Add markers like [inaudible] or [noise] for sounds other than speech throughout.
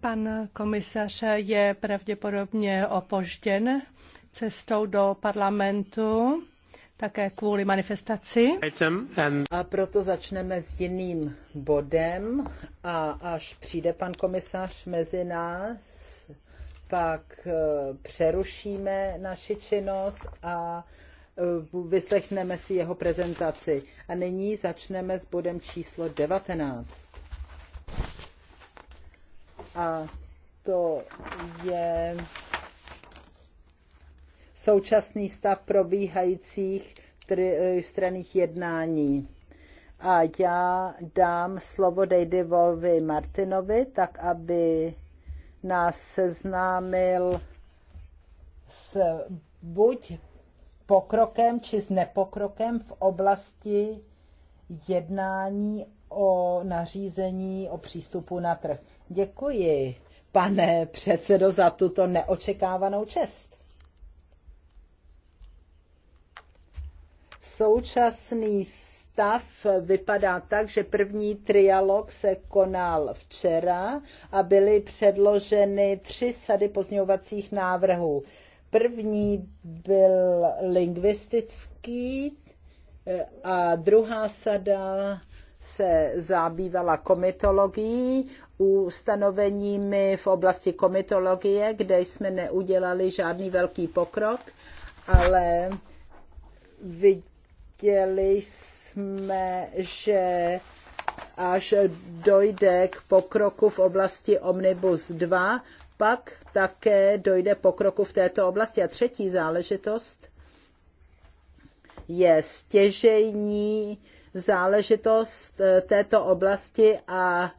Pan komisař je pravděpodobně opožděn cestou do parlamentu, také kvůli manifestaci. A proto začneme s jiným bodem a až přijde pan komisař mezi nás, pak eh, přerušíme naši činnost a Eh, vyslechneme si jeho prezentaci. A nyní začneme s bodem číslo 19. A to je současný stav probíhajících eh, straných jednání. A já dám slovo Dejdivovi Martinovi, tak aby nás seznámil s buď pokrokem či s nepokrokem v oblasti jednání o nařízení o přístupu na trh. Děkuji, pane předsedo, za tuto neočekávanou čest. Současný stav vypadá tak, že první trialog se konal včera a byly předloženy tři sady pozměňovacích návrhů. První byl lingvistický eh, a druhá sada se zabývala komitologií, ustanoveními v oblasti komitologie, kde jsme neudělali žádný velký pokrok, ale viděli jsme, že až dojde k pokroku v oblasti Omnibus 2, pak také dojde pokroku v této oblasti. A třetí záležitost je stěžejní záležitost eh, této oblasti a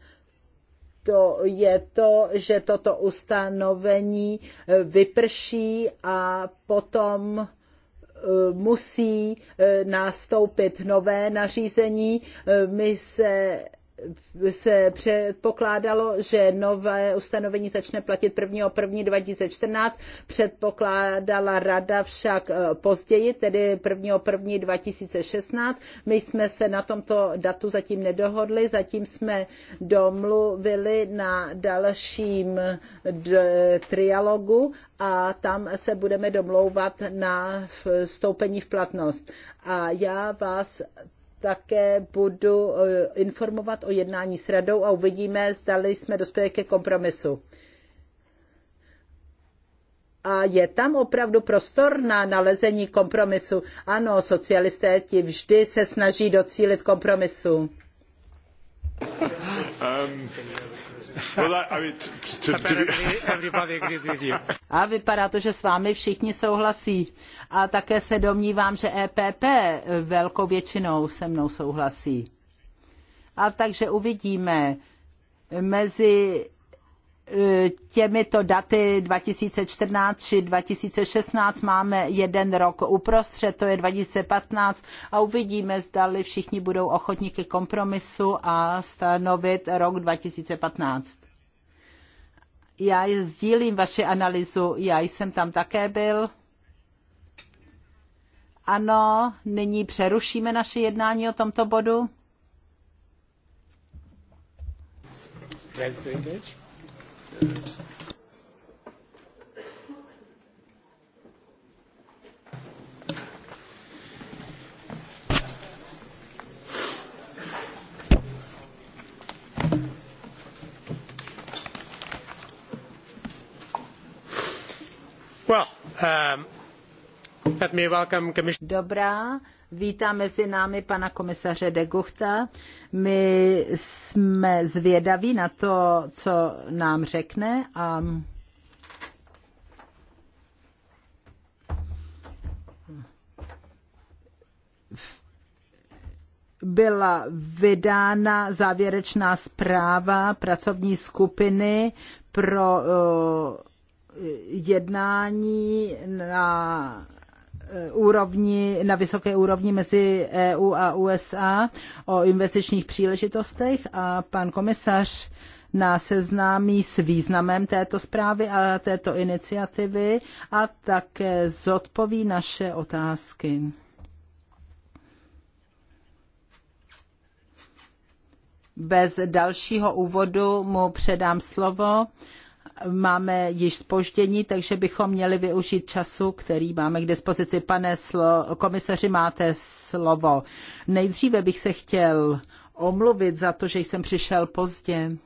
to je to, že toto ustanovení eh, vyprší a potom eh, musí nastoupit nové nařízení. My se se předpokládalo, že nové ustanovení začne platit 1. 1. 2014, předpokládala rada však eh, později, tedy 1. 1. 2016. My jsme se na tomto datu zatím nedohodli, zatím jsme domluvili na dalším trialogu a tam se budeme domlouvat na vstoupení v platnost. A já vás také budu eh, informovat o jednání s radou a uvidíme, zdali jsme dospěli ke kompromisu. A je tam opravdu prostor na nalezení kompromisu. Ano, socialisté ti vždy se snaží docílit kompromisu. [laughs] Um. A vypadá to, že s vámi všichni souhlasí. A také se domnívám, že EPP velkou většinou se mnou souhlasí. A takže uvidíme mezi těmito daty 2014 či 2016 máme jeden rok uprostřed, to je 2015 a uvidíme, zdali všichni budou ochotní ke kompromisu a stanovit rok 2015. Já sdílím vaši analýzu, já jsem tam také byl. Ano, nyní přerušíme naše jednání o tomto bodu. Thank you. Well, um, Dobrá, vítáme mezi námi pana komisaře de Guchta. My jsme zvědaví na to, co nám řekne a byla vydána závěrečná zpráva pracovní skupiny pro eh, jednání na Eh, úrovni, na vysoké úrovni mezi EU a USA o investičních příležitostech a pan komisař nás seznámí s významem této zprávy a této iniciativy a také zodpoví naše otázky. Bez dalšího úvodu mu předám slovo máme již spoždění, takže bychom měli využít času, který máme k dispozici. Pane slo- komisaři, máte slovo. Nejdříve bych se chtěl omluvit za to, že jsem přišel pozdě.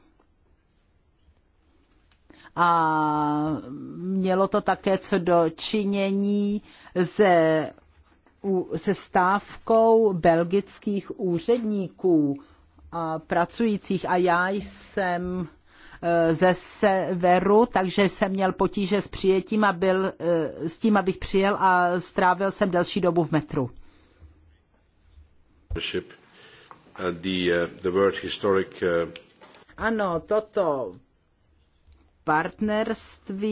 A mělo to také co do činění se, se stávkou belgických úředníků a pracujících. A já jsem Eh, ze severu, takže jsem měl potíže s přijetím a byl eh, s tím, abych přijel a strávil jsem delší dobu v metru. Eh, ano, toto partnerství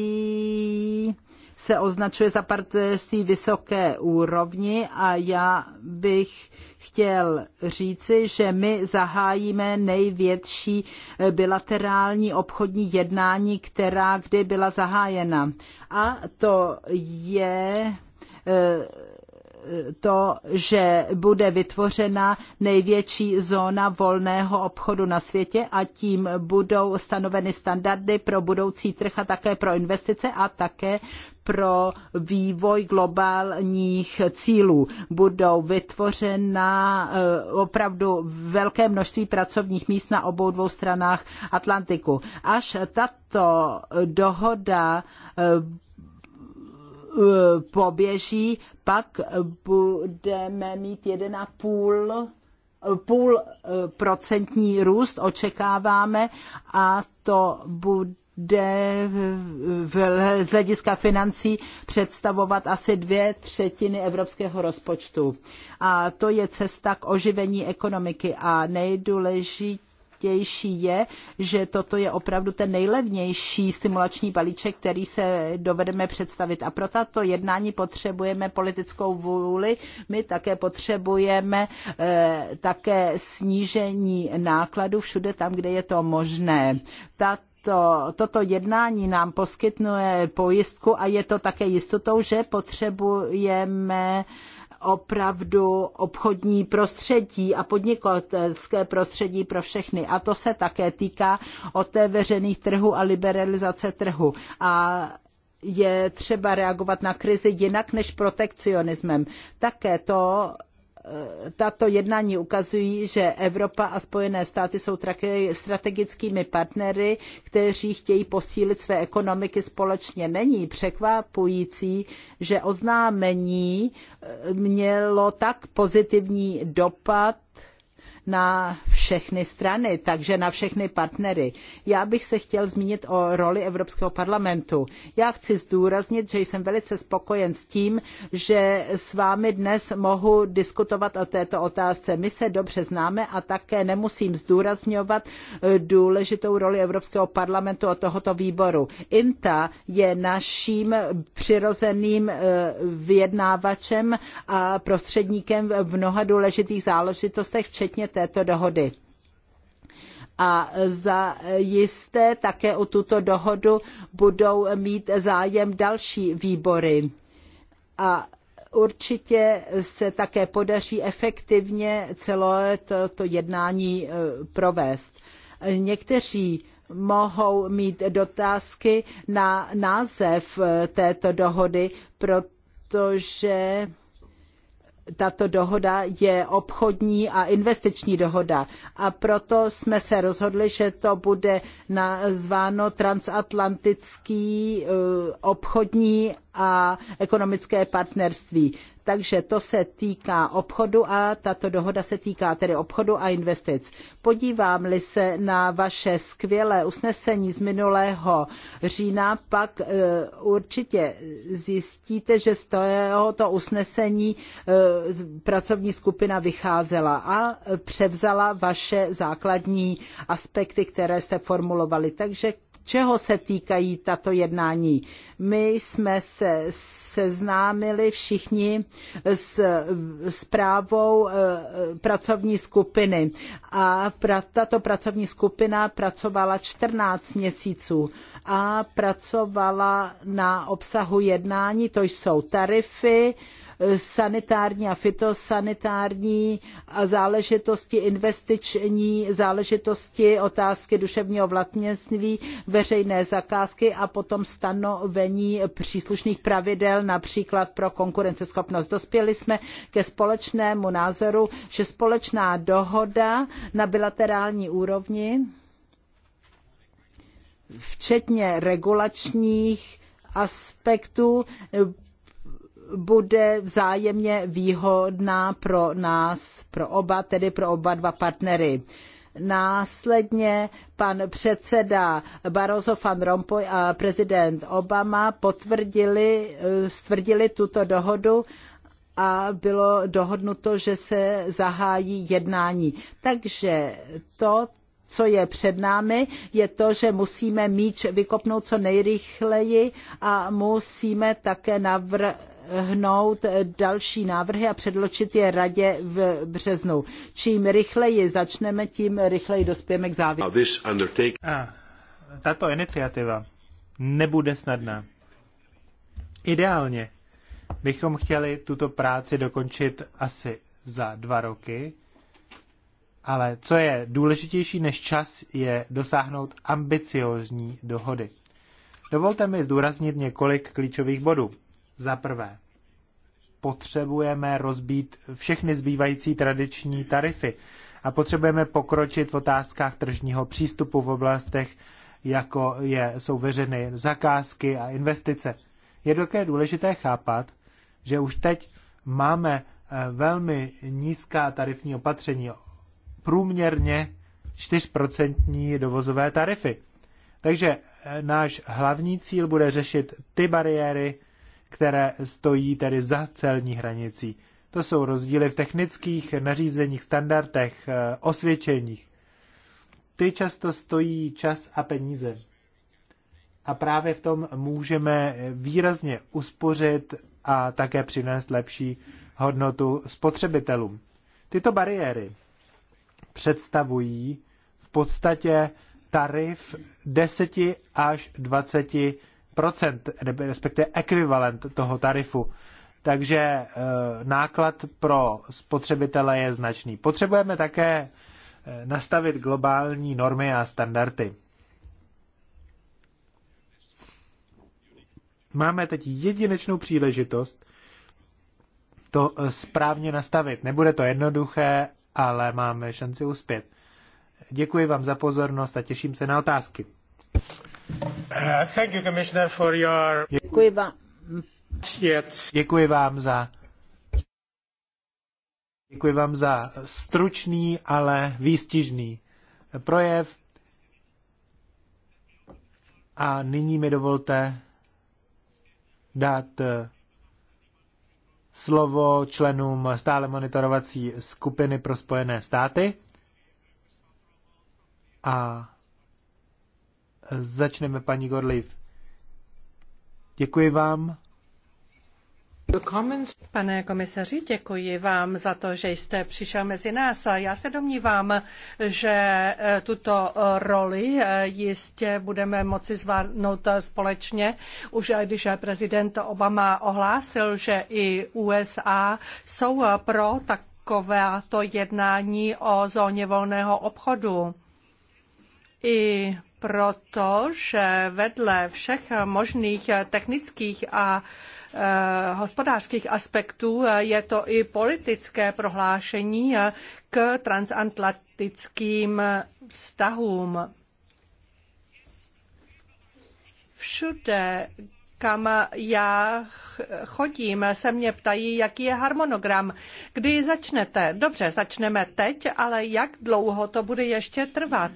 se označuje za partnerství vysoké úrovni a já bych chtěl říci, že my zahájíme největší eh, bilaterální obchodní jednání, která kdy byla zahájena. A to je eh, to, že bude vytvořena největší zóna volného obchodu na světě a tím budou stanoveny standardy pro budoucí trh a také pro investice a také pro vývoj globálních cílů. Budou vytvořena eh, opravdu velké množství pracovních míst na obou dvou stranách Atlantiku. Až tato dohoda eh, Eh, poběží, pak budeme mít 1,5 půl eh, eh, procentní růst očekáváme a to bude z hlediska financí představovat asi dvě třetiny evropského rozpočtu. A to je cesta k oživení ekonomiky a nejdůležitější nejdůležitější je, že toto je opravdu ten nejlevnější stimulační balíček, který se dovedeme představit. A pro tato jednání potřebujeme politickou vůli, my také potřebujeme eh, také snížení nákladů všude tam, kde je to možné. Tato to, toto jednání nám poskytne pojistku a je to také jistotou, že potřebujeme eh, opravdu obchodní prostředí a podnikatelské prostředí pro všechny. A to se také týká otevřených trhů a liberalizace trhu. A je třeba reagovat na krizi jinak než protekcionismem. Také to tato jednání ukazují, že Evropa a Spojené státy jsou strategickými partnery, kteří chtějí posílit své ekonomiky společně. Není překvapující, že oznámení eh, mělo tak pozitivní dopad na všechny strany, takže na všechny partnery. Já bych se chtěl zmínit o roli Evropského parlamentu. Já chci zdůraznit, že jsem velice spokojen s tím, že s vámi dnes mohu diskutovat o této otázce. My se dobře známe a také nemusím zdůrazňovat eh, důležitou roli Evropského parlamentu a tohoto výboru. INTA je naším přirozeným eh, vyjednávačem a prostředníkem v mnoha důležitých záležitostech, včetně této dohody a jisté také o tuto dohodu budou mít zájem další výbory. A určitě se také podaří efektivně celé toto to jednání e, provést. Někteří mohou mít dotázky na název e, této dohody, protože tato dohoda je obchodní a investiční dohoda. A proto jsme se rozhodli, že to bude nazváno transatlantický eh, obchodní a ekonomické partnerství. Takže to se týká obchodu a tato dohoda se týká tedy obchodu a investic. Podívám-li se na vaše skvělé usnesení z minulého října, pak e, určitě zjistíte, že z tohoto usnesení e, pracovní skupina vycházela a převzala vaše základní aspekty, které jste formulovali. Takže čeho se týkají tato jednání. My jsme se seznámili všichni s zprávou eh, pracovní skupiny a tato pracovní skupina pracovala 14 měsíců a pracovala na obsahu jednání, to jsou tarify, sanitární a fitosanitární a záležitosti investiční, záležitosti otázky duševního vlastnictví, veřejné zakázky a potom stanovení příslušných pravidel, například pro konkurenceschopnost. Dospěli jsme ke společnému názoru, že společná dohoda na bilaterální úrovni včetně regulačních aspektů bude vzájemně výhodná pro nás, pro oba, tedy pro oba dva partnery. Následně pan předseda Barroso van Rompuy a prezident Obama potvrdili, stvrdili tuto dohodu a bylo dohodnuto, že se zahájí jednání. Takže to, co je před námi, je to, že musíme míč vykopnout co nejrychleji a musíme také navrhnout další návrhy a předločit je radě v březnu. Čím rychleji začneme, tím rychleji dospějeme k závěru. tato iniciativa nebude snadná. Ideálně bychom chtěli tuto práci dokončit asi za dva roky, ale co je důležitější než čas, je dosáhnout ambiciozní dohody. Dovolte mi zdůraznit několik klíčových bodů. Za prvé, potřebujeme rozbít všechny zbývající tradiční tarify a potřebujeme pokročit v otázkách tržního přístupu v oblastech, jako je, jsou veřejné zakázky a investice. Je také důležité chápat, že už teď máme eh, velmi nízká tarifní opatření, průměrně 4% dovozové tarify. Takže eh, náš hlavní cíl bude řešit ty bariéry, které stojí tedy za celní hranicí. To jsou rozdíly v technických nařízeních, standardech, eh, osvědčeních. Ty často stojí čas a peníze. A právě v tom můžeme eh, výrazně uspořit a také přinést lepší hodnotu spotřebitelům. Tyto bariéry představují v podstatě tarif 10 až 20 respektive ekvivalent toho tarifu. Takže e, náklad pro spotřebitele je značný. Potřebujeme také e, nastavit globální normy a standardy. Máme teď jedinečnou příležitost to e, správně nastavit. Nebude to jednoduché ale máme šanci uspět. Děkuji vám za pozornost a těším se na otázky. Uh, thank you, Commissioner, for your... Děkuji vám. Děkuji vám za Děkuji vám za stručný, ale výstižný projev. A nyní mi dovolte dát eh, slovo členům stále monitorovací skupiny pro Spojené státy. A začneme paní Gorliv. Děkuji vám Pane komisaři, děkuji vám za to, že jste přišel mezi nás. Já se domnívám, že e, tuto e, roli e, jistě budeme moci zvládnout společně. Už když prezident Obama ohlásil, že i USA jsou pro takovéto jednání o zóně volného obchodu. I proto, že vedle všech možných technických a Eh, hospodářských aspektů, eh, je to i politické prohlášení eh, k transatlantickým vztahům. Všude, kam já chodím, se mě ptají, jaký je harmonogram. Kdy začnete? Dobře, začneme teď, ale jak dlouho to bude ještě trvat,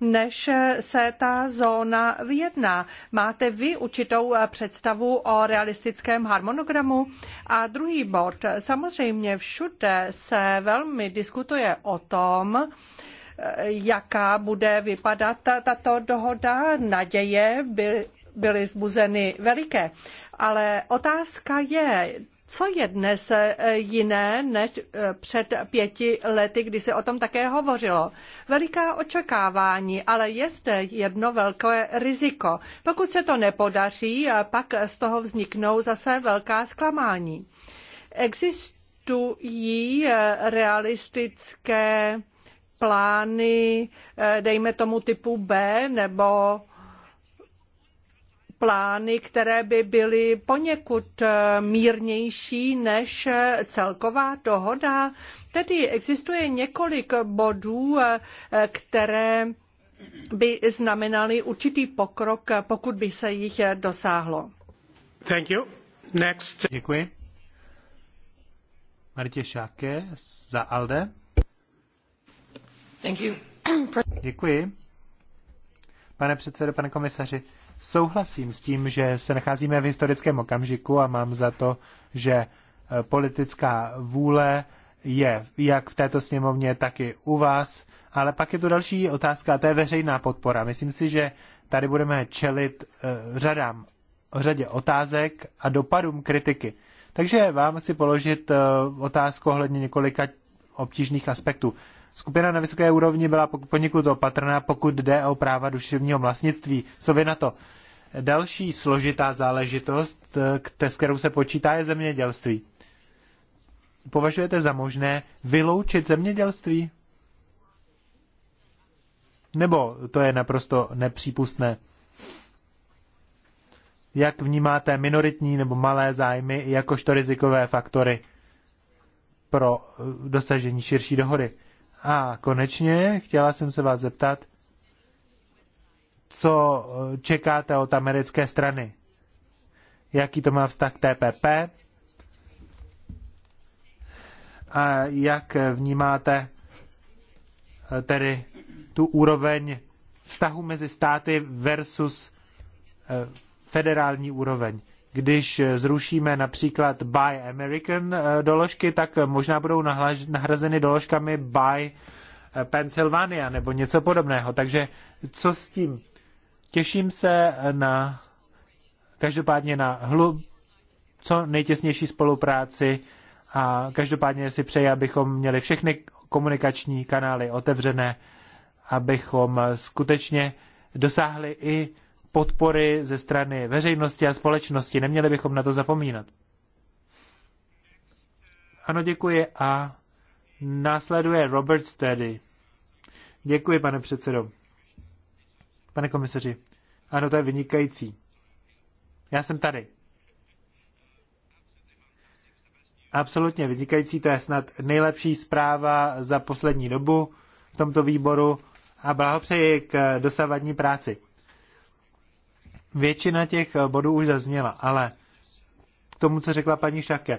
než se ta zóna vyjedná? Máte vy určitou představu o realistickém harmonogramu? A druhý bod. Samozřejmě všude se velmi diskutuje o tom, jaká bude vypadat tato dohoda. Naděje by byly zbuzeny veliké. Ale otázka je, co je dnes eh, jiné než eh, před pěti lety, kdy se o tom také hovořilo? Veliká očekávání, ale je zde jedno velké riziko. Pokud se to nepodaří, eh, pak z toho vzniknou zase velká zklamání. Existují realistické plány, dejme tomu typu B nebo plány, které by byly poněkud eh, mírnější než eh, celková dohoda. Tedy existuje několik bodů, eh, které by znamenaly určitý pokrok, pokud by se jich dosáhlo. Thank you. Next. Děkuji. Martě Šáke za ALDE. Thank you. Děkuji. Pane předsedo, pane komisaři, Souhlasím s tím, že se nacházíme v historickém okamžiku a mám za to, že e, politická vůle je jak v této sněmovně, tak i u vás. Ale pak je tu další otázka, a to je veřejná podpora. Myslím si, že tady budeme čelit e, řadám, řadě otázek a dopadům kritiky. Takže vám chci položit e, otázku ohledně několika obtížných aspektů. Skupina na vysoké úrovni byla poněkud opatrná, pokud jde o práva duševního vlastnictví. Co vy na to? Další složitá záležitost, eh, s kterou se počítá, je zemědělství. Považujete za možné vyloučit zemědělství? Nebo to je naprosto nepřípustné? Jak vnímáte minoritní nebo malé zájmy jakožto rizikové faktory pro eh, dosažení širší dohody? A konečně chtěla jsem se vás zeptat, co eh, čekáte od americké strany? Jaký to má vztah k TPP? A jak vnímáte eh, tedy tu úroveň vztahu mezi státy versus eh, federální úroveň? když zrušíme například Buy American eh, doložky, tak možná budou nahrazeny doložkami Buy eh, Pennsylvania nebo něco podobného. Takže co s tím? Těším se na každopádně na hlub, co nejtěsnější spolupráci a každopádně si přeji, abychom měli všechny komunikační kanály otevřené, abychom skutečně dosáhli i podpory ze strany veřejnosti a společnosti. Neměli bychom na to zapomínat. Ano, děkuji a následuje Robert Steady. Děkuji, pane předsedo. Pane komisaři, ano, to je vynikající. Já jsem tady. Absolutně vynikající, to je snad nejlepší zpráva za poslední dobu v tomto výboru a blahopřeji k dosavadní práci. Většina těch eh, bodů už zazněla, ale k tomu, co řekla paní Šake.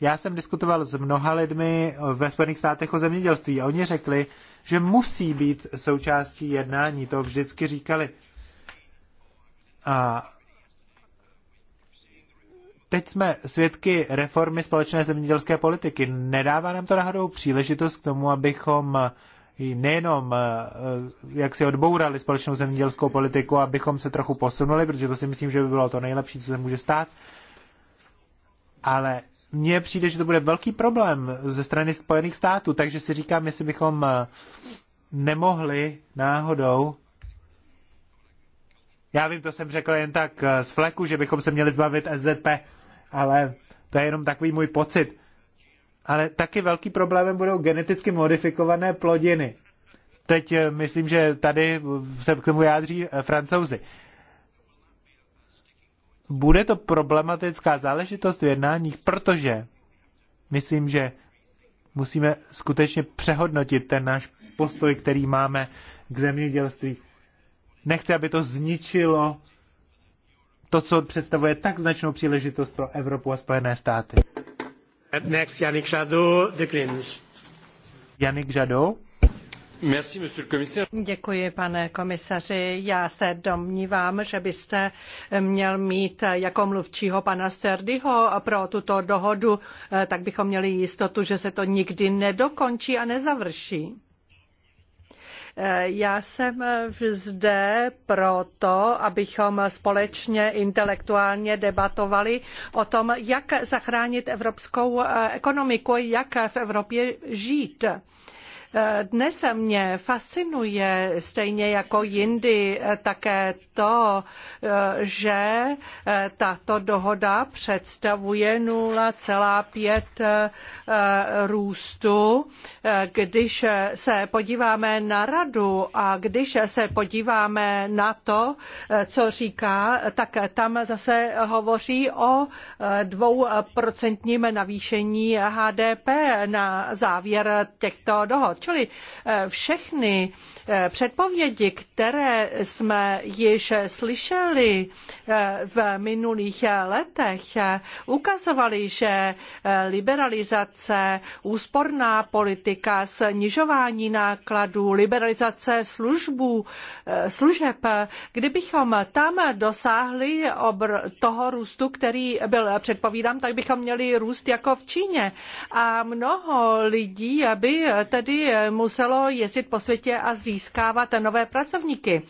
Já jsem diskutoval s mnoha lidmi eh, ve Spojených státech o zemědělství a oni řekli, že musí být součástí jednání, to vždycky říkali. A teď jsme svědky reformy společné zemědělské politiky. Nedává nám to náhodou příležitost k tomu, abychom nejenom eh, eh, jak si odbourali společnou zemědělskou politiku, abychom se trochu posunuli, protože to si myslím, že by bylo to nejlepší, co se může stát, ale mně přijde, že to bude velký problém ze strany Spojených států, takže si říkám, jestli bychom eh, nemohli náhodou já vím, to jsem řekl jen tak z fleku, že bychom se měli zbavit SZP, ale to je jenom takový můj pocit ale taky velký problémem budou geneticky modifikované plodiny. Teď eh, myslím, že tady se k tomu jádří eh, francouzi. Bude to problematická záležitost v jednáních, protože myslím, že musíme skutečně přehodnotit ten náš postoj, který máme k zemědělství. Nechci, aby to zničilo to, co představuje tak značnou příležitost pro Evropu a Spojené státy. Next, Yannick Jadot, The Greens. Yannick Jadot. Děkuji, pane komisaři. Já se domnívám, že byste měl mít jako mluvčího pana Sterdyho pro tuto dohodu, eh, tak bychom měli jistotu, že se to nikdy nedokončí a nezavrší. Já jsem zde proto, abychom společně intelektuálně debatovali o tom, jak zachránit evropskou eh, ekonomiku, jak v Evropě žít. Dnes mě fascinuje stejně jako jindy také to, že tato dohoda představuje 0,5 eh, růstu. Když se podíváme na radu a když se podíváme na to, co říká, tak tam zase hovoří o eh, dvouprocentním navýšení HDP na závěr těchto dohod. Čili eh, všechny eh, předpovědi, které jsme již slyšeli eh, v minulých letech, ukazovaly, že liberalizace, úsporná politika, snižování nákladů, liberalizace službů, služeb, kdybychom tam dosáhli obr- toho růstu, který byl předpovídán, tak bychom měli růst jako v Číně. A mnoho lidí by tedy muselo jezdit po světě a získávat nové pracovníky.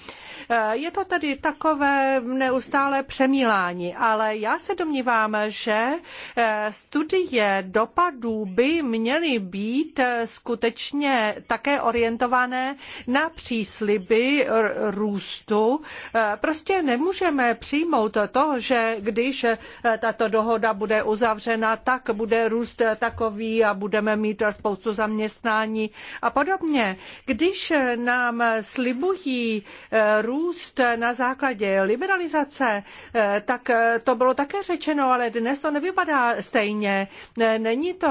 Eh, je to tedy takové neustále přemílání, ale já se domnívám, že eh, studie dopadů by měly být eh, skutečně také orientované na přísliby růstu. Prostě nemůžeme přijmout to, že když tato dohoda bude uzavřena, tak bude růst takový a budeme mít spoustu zaměstnání a podobně. Když nám slibují eh, růst na základě liberalizace, eh, tak eh, to bylo také řečeno, ale dnes to nevypadá stejně. Není to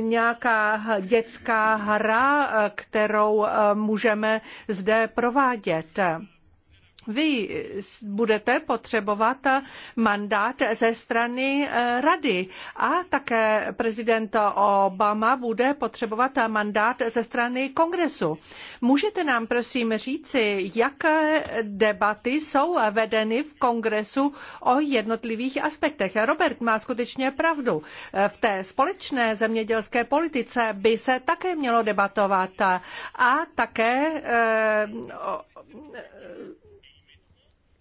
nějaká dětská hra, kterou můžeme zde provádět. Vy budete potřebovat mandát ze strany eh, rady a také prezident Obama bude potřebovat mandát ze strany kongresu. Můžete nám prosím říci, jaké debaty jsou vedeny v kongresu o jednotlivých aspektech? Robert má skutečně pravdu. Eh, v té společné zemědělské politice by se také mělo debatovat a také eh,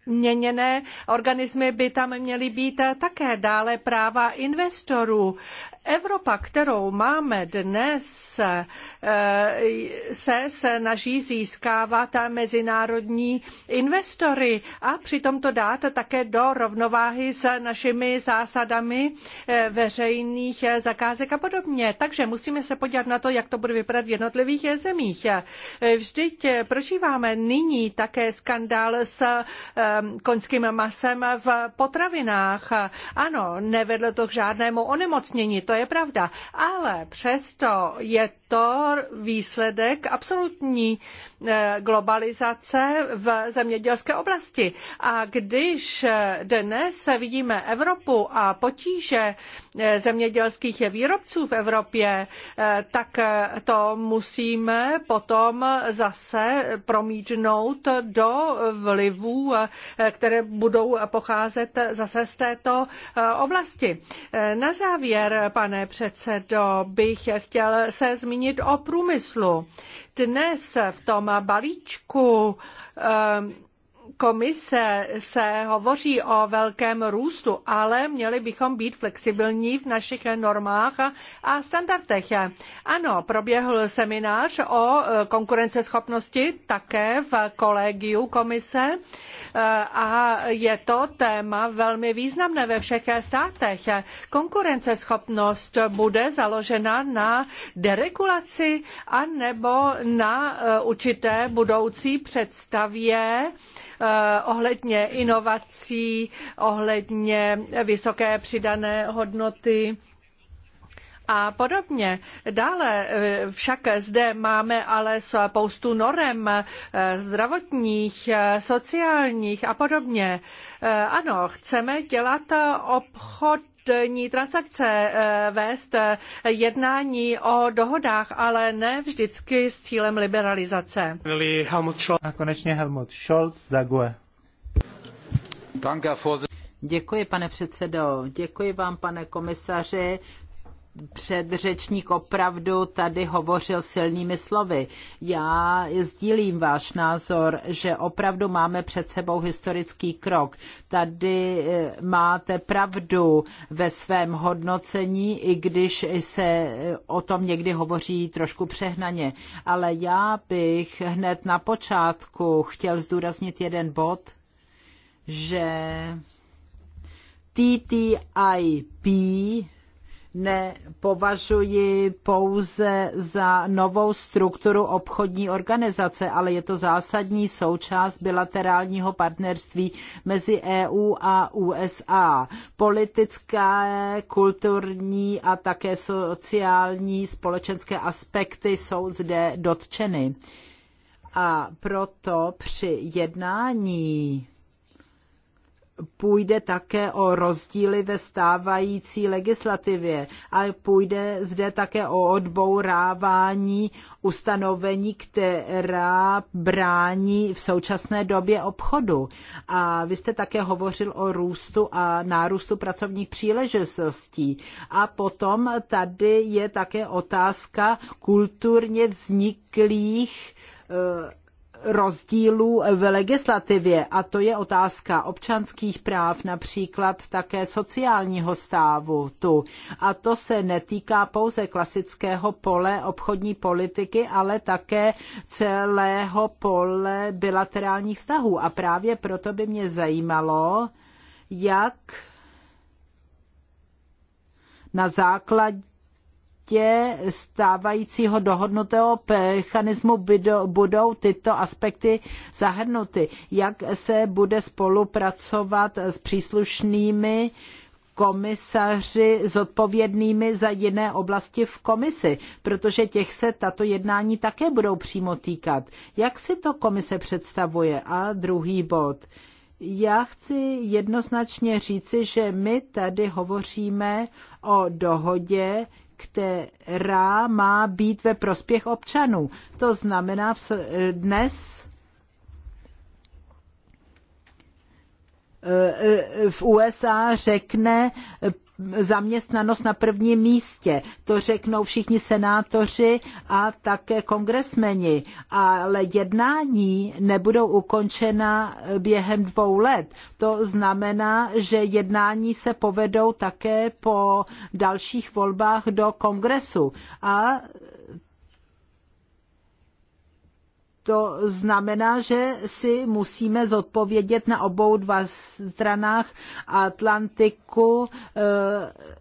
měněné organismy by tam měly být také dále práva investorů. Evropa, kterou máme dnes, eh, se snaží získávat mezinárodní investory a přitom to dát také do rovnováhy s našimi zásadami eh, veřejných eh, zakázek a podobně. Takže musíme se podívat na to, jak to bude vypadat v jednotlivých zemích. Vždyť prožíváme nyní také skandál s konským masem v potravinách. Ano, nevedlo to k žádnému onemocnění, to je pravda. Ale přesto je to výsledek absolutní eh, globalizace v zemědělské oblasti. A když eh, dnes vidíme Evropu a potíže eh, zemědělských výrobců v Evropě, tak to musíme potom zase promítnout do vlivů, které budou pocházet zase z této oblasti. Na závěr, pane předsedo, bych chtěl se zmínit zmínit o průmyslu. Dnes v tom balíčku um, komise se hovoří o velkém růstu, ale měli bychom být flexibilní v našich normách a standardech. Ano, proběhl seminář o e, konkurenceschopnosti také v kolegiu komise e, a je to téma velmi významné ve všech státech. Konkurenceschopnost bude založena na deregulaci anebo na e, určité budoucí představě, Eh, ohledně inovací, ohledně vysoké přidané hodnoty a podobně. Dále eh, však zde máme ale spoustu norem eh, zdravotních, sociálních a podobně. Ano, chceme dělat obchod obchodní transakce, eh, vést eh, jednání o dohodách, ale ne vždycky s cílem liberalizace. A konečně Helmut Scholz Děkuji, pane předsedo. Děkuji vám, pane komisaři předřečník opravdu tady hovořil silnými slovy. Já sdílím váš názor, že opravdu máme před sebou historický krok. Tady eh, máte pravdu ve svém hodnocení, i když se eh, o tom někdy hovoří trošku přehnaně. Ale já bych hned na počátku chtěl zdůraznit jeden bod, že TTIP nepovažuji pouze za novou strukturu obchodní organizace, ale je to zásadní součást bilaterálního partnerství mezi EU a USA. Politické, kulturní a také sociální společenské aspekty jsou zde dotčeny. A proto při jednání půjde také o rozdíly ve stávající legislativě a půjde zde také o odbourávání ustanovení, která brání v současné době obchodu. A vy jste také hovořil o růstu a nárůstu pracovních příležitostí. A potom tady je také otázka kulturně vzniklých eh, rozdílů v legislativě a to je otázka občanských práv, například také sociálního stávu tu. A to se netýká pouze klasického pole obchodní politiky, ale také celého pole bilaterálních vztahů. A právě proto by mě zajímalo, jak na základě základě stávajícího dohodnutého mechanismu budou tyto aspekty zahrnuty. Jak se bude spolupracovat s příslušnými komisaři zodpovědnými za jiné oblasti v komisi, protože těch se tato jednání také budou přímo týkat. Jak si to komise představuje? A druhý bod. Já chci jednoznačně říci, že my tady hovoříme o dohodě, která má být ve prospěch občanů. To znamená dnes eh, eh, v USA řekne zaměstnanost na prvním místě. To řeknou všichni senátoři a také kongresmeni. Ale jednání nebudou ukončena během dvou let. To znamená, že jednání se povedou také po dalších volbách do kongresu. A to znamená, že si musíme zodpovědět na obou dva stranách Atlantiku eh,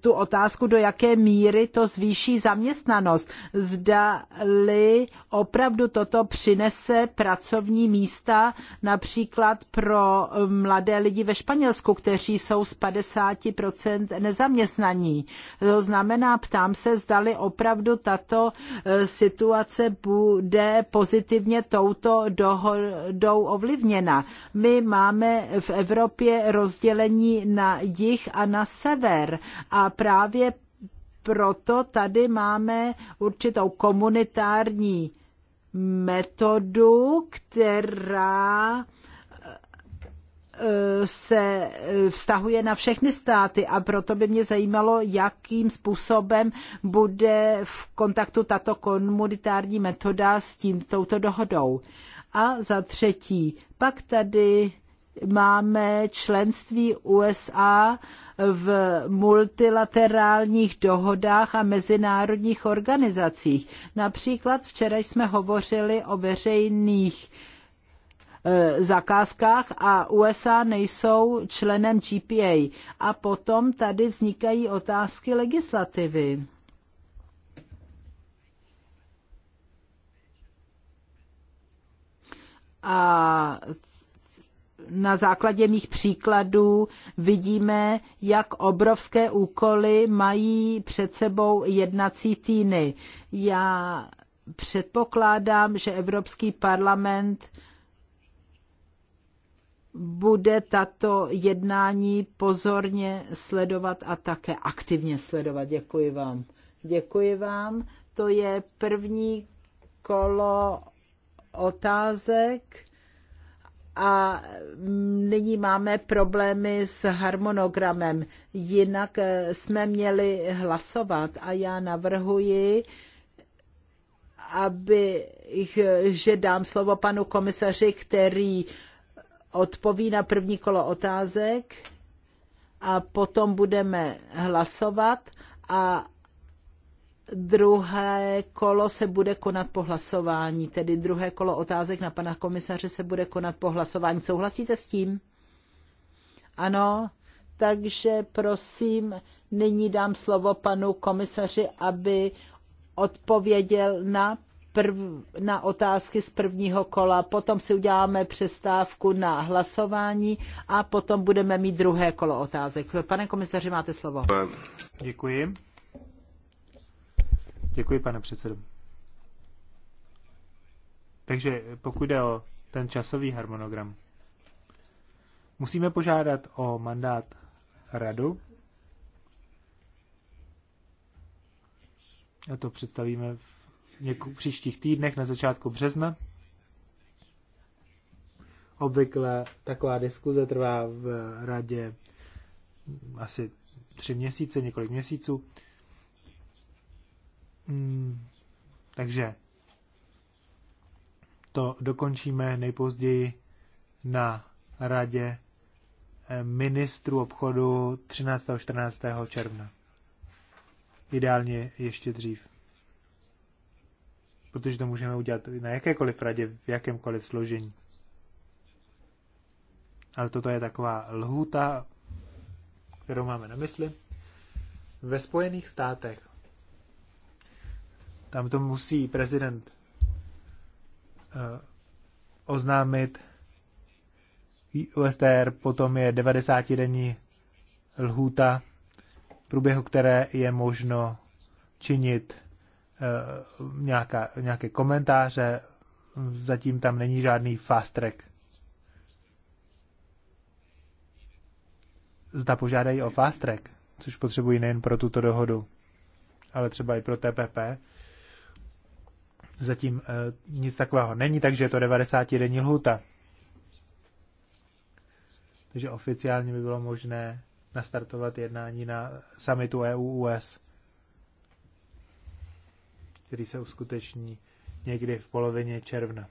tu otázku, do jaké míry to zvýší zaměstnanost. Zda-li opravdu toto přinese pracovní místa například pro mladé lidi ve Španělsku, kteří jsou z 50% nezaměstnaní. To znamená, ptám se, zdali opravdu tato eh, situace bude pozitivně touto dohodou ovlivněna. My máme v Evropě rozdělení na jih a na sever a právě proto tady máme určitou komunitární metodu, která e, se vztahuje na všechny státy a proto by mě zajímalo, jakým způsobem bude v kontaktu tato komunitární metoda s tím, touto dohodou. A za třetí, pak tady máme členství USA v multilaterálních dohodách a mezinárodních organizacích. Například včera jsme hovořili o veřejných e, zakázkách a USA nejsou členem GPA. A potom tady vznikají otázky legislativy. A na základě mých příkladů vidíme, jak obrovské úkoly mají před sebou jednací týny. Já předpokládám, že Evropský parlament bude tato jednání pozorně sledovat a také aktivně sledovat. Děkuji vám. Děkuji vám. To je první kolo otázek a nyní máme problémy s harmonogramem. Jinak eh, jsme měli hlasovat a já navrhuji, aby, že dám slovo panu komisaři, který odpoví na první kolo otázek a potom budeme hlasovat a Druhé kolo se bude konat po hlasování, tedy druhé kolo otázek na pana komisaře se bude konat po hlasování. Souhlasíte s tím? Ano, takže prosím, nyní dám slovo panu komisaři, aby odpověděl na, prv, na otázky z prvního kola. Potom si uděláme přestávku na hlasování a potom budeme mít druhé kolo otázek. Pane komisaři, máte slovo. Děkuji. Děkuji, pane předsedo. Takže pokud jde o ten časový harmonogram, musíme požádat o mandát radu. A to představíme v něko- příštích týdnech na začátku března. Obvykle taková diskuze trvá v radě asi tři měsíce, několik měsíců. Hmm, takže to dokončíme nejpozději na radě eh, ministru obchodu 13. a 14. června. Ideálně ještě dřív. Protože to můžeme udělat na jakékoliv radě, v jakémkoliv složení. Ale toto je taková lhůta, kterou máme na mysli. Ve Spojených státech tam to musí prezident eh, oznámit USTR, potom je 90-denní lhůta, v průběhu které je možno činit eh, nějaká, nějaké komentáře, zatím tam není žádný fast track. Zda požádají o fast track, což potřebují nejen pro tuto dohodu, ale třeba i pro TPP, Zatím eh, nic takového není, takže je to 90-denní lhuta. Takže oficiálně by bylo možné nastartovat jednání na summitu EU-US, který se uskuteční někdy v polovině června.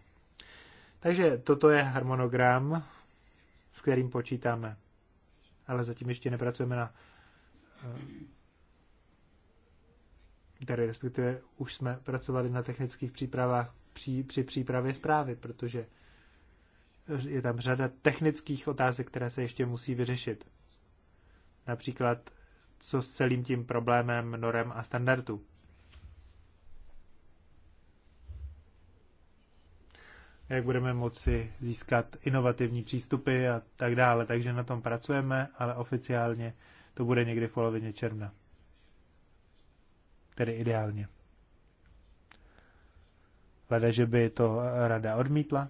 Takže toto je harmonogram, s kterým počítáme. Ale zatím ještě nepracujeme na eh, tedy respektive už jsme pracovali na technických přípravách při, při přípravě zprávy, protože je tam řada technických otázek, které se ještě musí vyřešit. Například, co s celým tím problémem norem a standardu. jak budeme moci získat inovativní přístupy a tak dále. Takže na tom pracujeme, ale oficiálně to bude někdy v polovině června tedy ideálně. Hleda, že by to rada odmítla,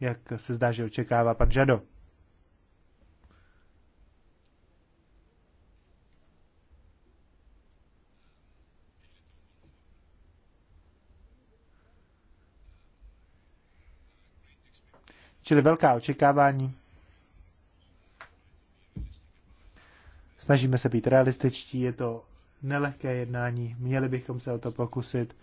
jak se zdá, že očekává pan Žado. Čili velká očekávání. Snažíme se být realističtí, je to nelehké jednání, měli bychom se o to pokusit.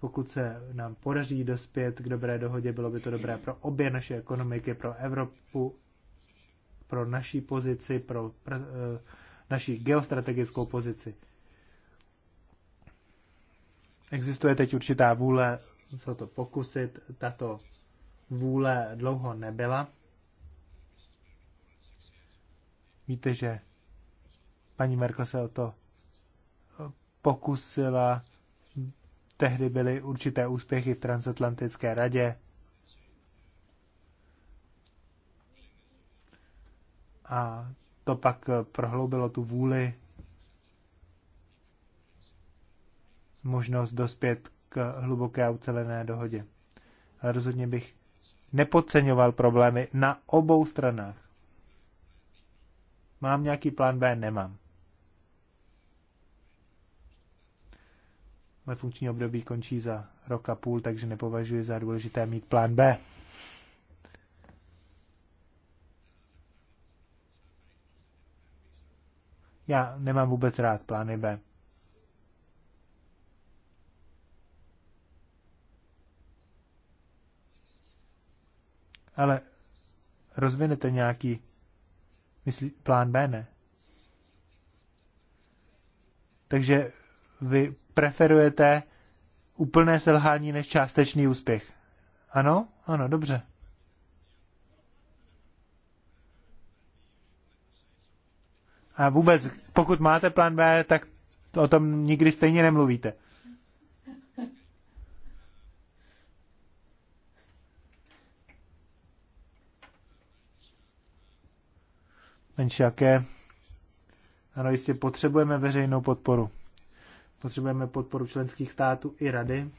Pokud se nám podaří dospět k dobré dohodě, bylo by to dobré pro obě naše ekonomiky, pro Evropu, pro naší pozici, pro, pro eh, naší geostrategickou pozici. Existuje teď určitá vůle se to pokusit, tato vůle dlouho nebyla. Víte, že paní Merkel se o to pokusila. Tehdy byly určité úspěchy v Transatlantické radě. A to pak prohloubilo tu vůli, možnost dospět k hluboké a ucelené dohodě. Ale rozhodně bych nepodceňoval problémy na obou stranách. Mám nějaký plán B? Nemám. Moje funkční období končí za rok a půl, takže nepovažuji za důležité mít plán B. Já nemám vůbec rád plány B. Ale rozvinete nějaký myslí, plán B, ne? Takže vy preferujete úplné selhání než částečný úspěch. Ano? Ano, dobře. A vůbec, pokud máte plán B, tak o tom nikdy stejně nemluvíte. Menšiaké. Ano, jistě potřebujeme veřejnou podporu. Potřebujeme podporu členských států i rady.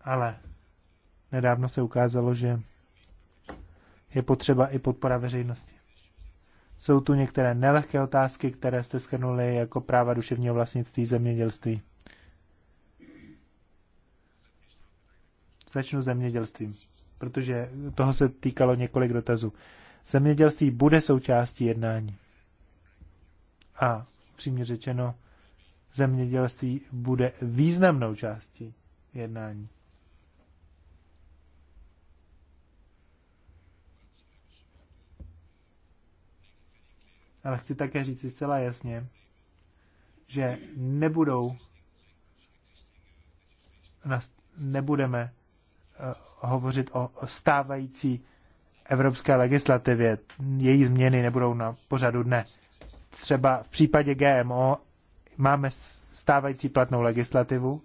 Ale nedávno se ukázalo, že je potřeba i podpora veřejnosti. Jsou tu některé nelehké otázky, které jste schrnuli jako práva duševního vlastnictví zemědělství. Začnu zemědělstvím, protože toho se týkalo několik dotazů. Zemědělství bude součástí jednání. A upřímně řečeno, zemědělství bude významnou částí jednání. Ale chci také říct zcela jasně, že nebudou nebudeme eh, hovořit o stávající evropské legislativě. Její změny nebudou na pořadu dne třeba v případě GMO máme stávající platnou legislativu,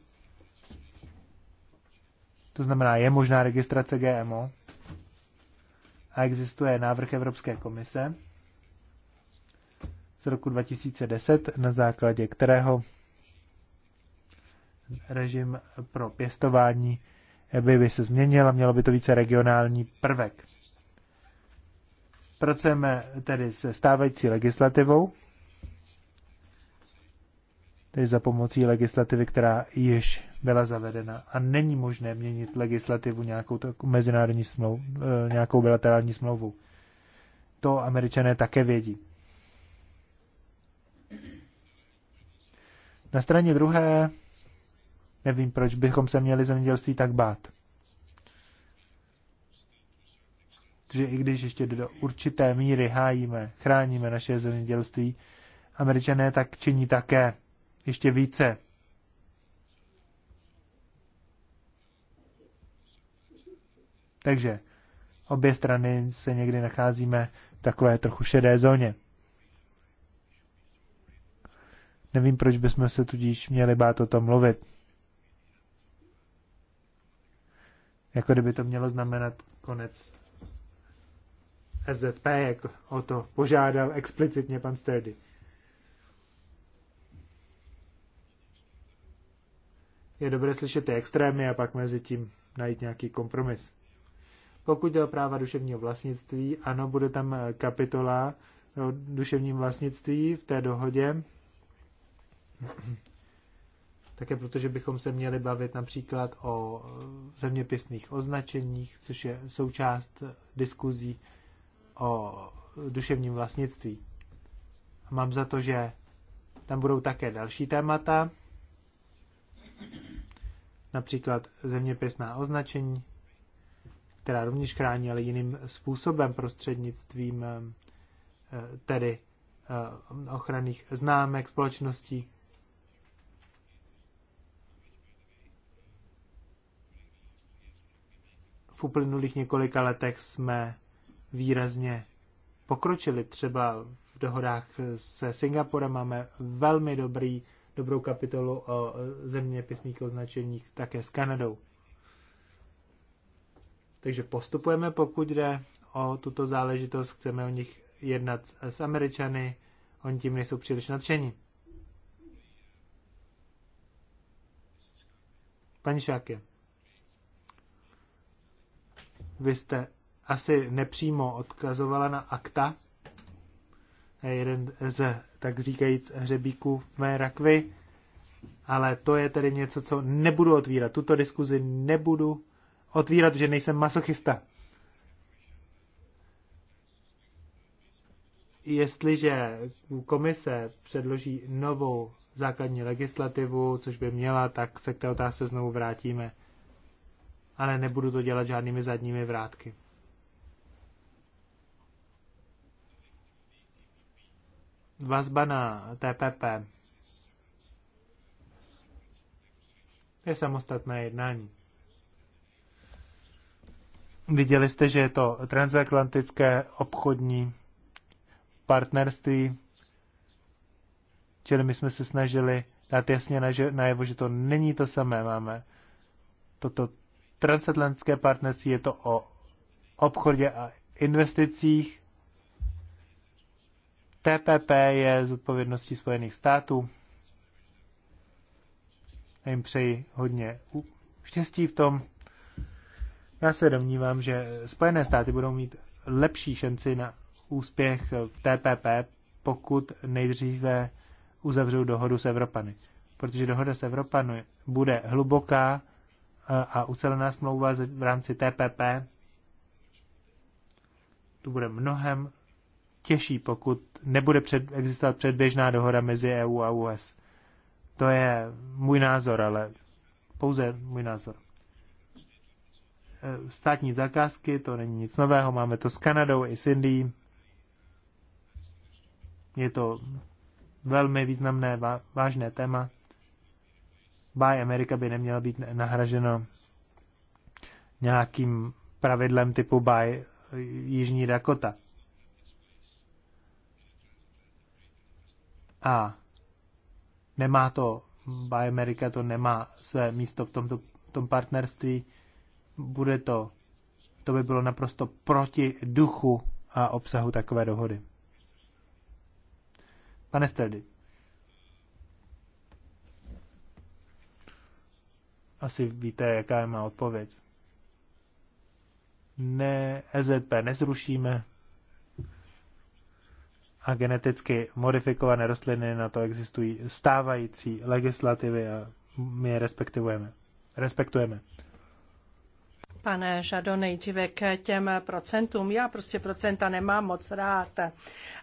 to znamená, je možná registrace GMO a existuje návrh Evropské komise z roku 2010, na základě kterého režim pro pěstování by, by se změnil a mělo by to více regionální prvek. Pracujeme tedy se stávající legislativou, tedy za pomocí legislativy, která již byla zavedena. A není možné měnit legislativu nějakou mezinárodní smlouvu, eh, nějakou bilaterální smlouvu. To američané také vědí. Na straně druhé, nevím, proč bychom se měli zemědělství tak bát. Protože i když ještě do určité míry hájíme, chráníme naše zemědělství, američané tak činí také ještě více. Takže obě strany se někdy nacházíme v takové trochu šedé zóně. Nevím, proč bychom se tudíž měli bát o tom mluvit. Jako kdyby to mělo znamenat konec SZP, jak o to požádal explicitně pan Sturdy. Je dobré slyšet ty extrémy a pak mezi tím najít nějaký kompromis. Pokud jde o práva duševního vlastnictví, ano, bude tam kapitola o duševním vlastnictví v té dohodě. Také protože bychom se měli bavit například o zeměpisných označeních, což je součást diskuzí o duševním vlastnictví. A mám za to, že tam budou také další témata, například zeměpisná označení, která rovněž chrání, ale jiným způsobem prostřednictvím eh, tedy eh, ochranných známek společností. V uplynulých několika letech jsme výrazně pokročili. Třeba v dohodách se Singapurem máme velmi dobrý, dobrou kapitolu o zeměpisných označeních také s Kanadou. Takže postupujeme, pokud jde o tuto záležitost, chceme o nich jednat s Američany, oni tím nejsou příliš nadšení. Paní Šáke, vy jste asi nepřímo odkazovala na akta, eh, jeden z, tak říkajíc, hřebíků v mé rakvi, ale to je tedy něco, co nebudu otvírat. Tuto diskuzi nebudu otvírat, že nejsem masochista. Jestliže komise předloží novou základní legislativu, což by měla, tak se k té otázce znovu vrátíme. Ale nebudu to dělat žádnými zadními vrátky. vazba na TPP je samostatné jednání. Viděli jste, že je to transatlantické obchodní partnerství, čili my jsme se snažili dát jasně najevo, že to není to samé. Máme toto transatlantické partnerství, je to o obchodě a investicích, TPP je z odpovědnosti Spojených států. A jim přeji hodně štěstí v tom. Já se domnívám, že Spojené státy budou mít lepší šanci na úspěch v TPP, pokud nejdříve uzavřou dohodu s Evropany. Protože dohoda s Evropany bude hluboká eh, a ucelená smlouva v rámci TPP. Tu bude mnohem těžší, pokud nebude před, existovat předběžná dohoda mezi EU a US. To je můj názor, ale pouze můj názor. E, státní zakázky, to není nic nového, máme to s Kanadou i s Indií. Je to velmi významné, vážné téma. Buy America by neměla být nahraženo nějakým pravidlem typu Buy Jižní Dakota. A nemá to, Buy America to nemá své místo v tomto tom partnerství, bude to, to by bylo naprosto proti duchu a obsahu takové dohody. Pane Stredy. Asi víte, jaká je má odpověď. Ne, EZP nezrušíme, a geneticky modifikované rostliny, na to existují stávající legislativy a my je respektujeme. respektujeme. Pane Žado, nejdříve k těm procentům. Já prostě procenta nemám moc rád,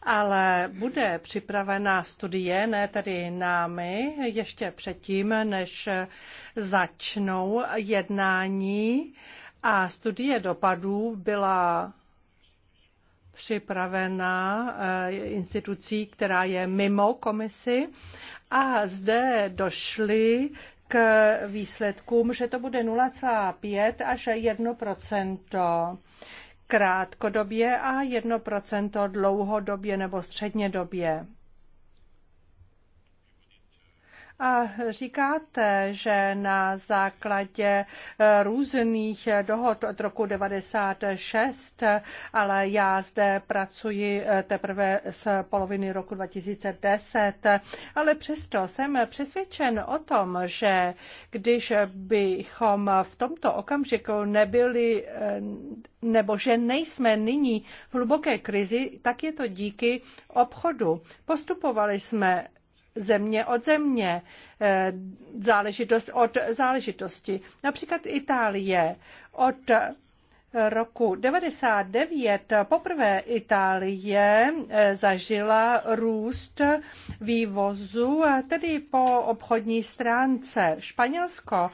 ale bude připravená studie, ne tady námi, ještě předtím, než začnou jednání. A studie dopadů byla připravená eh, institucí, která je mimo komisi. A zde došly k výsledkům, že to bude 0,5 až 1 krátkodobě a 1 dlouhodobě nebo střednědobě. A říkáte, že na základě eh, různých eh, dohod od roku 96, ale já zde pracuji eh, teprve z poloviny roku 2010, ale přesto jsem přesvědčen o tom, že když bychom v tomto okamžiku nebyli nebo že nejsme nyní v hluboké krizi, tak je to díky obchodu. Postupovali jsme země od země, eh, záležitost od záležitosti. Například Itálie od roku 99 poprvé Itálie eh, zažila růst vývozu, eh, tedy po obchodní stránce. Španělsko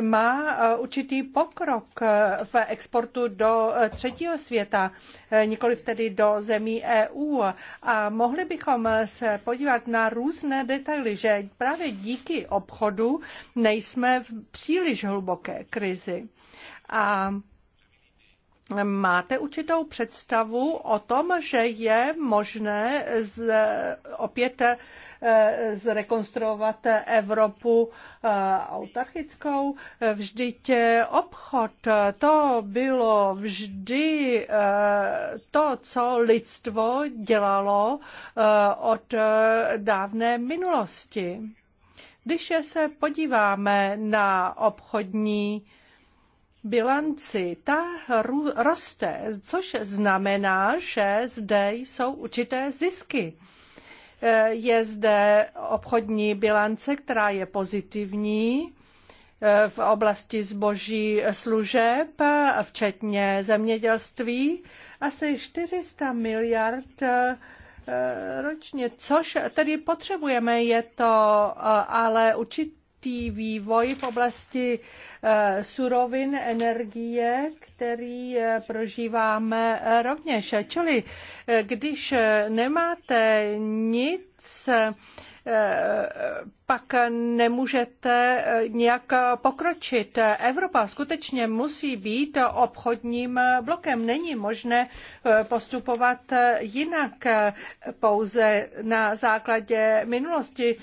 má eh, určitý pokrok v exportu do třetího světa, nikoli tedy do zemí EU. A mohli bychom se podívat na různé detaily, že právě díky obchodu nejsme v příliš hluboké krizi. A Máte určitou představu o tom, že je možné z, opět eh, zrekonstruovat Evropu eh, autarchickou. Vždyť eh, obchod to bylo vždy to, co lidstvo dělalo od dávné minulosti. Když se podíváme na obchodní bilanci, ta roste, což znamená, že zde jsou určité zisky. Eh, je zde obchodní bilance, která je pozitivní eh, v oblasti zboží služeb, včetně zemědělství, asi 400 miliard eh, ročně, což tedy potřebujeme, je to ale určitě určitý vývoj v oblasti eh, surovin, energie, který eh, prožíváme eh, rovněž. Čili když nemáte nic, nic pak nemůžete nějak pokročit. Evropa skutečně musí být obchodním blokem. Není možné postupovat jinak pouze na základě minulosti.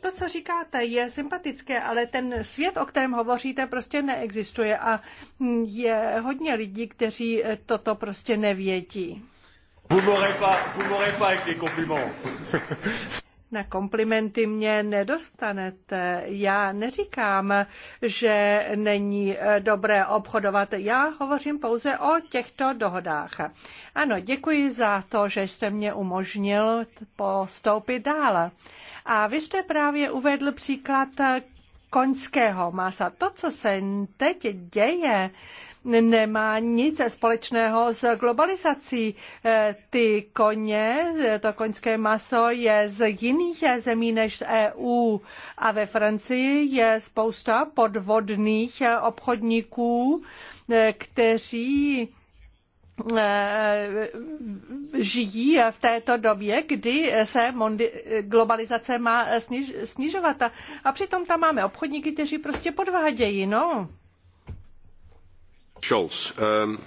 To, co říkáte, je sympatické, ale ten svět, o kterém hovoříte, prostě neexistuje a je hodně lidí, kteří toto prostě nevědí. Vous m'aurez pas, vous m'aurez pas avec les compliments. [laughs] Na komplimenty mě nedostanete. Já neříkám, že není eh, dobré obchodovat. Já hovořím pouze o těchto dohodách. Ano, děkuji za to, že jste mě umožnil postoupit dál. A vy jste právě uvedl příklad eh, koňského masa. To, co se teď děje, nemá nic společného s globalizací. E, ty koně, e, to koňské maso je z jiných zemí než z EU a ve Francii je spousta podvodných obchodníků, e, kteří žijí v této době, kdy se globalizace má sniž- snižovat. A přitom tam máme obchodníky, kteří prostě podvádějí. No. Scholz. Ehm,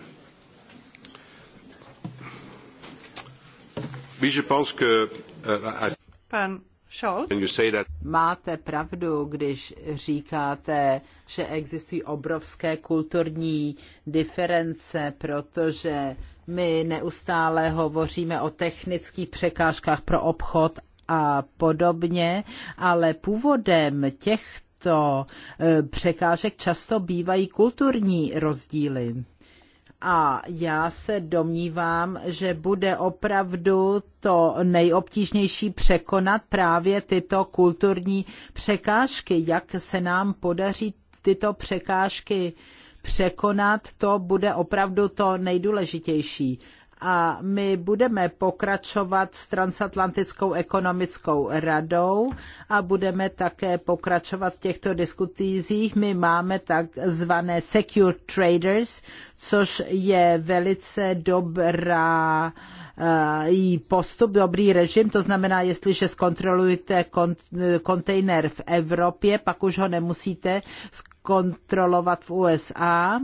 eh, Pan Scholz. Máte pravdu, když říkáte, že existují obrovské kulturní diference, protože my neustále hovoříme o technických překážkách pro obchod a podobně, ale původem těch místo e, překážek často bývají kulturní rozdíly. A já se domnívám, že bude opravdu to nejobtížnější překonat právě tyto kulturní překážky. Jak se nám podaří tyto překážky překonat, to bude opravdu to nejdůležitější a my budeme pokračovat s Transatlantickou ekonomickou radou a budeme také pokračovat v těchto diskutizích. My máme takzvané Secure Traders, což je velice dobrá eh, i postup, dobrý režim, to znamená, jestliže zkontrolujete kontejner v Evropě, pak už ho nemusíte zkontrolovat v USA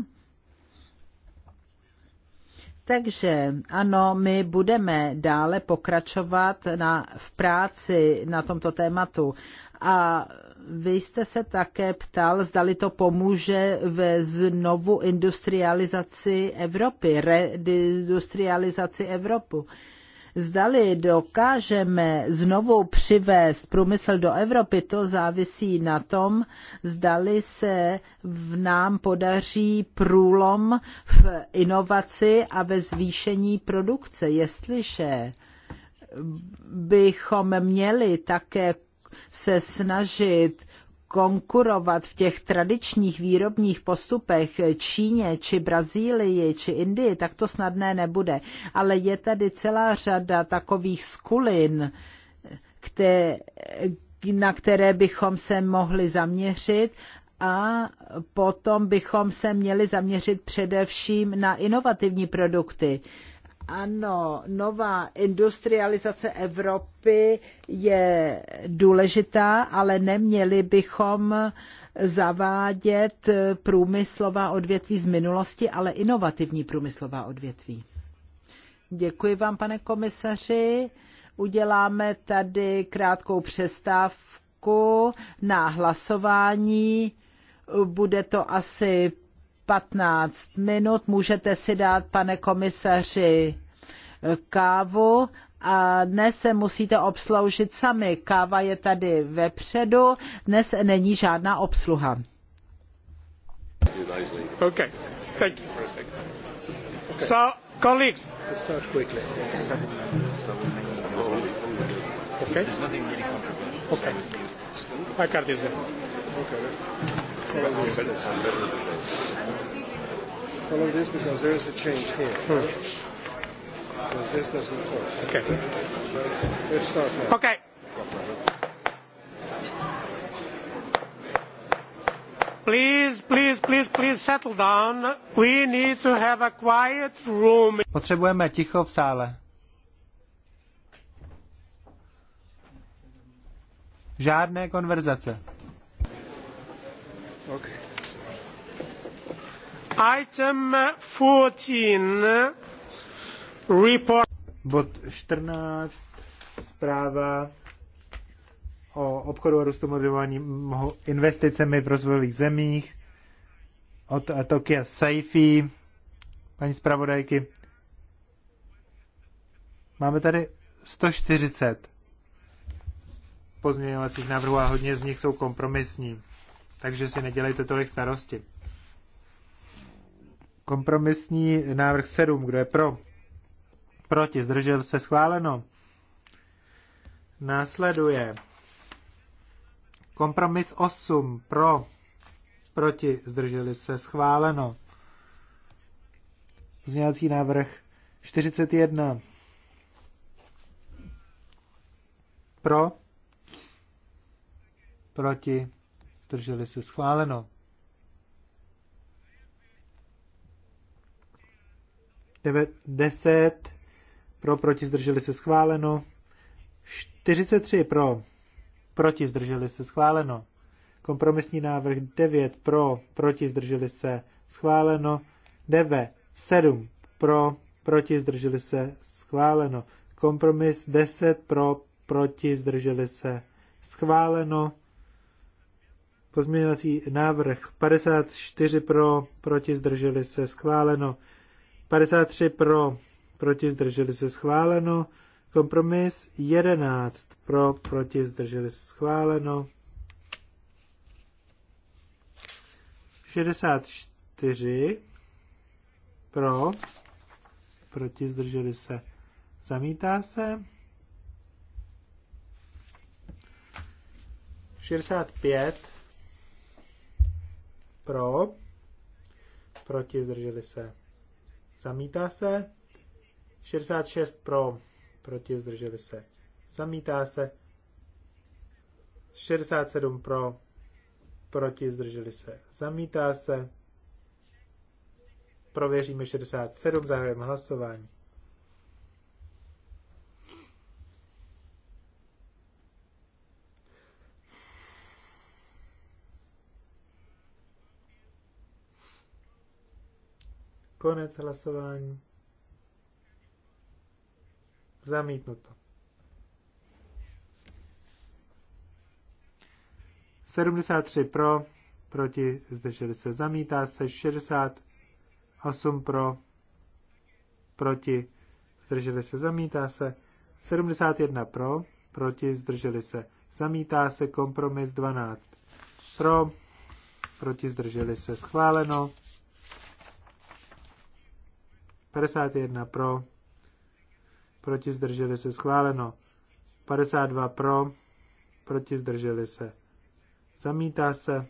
takže ano, my budeme dále pokračovat na, v práci na tomto tématu. A vy jste se také ptal, zdali to pomůže ve znovu industrializaci Evropy, reindustrializaci Evropu. Zdali dokážeme znovu přivést průmysl do Evropy, to závisí na tom, zdali se v nám podaří průlom v inovaci a ve zvýšení produkce. Jestliže bychom měli také se snažit konkurovat v těch tradičních výrobních postupech Číně či Brazílii či Indii, tak to snadné nebude. Ale je tady celá řada takových skulin, na které bychom se mohli zaměřit a potom bychom se měli zaměřit především na inovativní produkty. Ano, nová industrializace Evropy je důležitá, ale neměli bychom zavádět průmyslová odvětví z minulosti, ale inovativní průmyslová odvětví. Děkuji vám, pane komisaři. Uděláme tady krátkou přestávku na hlasování. Bude to asi 15 minut. Můžete si dát, pane komisaři, kávu a dnes se musíte obsloužit sami. Káva je tady vepředu, dnes není žádná obsluha. Okay. Thank you. So, colleagues. Okay. Okay. there. Okay. Follow this because there is a change here. Hmm. Okay. Okay. Please, please, please, please settle down. We need to have a quiet room. Potřebujeme ticho v sále. Žádné konverzace. Okay. Item 14 Report. Bod 14, zpráva o obchodu a růstu motivování investicemi v rozvojových zemích od Tokia Saifi, paní zpravodajky. Máme tady 140 pozměňovacích návrhů a hodně z nich jsou kompromisní, takže si nedělejte tolik starosti. Kompromisní návrh 7, kdo je pro? proti, zdržel se schváleno. Následuje kompromis 8 pro, proti, zdrželi se schváleno. Zněvací návrh 41 pro, proti, zdrželi se schváleno. Devět, deset pro, proti, zdrželi se schváleno. 43 pro, proti, zdrželi se schváleno. Kompromisní návrh 9 pro, proti, zdrželi se schváleno. 9, 7 pro, proti, zdrželi se schváleno. Kompromis 10 pro, proti, zdrželi se schváleno. Pozměňovací návrh 54 pro, proti, zdrželi se schváleno. 53 pro, proti, zdrželi se schváleno. Kompromis 11 pro, proti, zdrželi se schváleno. 64 pro, proti, zdrželi se, zamítá se. 65 pro, proti, zdrželi se, zamítá se. 66 pro, proti zdrželi se. Zamítá se. 67 pro, proti zdrželi se. Zamítá se. Prověříme 67, zahajujeme hlasování. Konec hlasování. Zamítnuto. 73 pro, proti, zdrželi se, zamítá se, 68 pro, proti, zdrželi se, zamítá se, 71 pro, proti, zdrželi se, zamítá se, kompromis 12 pro, proti, zdrželi se, schváleno, 51 pro, proti zdrželi se schváleno. 52 pro, proti zdrželi se. Zamítá se.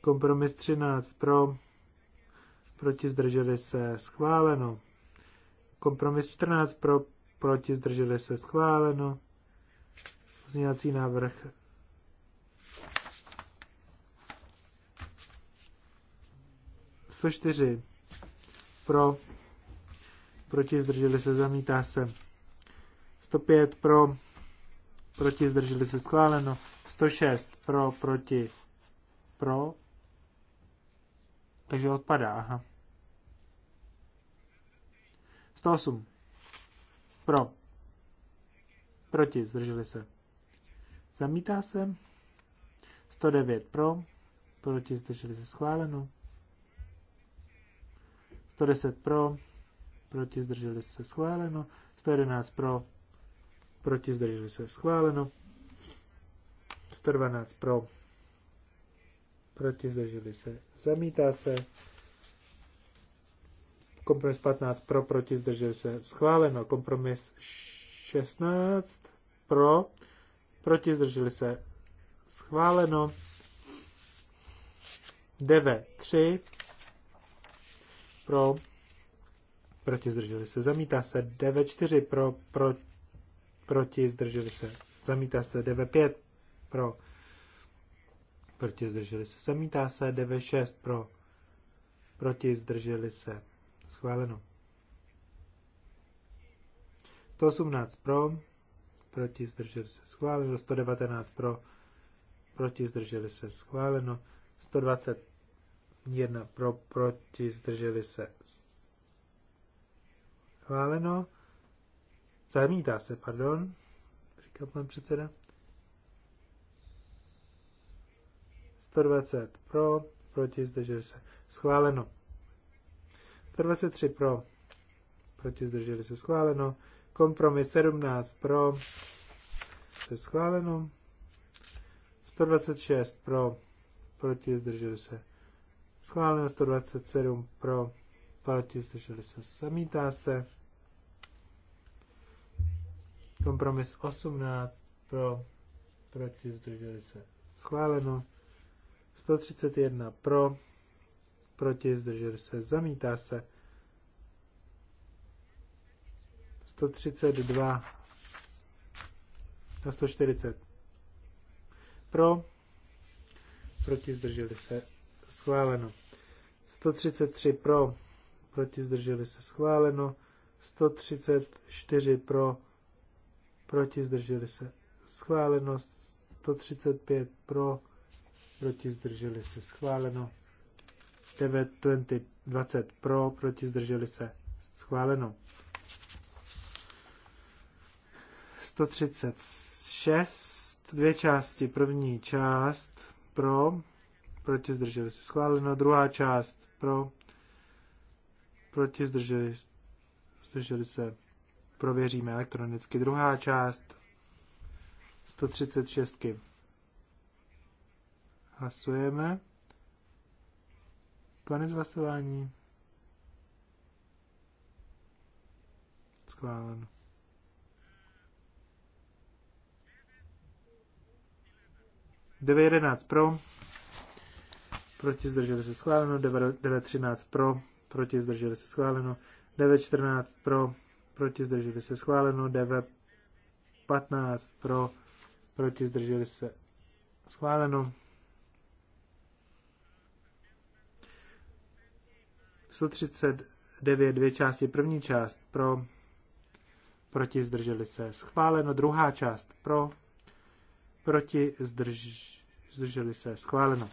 Kompromis 13 pro, proti zdrželi se schváleno. Kompromis 14 pro, proti zdrželi se schváleno. Pozměňovací návrh čtyři pro proti, zdrželi se, zamítá se. 105 pro, proti, zdrželi se, schváleno. 106 pro, proti, pro. Takže odpadá, aha. 108 pro, proti, zdrželi se. Zamítá se. 109 pro, proti, zdrželi se, schváleno. 110 pro, proti zdrželi se schváleno, 111 pro, proti zdrželi se schváleno, 112 pro, proti zdrželi se, zamítá se, kompromis 15 pro, proti zdrželi se schváleno, kompromis 16 pro, proti zdrželi se schváleno, 9, 3 pro, proti zdrželi se, zamítá se DV4 pro, pro, proti zdrželi se, zamítá se DV5 pro, proti zdrželi se, zamítá se DV6 pro, proti zdrželi se, schváleno. 118 pro, proti zdrželi se, schváleno. 119 pro, proti zdrželi se, schváleno. 121 pro, proti zdrželi se, Schváleno. Zamítá se, pardon, říká pan předseda. 120 pro, proti, zdrželi se. Schváleno. 123 pro, proti, zdrželi se. Schváleno. Kompromis 17 pro, se schváleno. 126 pro, proti, zdrželi se. Schváleno 127 pro, proti, zdrželi se, zamítá se. Kompromis 18 pro, proti, zdrželi se, schváleno. 131 pro, proti, zdrželi se, zamítá se. 132 na 140 pro, proti, zdrželi se, schváleno. 133 pro, proti, zdrželi se schváleno, 134 pro, proti, zdrželi se schváleno, 135 pro, proti, zdrželi se schváleno, 9, 20, 20 pro, proti, zdrželi se schváleno. 136, dvě části, první část pro, proti zdrželi se schváleno, druhá část pro, proti, zdrželi, zdrželi se, prověříme elektronicky. Druhá část 136. Hlasujeme. Konec hlasování. Schváleno. Devět jedenáct pro. Proti zdrželi se schváleno. Devět třináct pro proti zdrželi se schváleno, 9.14 pro, proti zdrželi se schváleno, 9.15 pro, proti zdrželi se schváleno. 139 dvě části, první část pro, proti zdrželi se schváleno, druhá část pro, proti zdrž, zdrželi se schváleno.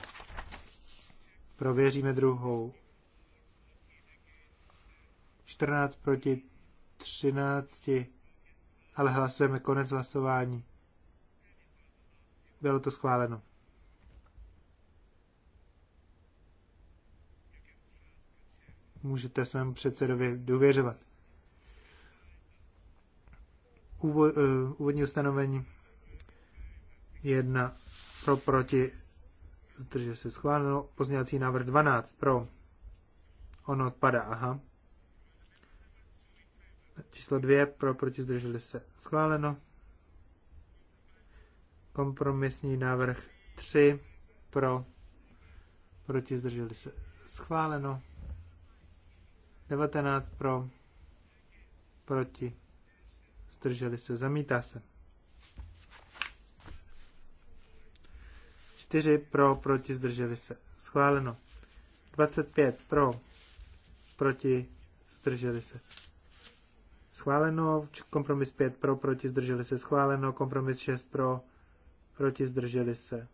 Prověříme druhou 14 proti 13, ale hlasujeme konec hlasování. Bylo to schváleno. Můžete svému předsedovi důvěřovat. Uvo, uh, eh, úvodní ustanovení 1 pro proti zdržel se schváleno. Pozměňovací návrh 12 pro. Ono odpadá, aha. Číslo dvě pro, proti, zdrželi se. Schváleno. Kompromisní návrh tři pro, proti, zdrželi se. Schváleno. 19 pro, proti, zdrželi se. Zamítá se. 4 pro, proti, zdrželi se. Schváleno. 25 pro, proti, zdrželi se schváleno, kompromis 5 pro, proti zdrželi se, schváleno, kompromis 6 pro, proti zdrželi se,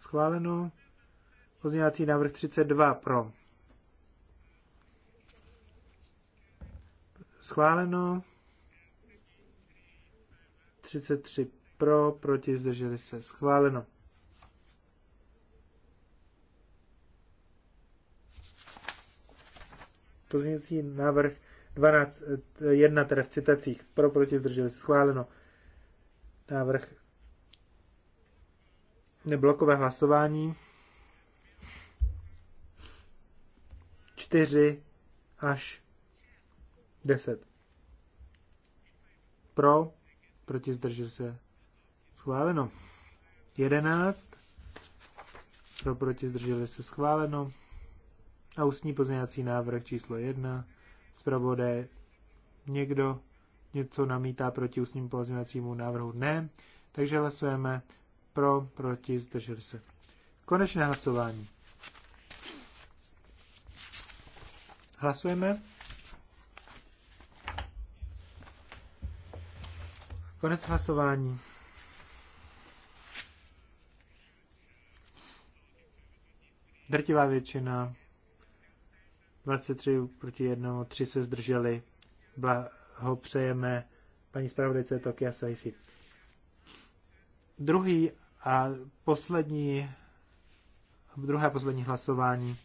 schváleno, pozměňovací návrh 32 pro, schváleno, 33 pro, proti zdrželi se, schváleno. Pozměňovací návrh 12, 1 teda v citacích. Pro, proti, zdrželi se. Schváleno. Návrh neblokové hlasování. 4 až 10. Pro, proti zdržel se. Schváleno. 11. Pro, proti zdrželi se. Schváleno. A ústní pozměňovací návrh číslo 1 zpravodaj. Někdo něco namítá proti ústním pozměňovacímu návrhu? Ne. Takže hlasujeme pro, proti, zdrželi se. Konečné hlasování. Hlasujeme. Konec hlasování. Drtivá většina 23 proti 1, 3 se zdrželi. Blaho přejeme paní zpravodajce Tokia Saifi. Druhý a poslední, druhé a poslední hlasování.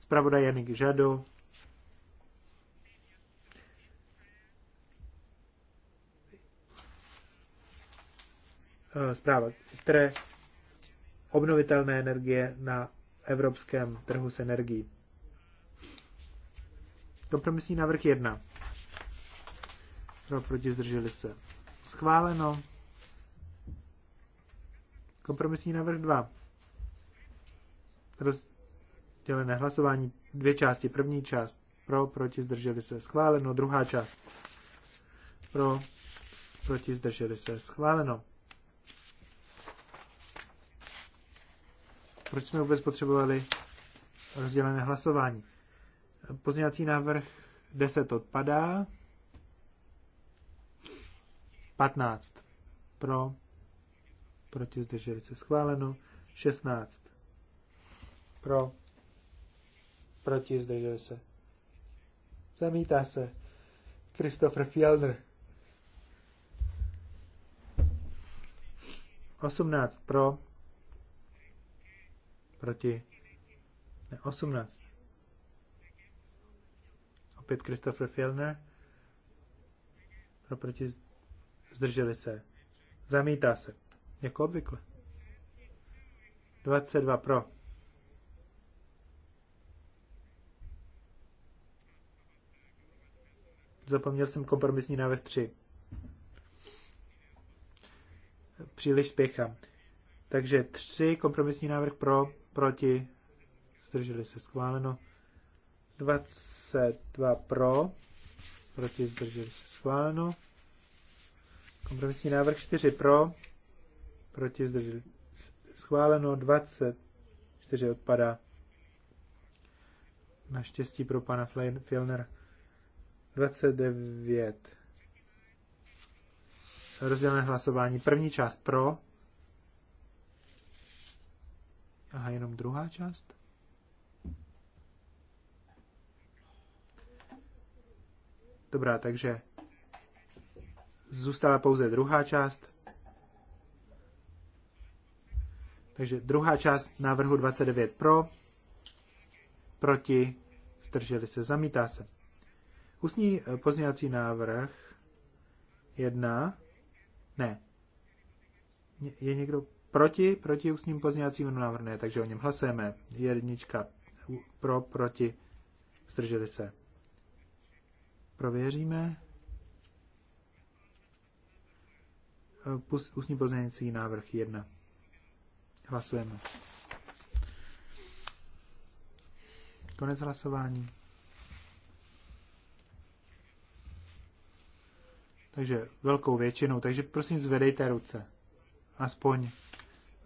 Zpravodaj Janik Žado. Eh, zpráva, které obnovitelné energie na evropském trhu s energií. Kompromisní návrh 1. Pro, proti, zdrželi se. Schváleno. Kompromisní návrh 2. Rozdělené hlasování. Dvě části. První část. Pro, proti, zdrželi se. Schváleno. Druhá část. Pro, proti, zdrželi se. Schváleno. Proč jsme vůbec potřebovali rozdělené hlasování? Pozměňovací návrh 10 odpadá. 15 pro, proti zdrželi se schváleno. 16 pro, proti zdrželi se. Zamítá se. Christopher Fjellner. 18 pro, proti, ne, 18 5 Christopher Fjellner. proti zdrželi se. Zamítá se. Jako obvykle. 22 pro. Zapomněl jsem kompromisní návrh 3. Příliš spěchám. Takže 3 kompromisní návrh pro, proti, zdrželi se schváleno. 22 pro, proti zdrželi se schváleno. Kompromisní návrh 4 pro, proti zdrželi se schváleno. 24 odpadá. Naštěstí pro pana Filner 29. Rozdělené hlasování. První část pro. Aha, jenom druhá část? Dobrá, takže zůstala pouze druhá část. Takže druhá část návrhu 29 pro, proti, zdrželi se, zamítá se. Ústní eh, pozměňovací návrh 1, ne. Je někdo proti, proti ústním pozměňovacím návrhu? Ne, takže o něm hlasujeme. Jednička pro, proti, zdrželi se. Prověříme. Ústní pozměňující návrh 1. Hlasujeme. Konec hlasování. Takže velkou většinou. Takže prosím zvedejte ruce. Aspoň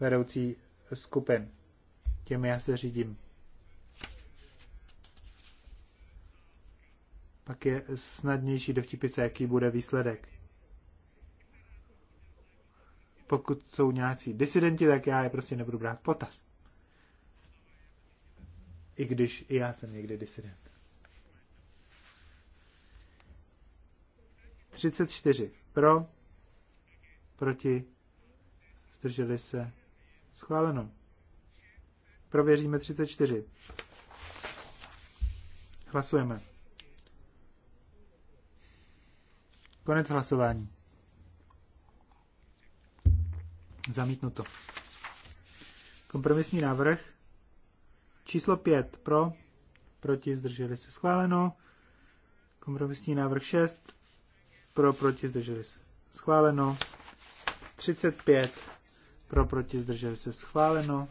vedoucí skupin. Těmi já se řídím. pak je snadnější dovtipit se, jaký bude výsledek. Pokud jsou nějací disidenti, tak já je prostě nebudu brát potaz. I když i já jsem někdy disident. 34 pro, proti, zdrželi se, schváleno. Prověříme 34. Hlasujeme. Konec hlasování. Zamítnuto. Kompromisní návrh. Číslo 5 pro, proti, zdrželi se schváleno. Kompromisní návrh 6 pro, proti, zdrželi se schváleno. 35 pro, proti, zdrželi se schváleno.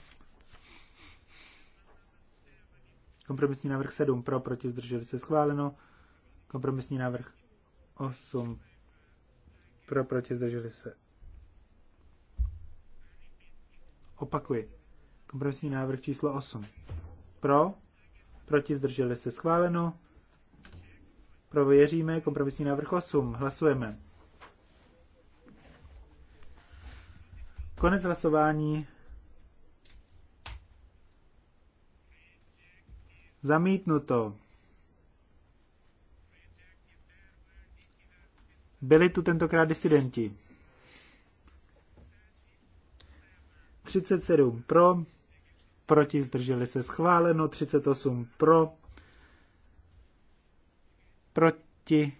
Kompromisní návrh 7 pro, proti, zdrželi se schváleno. Kompromisní návrh 8 pro, proti, zdrželi se. Opakuji. Kompromisní návrh číslo 8. Pro, proti, zdrželi se. Schváleno. Prověříme kompromisní návrh 8. Hlasujeme. Konec hlasování. Zamítnuto. Byli tu tentokrát disidenti. 37 pro, proti zdrželi se schváleno, 38 pro, proti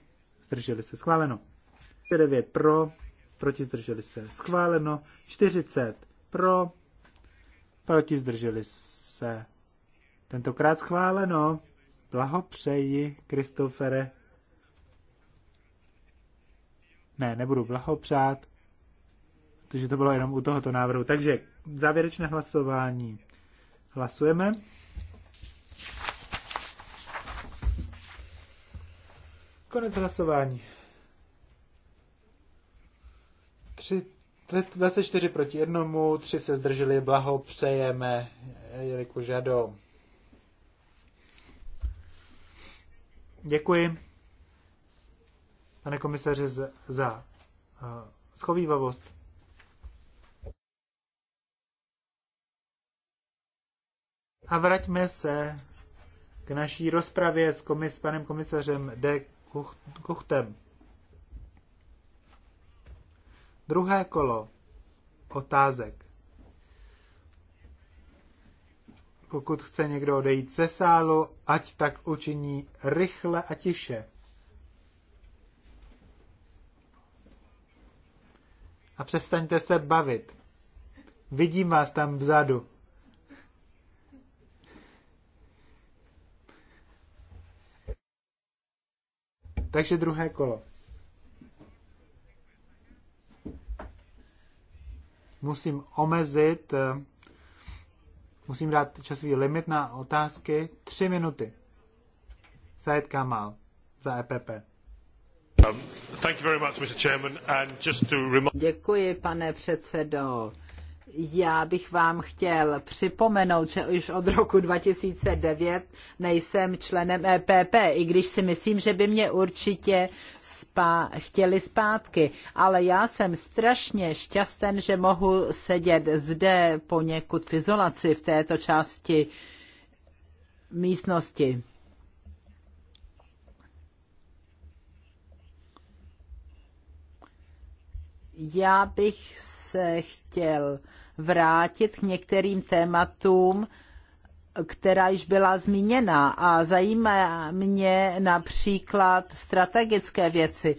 zdrželi se schváleno, 9 pro, proti zdrželi se schváleno, 40 pro, proti zdrželi se tentokrát schváleno. Blahopřeji, Kristofere. Ne, nebudu blahopřát, protože to bylo jenom u tohoto návrhu. Takže závěrečné hlasování. Hlasujeme. Konec hlasování. 3, 24 proti jednomu, 3 se zdrželi, blaho přejeme, jelikož žado. Děkuji pane komisaři, za, uh, schovývavost. A vraťme se k naší rozpravě s, komis, s panem komisařem D. Kuchtem. Druhé kolo otázek. Pokud chce někdo odejít ze sálu, ať tak učiní rychle a tiše. a přestaňte se bavit. Vidím vás tam vzadu. Takže druhé kolo. Musím omezit, eh, musím dát časový limit na otázky. Tři minuty. Said Kamal za EPP. Um. Děkuji, pane předsedo. Já bych vám chtěl připomenout, že už od roku 2009 nejsem členem EPP, i když si myslím, že by mě určitě spa- chtěli zpátky. Ale já jsem strašně šťasten, že mohu sedět zde poněkud v izolaci v této části místnosti. Já bych se chtěl vrátit k některým tématům, která již byla zmíněna a zajímá mě například strategické věci.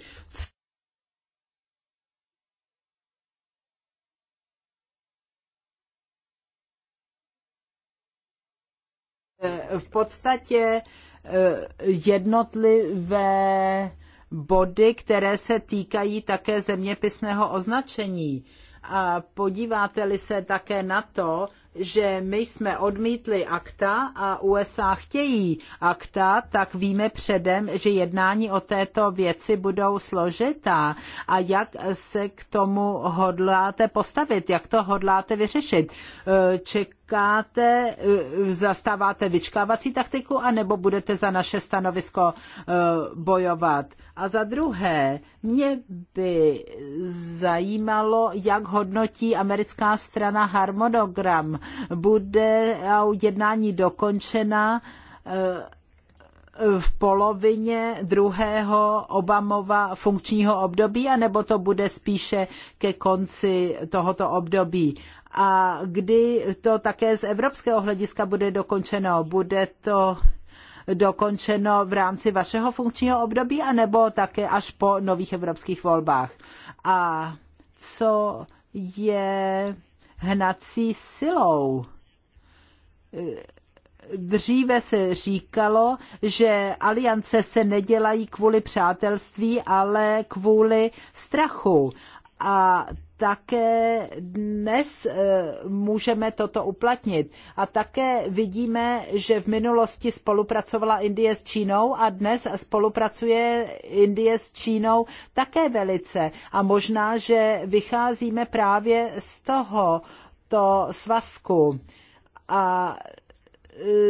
V podstatě eh, jednotlivé body, které se týkají také zeměpisného označení. A podíváte-li se také na to, že my jsme odmítli akta a USA chtějí akta, tak víme předem, že jednání o této věci budou složitá. A jak se k tomu hodláte postavit? Jak to hodláte vyřešit? E, čekáte, e, zastáváte vyčkávací taktiku, anebo budete za naše stanovisko e, bojovat? A za druhé, mě by zajímalo, jak hodnotí americká strana harmonogram bude jednání dokončena eh, v polovině druhého Obamova funkčního období, anebo to bude spíše ke konci tohoto období. A kdy to také z evropského hlediska bude dokončeno? Bude to dokončeno v rámci vašeho funkčního období, anebo také až po nových evropských volbách? A co je hnací silou. Dříve se říkalo, že aliance se nedělají kvůli přátelství, ale kvůli strachu. A také dnes e, můžeme toto uplatnit. A také vidíme, že v minulosti spolupracovala Indie s Čínou a dnes spolupracuje Indie s Čínou také velice. A možná, že vycházíme právě z tohoto svazku. A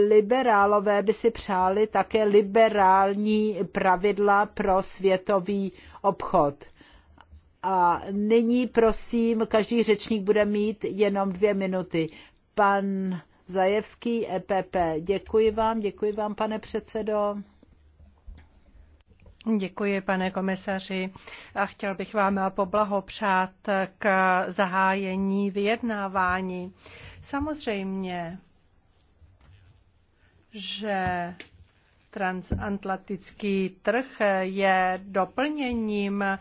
liberálové by si přáli také liberální pravidla pro světový obchod a nyní prosím, každý řečník bude mít jenom dvě minuty. Pan Zajevský, EPP. Děkuji vám, děkuji vám, pane předsedo. Děkuji, pane komisaři. A chtěl bych vám poblahopřát k zahájení vyjednávání. Samozřejmě, že Transatlantický trh je doplněním eh,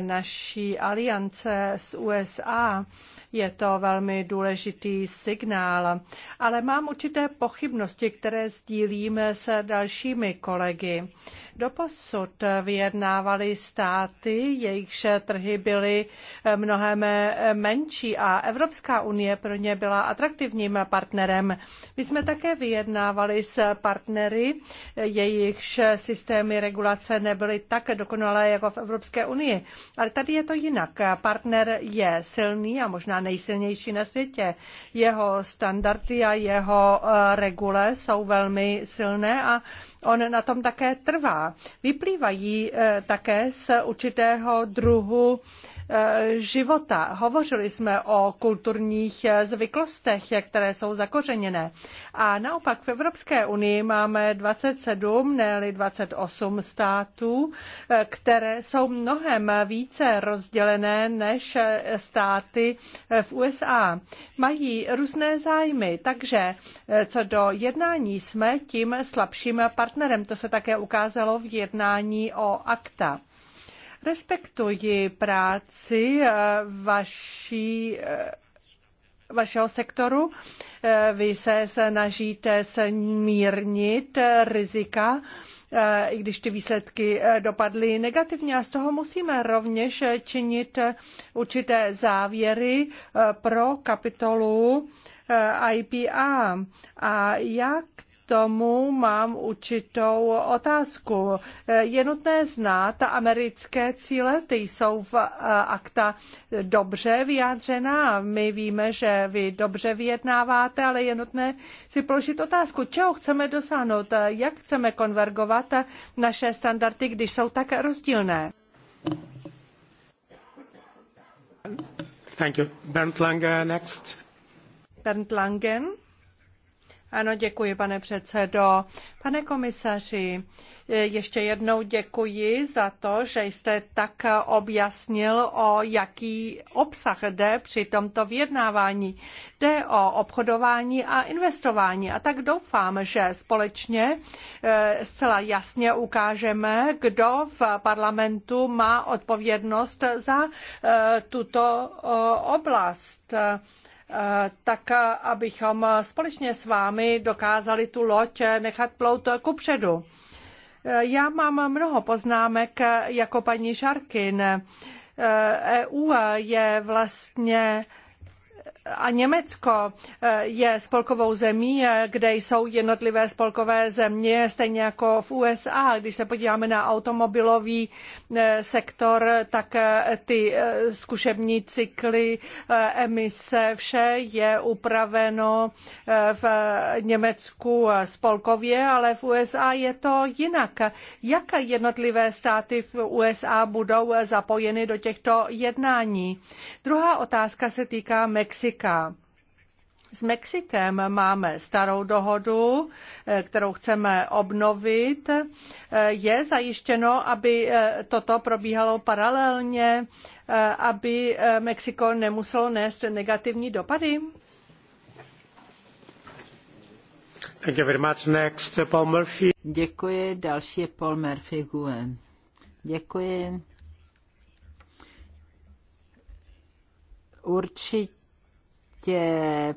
naší aliance s USA. Je to velmi důležitý signál, ale mám určité pochybnosti, které sdílíme se dalšími kolegy. Doposud vyjednávaly státy, jejichž trhy byly eh, mnohem eh, menší a Evropská unie pro ně byla atraktivním partnerem. My jsme také vyjednávali s partnery, eh, jejichž systémy regulace nebyly tak dokonalé jako v Evropské unii. Ale tady je to jinak. Partner je silný a možná nejsilnější na světě. Jeho standardy a jeho regule jsou velmi silné a on na tom také trvá. Vyplývají eh, také z určitého druhu eh, života. Hovořili jsme o kulturních eh, zvyklostech, které jsou zakořeněné. A naopak v Evropské unii máme 27, ne 28 států, které jsou mnohem více rozdělené než státy v USA. Mají různé zájmy, takže co do jednání jsme tím slabším partnerem. To se také ukázalo v jednání o akta. Respektuji práci eh, vaší eh, vašeho sektoru. Eh, vy se snažíte mírnit rizika, i když ty výsledky dopadly negativně. A z toho musíme rovněž činit určité závěry pro kapitolu IPA. A jak tomu mám určitou otázku. Je nutné znát, americké cíle, ty jsou v eh, akta dobře vyjádřená. My víme, že vy dobře vyjednáváte, ale je nutné si položit otázku, čeho chceme dosáhnout, eh, jak chceme konvergovat eh, naše standardy, když jsou tak rozdílné. Thank you. Bernd Lange next. Bernd Langen. Ano, děkuji, pane předsedo. Pane komisaři, e, ještě jednou děkuji za to, že jste tak objasnil, o jaký obsah jde při tomto vyjednávání. Jde o obchodování a investování. A tak doufám, že společně e, zcela jasně ukážeme, kdo v parlamentu má odpovědnost za e, tuto oblast tak abychom společně s vámi dokázali tu loď nechat plout kupředu. Já mám mnoho poznámek jako paní Šarkin. EU e je vlastně a Německo eh, je spolkovou zemí, eh, kde jsou jednotlivé spolkové země, stejně jako v USA. Když se podíváme na automobilový eh, sektor, tak ty zkušební cykly, emise, vše je upraveno v Německu spolkově, ale v USA je to jinak. Jak jednotlivé státy v USA budou zapojeny do těchto jednání? Druhá otázka se týká Mexika Mexika. S Mexikem máme starou dohodu, eh, kterou chceme obnovit. Eh, je zajištěno, aby eh, toto probíhalo paralelně, aby Mexiko nemuselo nést negativní dopady? Thank you very much. Next, uh, Paul Murphy. Děkuji. Další je Paul Murphy Guen. Děkuji. Určitě prostě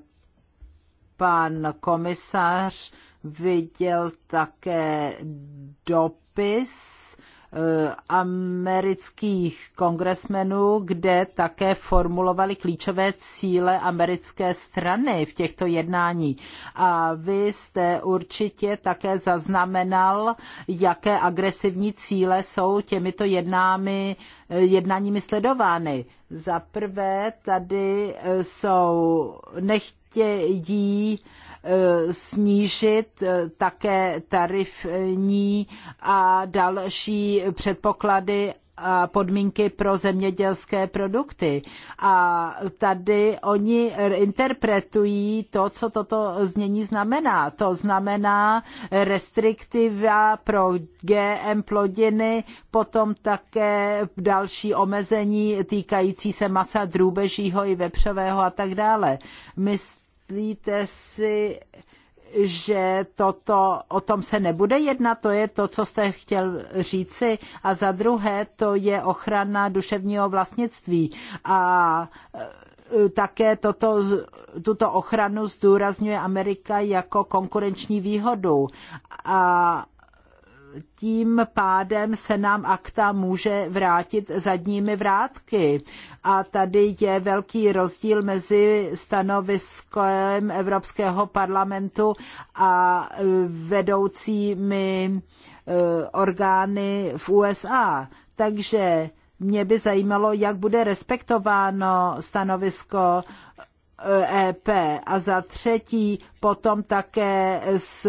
pan komisař viděl také dopis Eh, amerických kongresmenů, kde také formulovali klíčové cíle americké strany v těchto jednání. A vy jste určitě také zaznamenal, jaké agresivní cíle jsou těmito jednámi, eh, jednáními sledovány. Za prvé tady eh, jsou nechtějí Eh, snížit eh, také tarifní a další předpoklady a podmínky pro zemědělské produkty. A tady oni interpretují to, co toto znění znamená. To znamená restriktiva pro GM plodiny, potom také další omezení týkající se masa drůbežího i vepřového a tak dále. My myslíte si, že toto, o tom se nebude jednat, to je to, co jste chtěl říci. A za druhé, to je ochrana duševního vlastnictví. A e, také toto, tuto ochranu zdůrazňuje Amerika jako konkurenční výhodu. A tím pádem se nám akta může vrátit zadními vrátky. A tady je velký rozdíl mezi stanoviskem Evropského parlamentu a e, vedoucími e, orgány v USA. Takže mě by zajímalo, jak bude respektováno stanovisko EP. E a za třetí potom také s,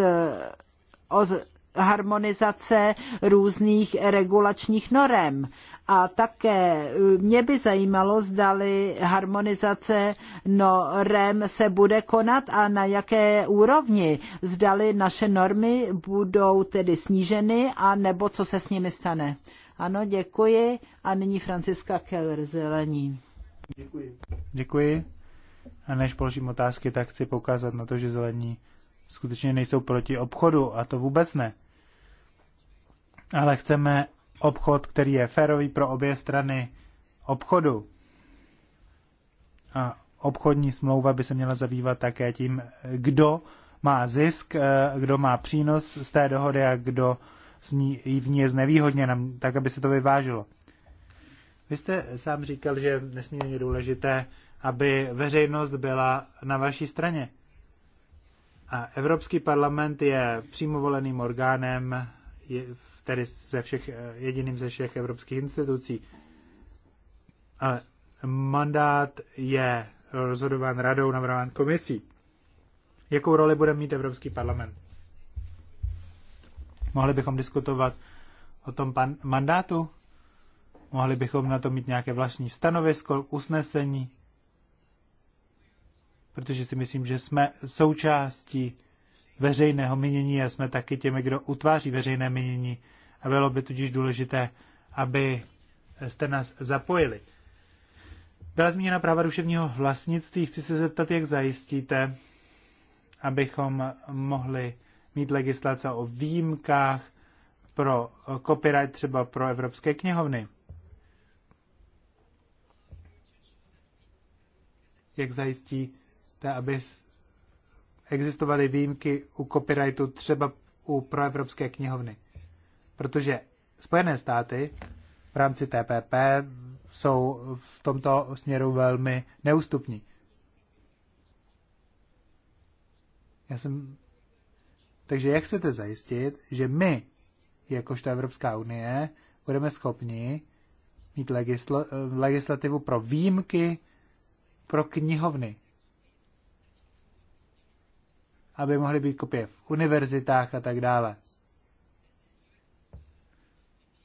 harmonizace různých regulačních norem. A také eh, mě by zajímalo, zdali harmonizace norem se bude konat a na jaké úrovni. Zdali naše normy budou tedy sníženy a nebo co se s nimi stane. Ano, děkuji. A nyní Franciska Keller, zelení. Děkuji. Děkuji. A než položím otázky, tak chci poukázat na to, že zelení skutečně nejsou proti obchodu a to vůbec ne. Ale chceme obchod, který je férový pro obě strany obchodu. A obchodní smlouva by se měla zabývat také tím, kdo má zisk, eh, kdo má přínos z té dohody a kdo z ní, v ní je znevýhodněn, tak aby se to vyvážilo. Vy jste sám říkal, že je nesmírně důležité, aby veřejnost byla na vaší straně. Evropský parlament je přímo voleným orgánem, je, tedy ze všech, jediným ze všech evropských institucí. Ale mandát je rozhodován radou, navrhován komisí. Jakou roli bude mít Evropský parlament? Mohli bychom diskutovat o tom pan, mandátu? Mohli bychom na to mít nějaké vlastní stanovisko, usnesení? protože si myslím, že jsme součástí veřejného mínění a jsme taky těmi, kdo utváří veřejné mínění. A bylo by tudíž důležité, aby jste nás zapojili. Byla zmíněna práva duševního vlastnictví. Chci se zeptat, jak zajistíte, abychom mohli mít legislace o výjimkách pro copyright třeba pro evropské knihovny. Jak zajistí, to, aby existovaly výjimky u copyrightu třeba u proevropské knihovny. Protože Spojené státy v rámci TPP jsou v tomto směru velmi neústupní. Já jsem... Takže jak chcete zajistit, že my, jakožto Evropská unie, budeme schopni mít legisl... legislativu pro výjimky pro knihovny, aby mohly být kopie v univerzitách a tak dále.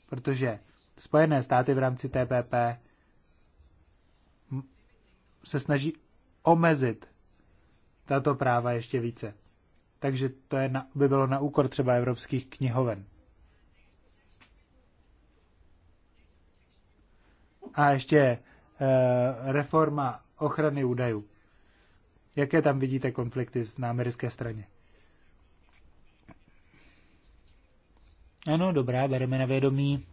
Protože Spojené státy v rámci TPP se snaží omezit tato práva ještě více. Takže to je na, by bylo na úkor třeba evropských knihoven. A ještě e, reforma ochrany údajů. Jaké tam vidíte konflikty na americké straně? Ano, dobrá, bereme na vědomí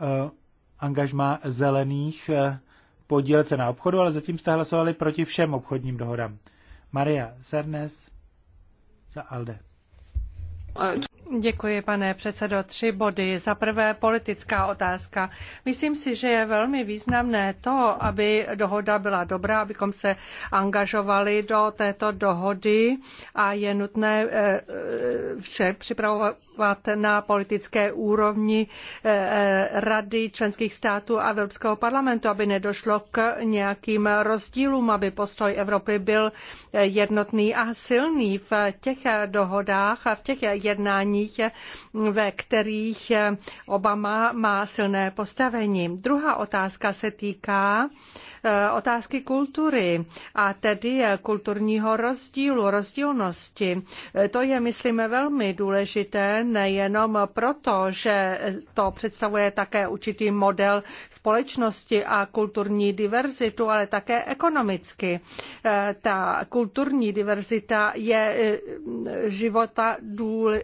uh, angažma zelených uh, eh, podílet se na obchodu, ale zatím jste hlasovali proti všem obchodním dohodám. Maria Sernes za ALDE. Děkuji, pane předsedo. Tři body. Za prvé politická otázka. Myslím si, že je velmi významné to, aby dohoda byla dobrá, abychom se angažovali do této dohody a je nutné eh, vše připravovat na politické úrovni eh, eh, Rady členských států a Evropského parlamentu, aby nedošlo k nějakým rozdílům, aby postoj Evropy byl jednotný a silný v těch dohodách a v těch jednání zemích, ve kterých Obama má silné postavení. Druhá otázka se týká Eh, otázky kultury a tedy eh, kulturního rozdílu, rozdílnosti. Eh, to je, myslím, velmi důležité nejenom proto, že to představuje také určitý model společnosti a kulturní diverzitu, ale také ekonomicky. Ta kulturní diverzita je života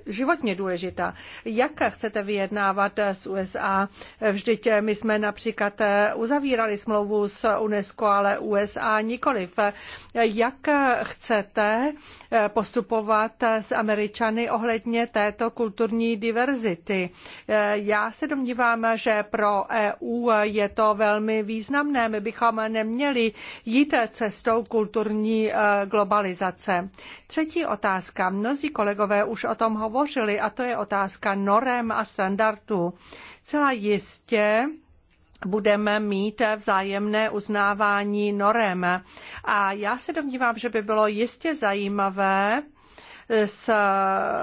životně důležitá. Jak chcete vyjednávat s USA? Vždyť my jsme například uzavírali smlouvu s UNESCO UNESCO, ale USA nikoliv. Jak chcete postupovat s Američany ohledně této kulturní diverzity? Já se domnívám, že pro EU je to velmi významné. My bychom neměli jít cestou kulturní e, globalizace. Třetí otázka. Mnozí kolegové už o tom hovořili a to je otázka norem a standardů. Celá jistě budeme mít vzájemné uznávání norem. A já se domnívám, že by bylo jistě zajímavé s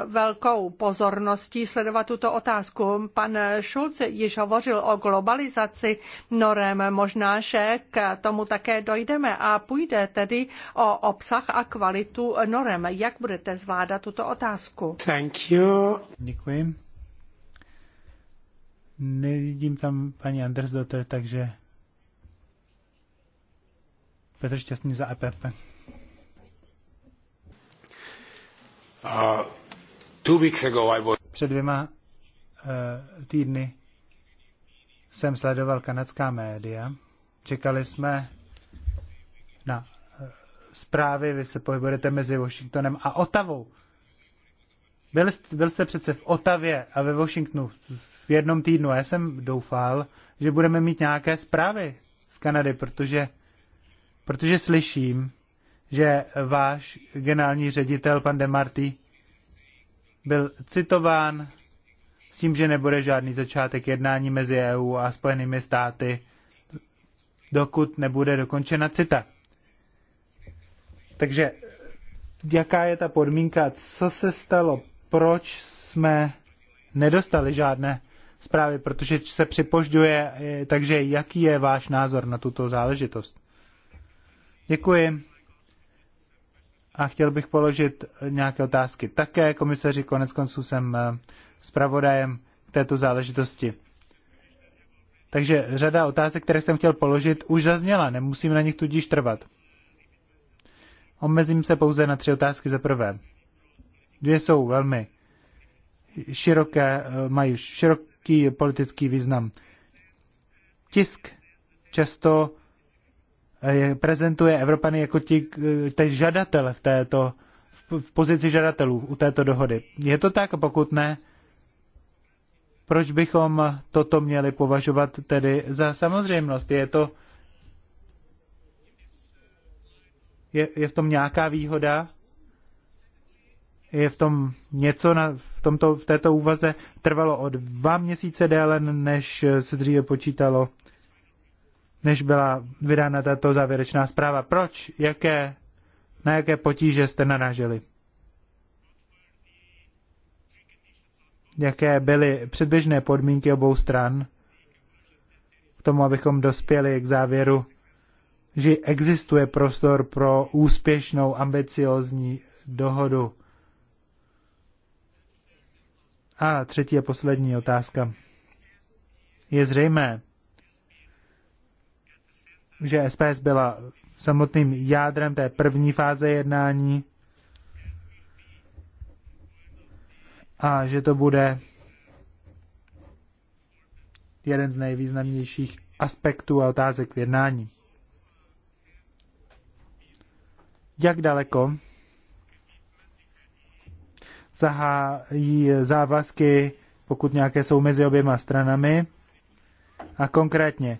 velkou pozorností sledovat tuto otázku. Pan Šulc již hovořil o globalizaci norem, možná, že k tomu také dojdeme a půjde tedy o obsah a kvalitu norem. Jak budete zvládat tuto otázku? Thank you. Děkuji. Nevidím tam paní Andersdotter, takže Petr Šťastný za EPP. two weeks ago I was... Před dvěma uh, týdny jsem sledoval kanadská média. Čekali jsme na uh, zprávy, vy se pohybujete mezi Washingtonem a Otavou. Byl, byl jste přece v Otavě a ve Washingtonu v jednom týdnu. Já jsem doufal, že budeme mít nějaké zprávy z Kanady, protože, protože slyším, že váš generální ředitel, pan Demarty, byl citován s tím, že nebude žádný začátek jednání mezi EU a Spojenými státy, dokud nebude dokončena CITA. Takže jaká je ta podmínka, co se stalo, proč jsme nedostali žádné zprávy, protože se připožďuje, eh, takže jaký je váš názor na tuto záležitost? Děkuji. A chtěl bych položit eh, nějaké otázky také. Komisaři, konec konců jsem eh, zpravodajem k této záležitosti. Takže řada otázek, které jsem chtěl položit, už zazněla, nemusím na nich tudíž trvat. Omezím se pouze na tři otázky za prvé. Dvě jsou velmi široké, mají širok, velký politický význam. Tisk často eh, je, prezentuje Evropany jako ti, eh, ty žadatele v této v pozici žadatelů u této dohody. Je to tak, pokud ne, proč bychom toto měli považovat tedy za samozřejmost? Je to je, je v tom nějaká výhoda? je v tom něco na, v, tomto, v této úvaze trvalo o dva měsíce déle, než se dříve počítalo, než byla vydána tato závěrečná zpráva. Proč? Jaké, na jaké potíže jste naražili? Jaké byly předběžné podmínky obou stran k tomu, abychom dospěli k závěru, že existuje prostor pro úspěšnou, ambiciozní dohodu? A třetí a poslední otázka. Je zřejmé, že SPS byla samotným jádrem té první fáze jednání a že to bude jeden z nejvýznamnějších aspektů a otázek v jednání. Jak daleko zahájí závazky, pokud nějaké jsou mezi oběma stranami. A konkrétně,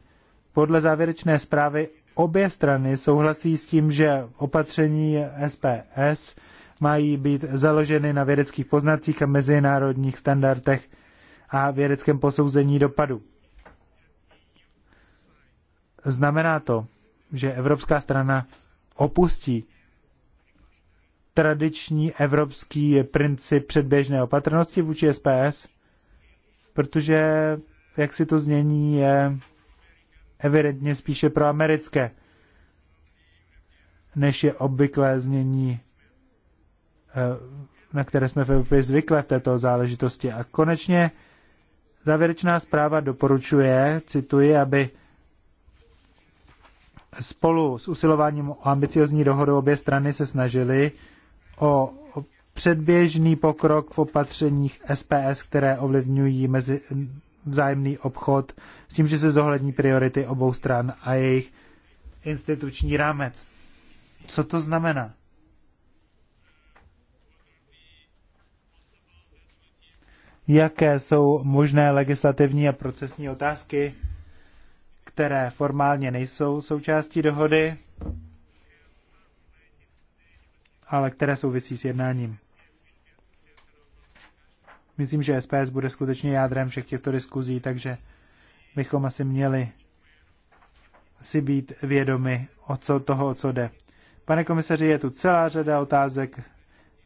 podle závěrečné zprávy obě strany souhlasí s tím, že opatření SPS mají být založeny na vědeckých poznacích a mezinárodních standardech a vědeckém posouzení dopadu. Znamená to, že evropská strana opustí tradiční evropský princip předběžné opatrnosti vůči SPS, protože jak si to změní, je evidentně spíše pro americké, než je obvyklé změní, eh, na které jsme v Evropě zvykle v této záležitosti. A konečně závěrečná zpráva doporučuje, cituji, aby spolu s usilováním o ambiciozní dohodu obě strany se snažily o předběžný pokrok v opatřeních SPS, které ovlivňují mezi vzájemný obchod, s tím, že se zohlední priority obou stran a jejich instituční rámec. Co to znamená? Jaké jsou možné legislativní a procesní otázky, které formálně nejsou součástí dohody? ale které souvisí s jednáním. Myslím, že SPS bude skutečně jádrem všech těchto diskuzí, takže bychom asi měli si být vědomi o co, toho, o co jde. Pane komisaři, je tu celá řada otázek.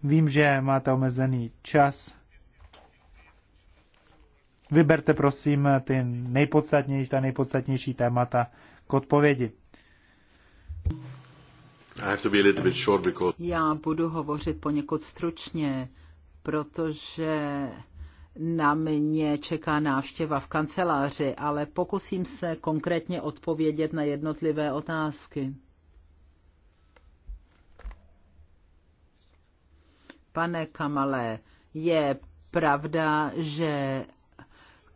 Vím, že máte omezený čas. Vyberte prosím ty nejpodstatnější, ta nejpodstatnější témata k odpovědi. Já budu hovořit poněkud stručně, protože na mě čeká návštěva v kanceláři, ale pokusím se konkrétně odpovědět na jednotlivé otázky. Pane Kamale, je pravda, že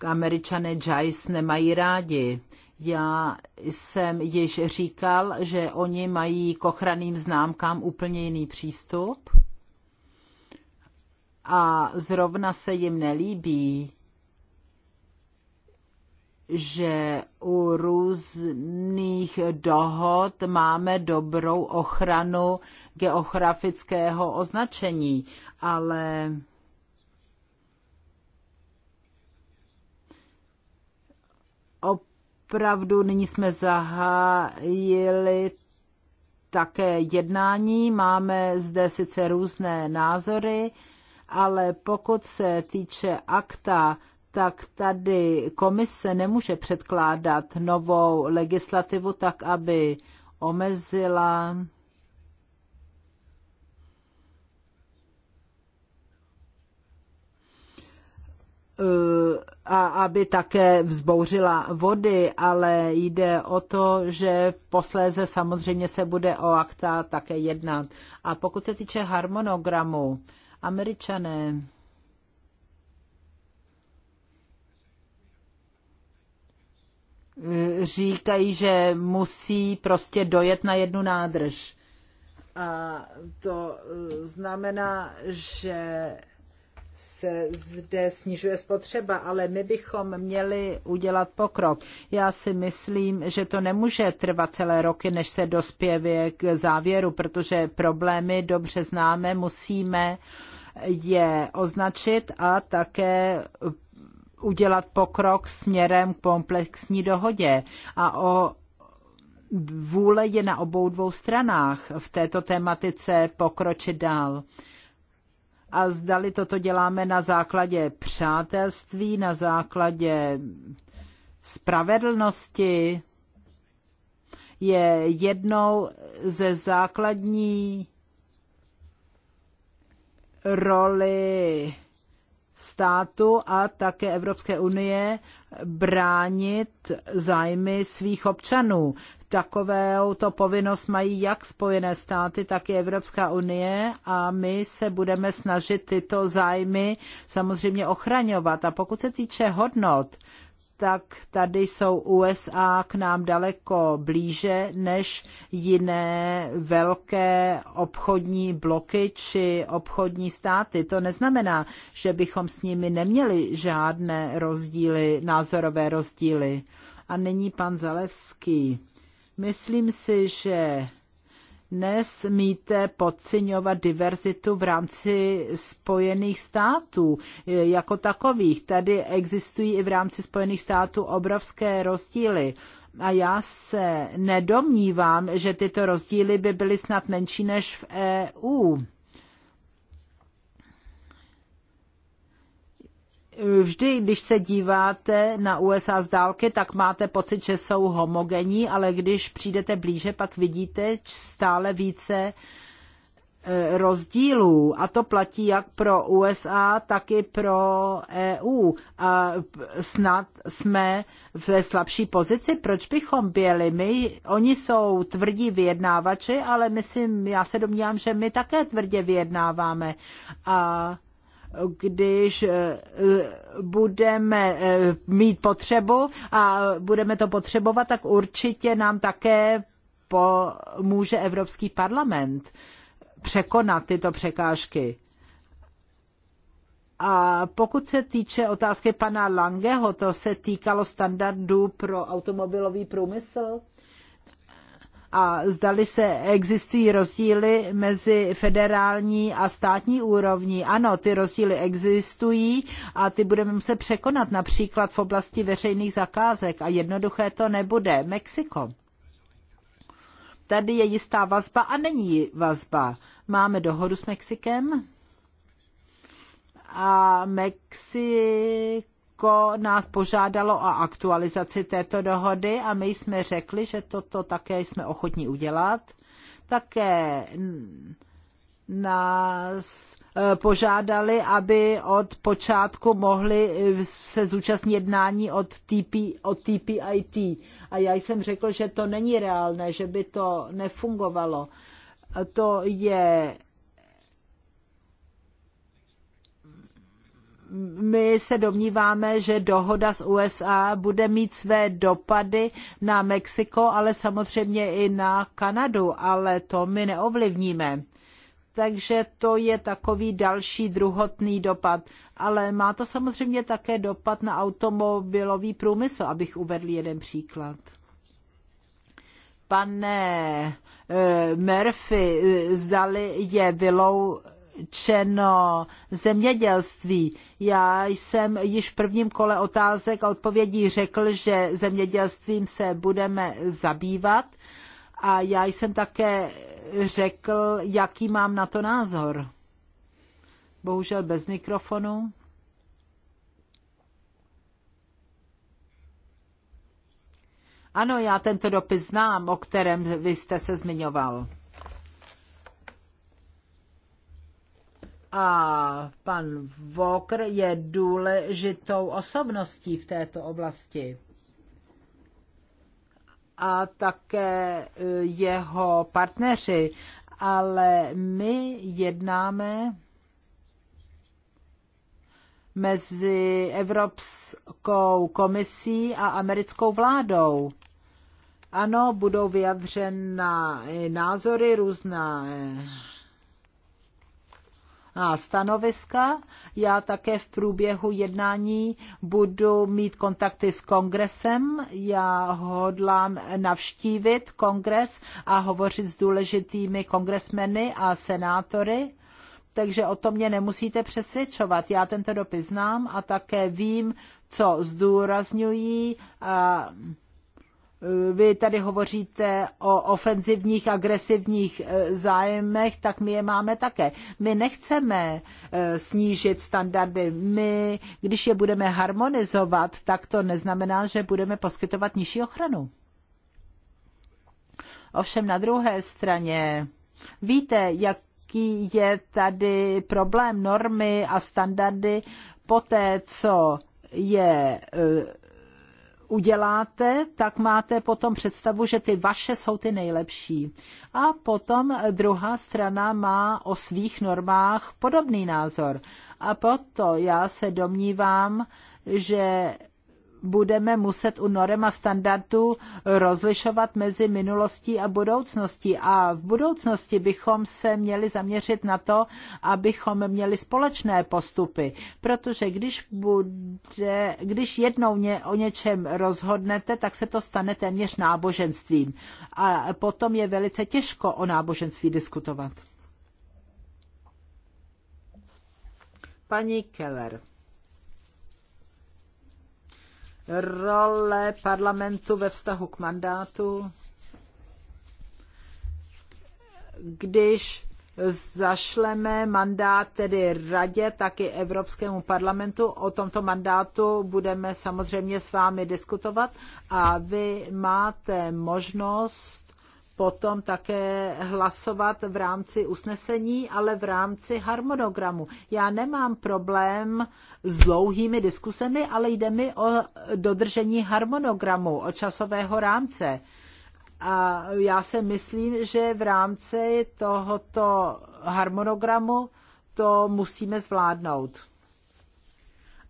američané Jais nemají rádi. Já jsem již říkal, že oni mají k ochranným známkám úplně jiný přístup a zrovna se jim nelíbí, že u různých dohod máme dobrou ochranu geografického označení, ale opravdu nyní jsme zahájili také jednání. Máme zde sice různé názory, ale pokud se týče akta, tak tady komise nemůže předkládat novou legislativu tak, aby omezila Eh, a aby také vzbouřila vody, ale jde o to, že posléze samozřejmě se bude o akta také jednat. A pokud se týče harmonogramu, američané eh, říkají, že musí prostě dojet na jednu nádrž. A to eh, znamená, že se zde snižuje spotřeba, ale my bychom měli udělat pokrok. Já si myslím, že to nemůže trvat celé roky, než se dospěje k závěru, protože problémy dobře známe, musíme je označit a také udělat pokrok směrem k komplexní dohodě. A o vůle je na obou dvou stranách v této tematice pokročit dál a zdali toto děláme na základě přátelství, na základě spravedlnosti, je jednou ze základní roli státu a také Evropské unie bránit zájmy svých občanů. Takovou to povinnost mají jak Spojené státy, tak i Evropská unie a my se budeme snažit tyto zájmy samozřejmě ochraňovat. A pokud se týče hodnot, tak tady jsou USA k nám daleko blíže než jiné velké obchodní bloky či obchodní státy. To neznamená, že bychom s nimi neměli žádné rozdíly, názorové rozdíly. A není pan Zalevský. Myslím si, že nesmíte podceňovat diverzitu v rámci Spojených států jako takových. Tady existují i v rámci Spojených států obrovské rozdíly. A já se nedomnívám, že tyto rozdíly by byly snad menší než v EU. vždy, když se díváte na USA z dálky, tak máte pocit, že jsou homogenní, ale když přijdete blíže, pak vidíte stále více e, rozdílů a to platí jak pro USA, tak i pro EU. A snad jsme ve slabší pozici, proč bychom byli my? Oni jsou tvrdí vyjednávači, ale myslím, já se domnívám, že my také tvrdě vyjednáváme. A když eh, budeme eh, mít potřebu a budeme to potřebovat, tak určitě nám také pomůže Evropský parlament překonat tyto překážky. A pokud se týče otázky pana Langeho, to se týkalo standardů pro automobilový průmysl a zdali se existují rozdíly mezi federální a státní úrovní. Ano, ty rozdíly existují a ty budeme muset překonat například v oblasti veřejných zakázek a jednoduché to nebude. Mexiko. Tady je jistá vazba a není vazba. Máme dohodu s Mexikem a Mexiko Turecko nás požádalo o aktualizaci této dohody a my jsme řekli, že toto také jsme ochotní udělat. Také nás eh, požádali, aby od počátku mohli eh, se zúčastnit jednání od, TP, od TPIT. A já jsem řekl, že to není reálné, že by to nefungovalo. To je my se domníváme, že dohoda s USA bude mít své dopady na Mexiko, ale samozřejmě i na Kanadu, ale to my neovlivníme. Takže to je takový další druhotný dopad. Ale má to samozřejmě také dopad na automobilový průmysl, abych uvedl jeden příklad. Pane eh, Murphy, eh, zdali je vylou, určeno zemědělství. Já jsem již v prvním kole otázek a odpovědí řekl, že zemědělstvím se budeme zabývat a já jsem také řekl, jaký mám na to názor. Bohužel bez mikrofonu. Ano, já tento dopis znám, o kterém vy jste se zmiňoval. a pan Vokr je důležitou osobností v této oblasti. A také eh, jeho partneři. Ale my jednáme mezi Evropskou komisí a americkou vládou. Ano, budou vyjadřena názory různá eh, stanoviska. Já také v průběhu jednání budu mít kontakty s kongresem. Já hodlám navštívit kongres a hovořit s důležitými kongresmeny a senátory takže o tom mě nemusíte přesvědčovat. Já tento dopis znám a také vím, co zdůrazňují. A Eh, vy tady hovoříte o ofenzivních, agresivních eh, zájmech, tak my je máme také. My nechceme eh, snížit standardy. My, když je budeme harmonizovat, tak to neznamená, že budeme poskytovat nižší ochranu. Ovšem na druhé straně, víte, jaký je tady problém normy a standardy poté, co je uděláte, tak máte potom představu, že ty vaše jsou ty nejlepší. A potom druhá strana má o svých normách podobný názor. A proto já se domnívám, že budeme muset u norem a standardů rozlišovat mezi minulostí a budoucností. A v budoucnosti bychom se měli zaměřit na to, abychom měli společné postupy. Protože když, bude, když jednou ně, o něčem rozhodnete, tak se to stane téměř náboženstvím. A potom je velice těžko o náboženství diskutovat. Paní Keller role parlamentu ve vztahu k mandátu, když zašleme mandát tedy radě, tak i Evropskému parlamentu. O tomto mandátu budeme samozřejmě s vámi diskutovat a vy máte možnost potom také hlasovat v rámci usnesení, ale v rámci harmonogramu. Já nemám problém s dlouhými diskusemi, ale jde mi o dodržení harmonogramu, o časového rámce. A já se myslím, že v rámci tohoto harmonogramu to musíme zvládnout.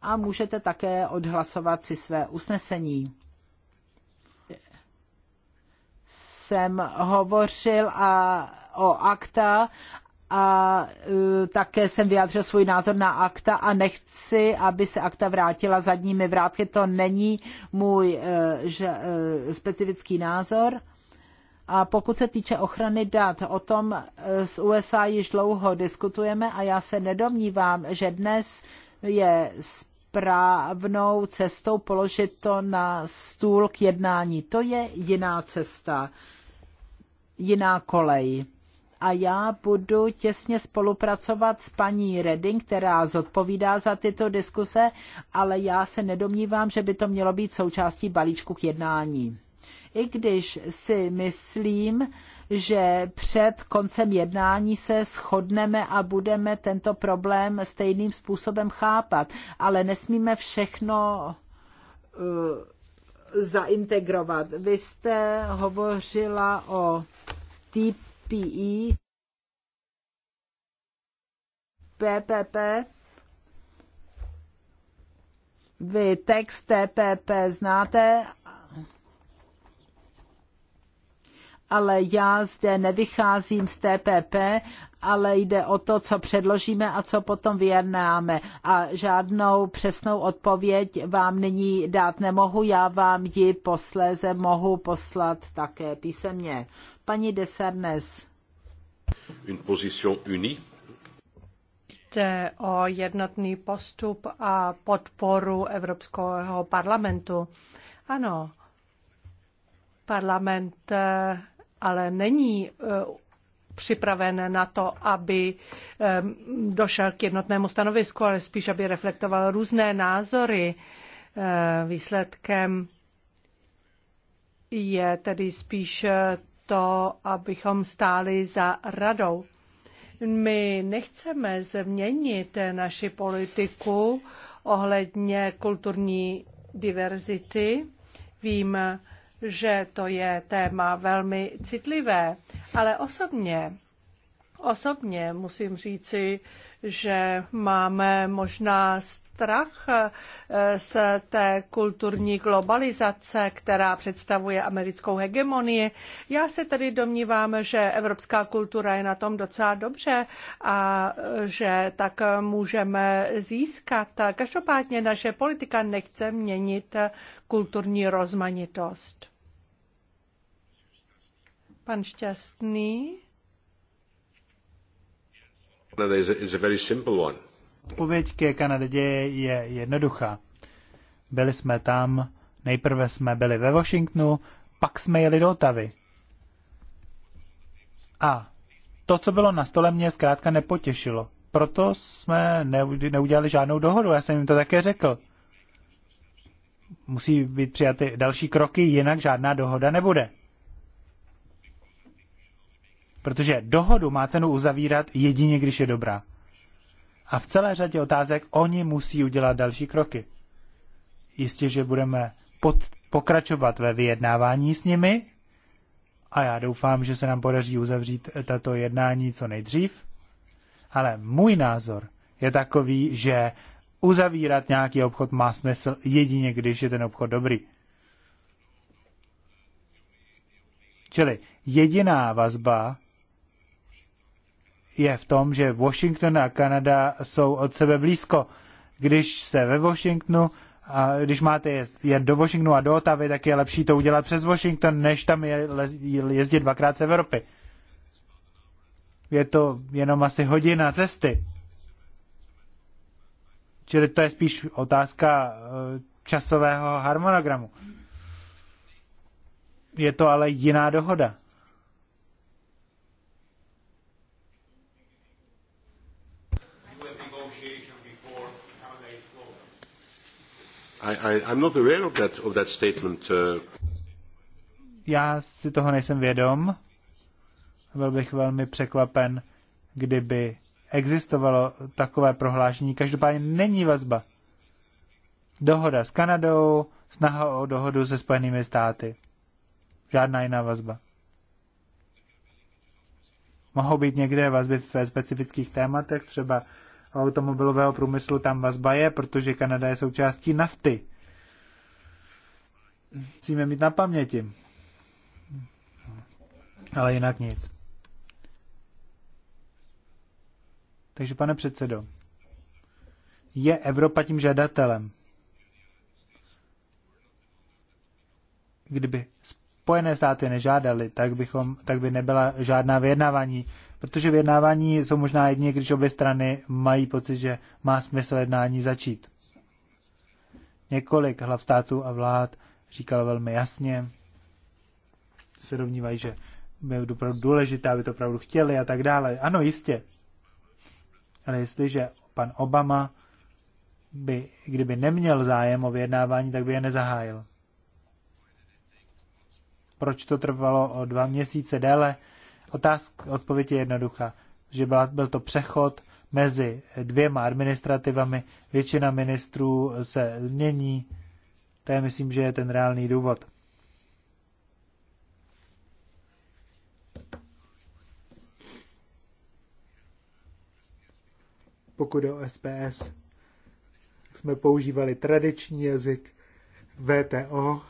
A můžete také odhlasovat si své usnesení. jsem hovořil a o akta a e, také jsem vyjádřil svůj názor na akta a nechci, aby se akta vrátila zadními vrátky. To není můj e, že, e, specifický názor. A pokud se týče ochrany dat, o tom s USA již dlouho diskutujeme a já se nedomnívám, že dnes je správnou cestou položit to na stůl k jednání. To je jiná cesta jiná kolej. A já budu těsně spolupracovat s paní Redding, která zodpovídá za tyto diskuse, ale já se nedomnívám, že by to mělo být součástí balíčku k jednání. I když si myslím, že před koncem jednání se shodneme a budeme tento problém stejným způsobem chápat, ale nesmíme všechno uh, zaintegrovat. Vy jste hovořila o TPI, PPP, e, vy text TPP znáte ale já zde nevycházím z TPP, ale jde o to, co předložíme a co potom vyjednáme. A žádnou přesnou odpověď vám nyní dát nemohu, já vám ji posléze mohu poslat také písemně. Paní Desernes. Une position unie. Jde o jednotný postup a podporu Evropského parlamentu. Ano, parlament eh, ale není eh, připraven na to, aby eh, došel k jednotnému stanovisku, ale spíš, aby reflektoval různé názory. Eh, výsledkem je tedy spíš to, abychom stáli za radou. My nechceme změnit naši politiku ohledně kulturní diverzity. Vím, že to je téma velmi citlivé, ale osobně Osobně musím říci, že máme možná strach eh, z té kulturní globalizace, která představuje americkou hegemonii. Já se tedy domnívám, že evropská kultura je na tom docela dobře a že tak můžeme získat. Každopádně naše politika nechce měnit kulturní rozmanitost. Pan Šťastný. a, a very simple one Odpověď ke Kanadě je jednoduchá. Byli jsme tam, nejprve jsme byli ve Washingtonu, pak jsme jeli do Otavy. A to, co bylo na stole, mě zkrátka nepotěšilo. Proto jsme neudělali žádnou dohodu, já jsem jim to také řekl. Musí být přijaty další kroky, jinak žádná dohoda nebude. Protože dohodu má cenu uzavírat jedině, když je dobrá. A v celé řadě otázek oni musí udělat další kroky. Jistě, že budeme pod, pokračovat ve vyjednávání s nimi a já doufám, že se nám podaří uzavřít tato jednání co nejdřív. Ale můj názor je takový, že uzavírat nějaký obchod má smysl jedině, když je ten obchod dobrý. Čili jediná vazba je v tom, že Washington a Kanada jsou od sebe blízko. Když jste ve Washingtonu, a když máte jet, do Washingtonu a do Otavy, tak je lepší to udělat přes Washington, než tam jezdit dvakrát z Evropy. Je to jenom asi hodina cesty. Čili to je spíš otázka e, časového harmonogramu. Je to ale jiná dohoda. Já si toho nejsem vědom. Byl bych velmi překvapen, kdyby existovalo takové prohlášení. Každopádně není vazba. Dohoda s Kanadou, snaha o dohodu se Spojenými státy. Žádná jiná vazba. Mohou být někde vazby ve specifických tématech, třeba automobilového průmyslu tam vazba je, protože Kanada je součástí nafty. Musíme mít na paměti. Ale jinak nic. Takže pane předsedo, je Evropa tím žadatelem? Kdyby Spojené státy nežádali, tak, bychom, tak by nebyla žádná vyjednávání protože vyjednávání jsou možná jedině, když obě strany mají pocit, že má smysl jednání začít. Několik hlav států a vlád říkal velmi jasně, se domnívají, že je opravdu důležité, aby to opravdu chtěli a tak dále. Ano, jistě. Ale jestliže pan Obama by, kdyby neměl zájem o vyjednávání, tak by je nezahájil. Proč to trvalo o dva měsíce déle, Otázka, odpověď je jednoduchá, že byla, byl to přechod mezi dvěma administrativami, většina ministrů se mění, to je myslím, že je ten reálný důvod. Pokud o SPS, jsme používali tradiční jazyk VTO,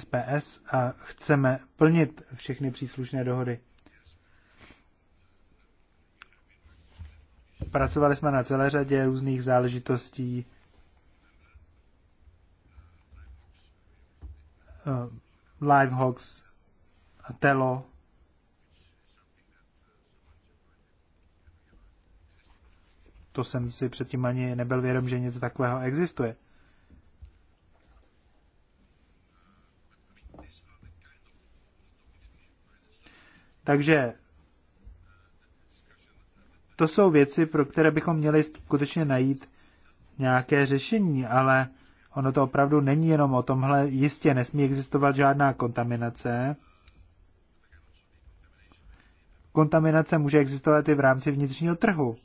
SPS a chceme plnit všechny příslušné dohody. Pracovali jsme na celé řadě různých záležitostí. Eh, Livehawks, Telo, to jsem si předtím ani nebyl vědom, že něco takového existuje. Takže to jsou věci, pro které bychom měli skutečně najít nějaké řešení, ale ono to opravdu není jenom o tomhle. Jistě nesmí existovat žádná kontaminace. Kontaminace může existovat i v rámci vnitřního trhu.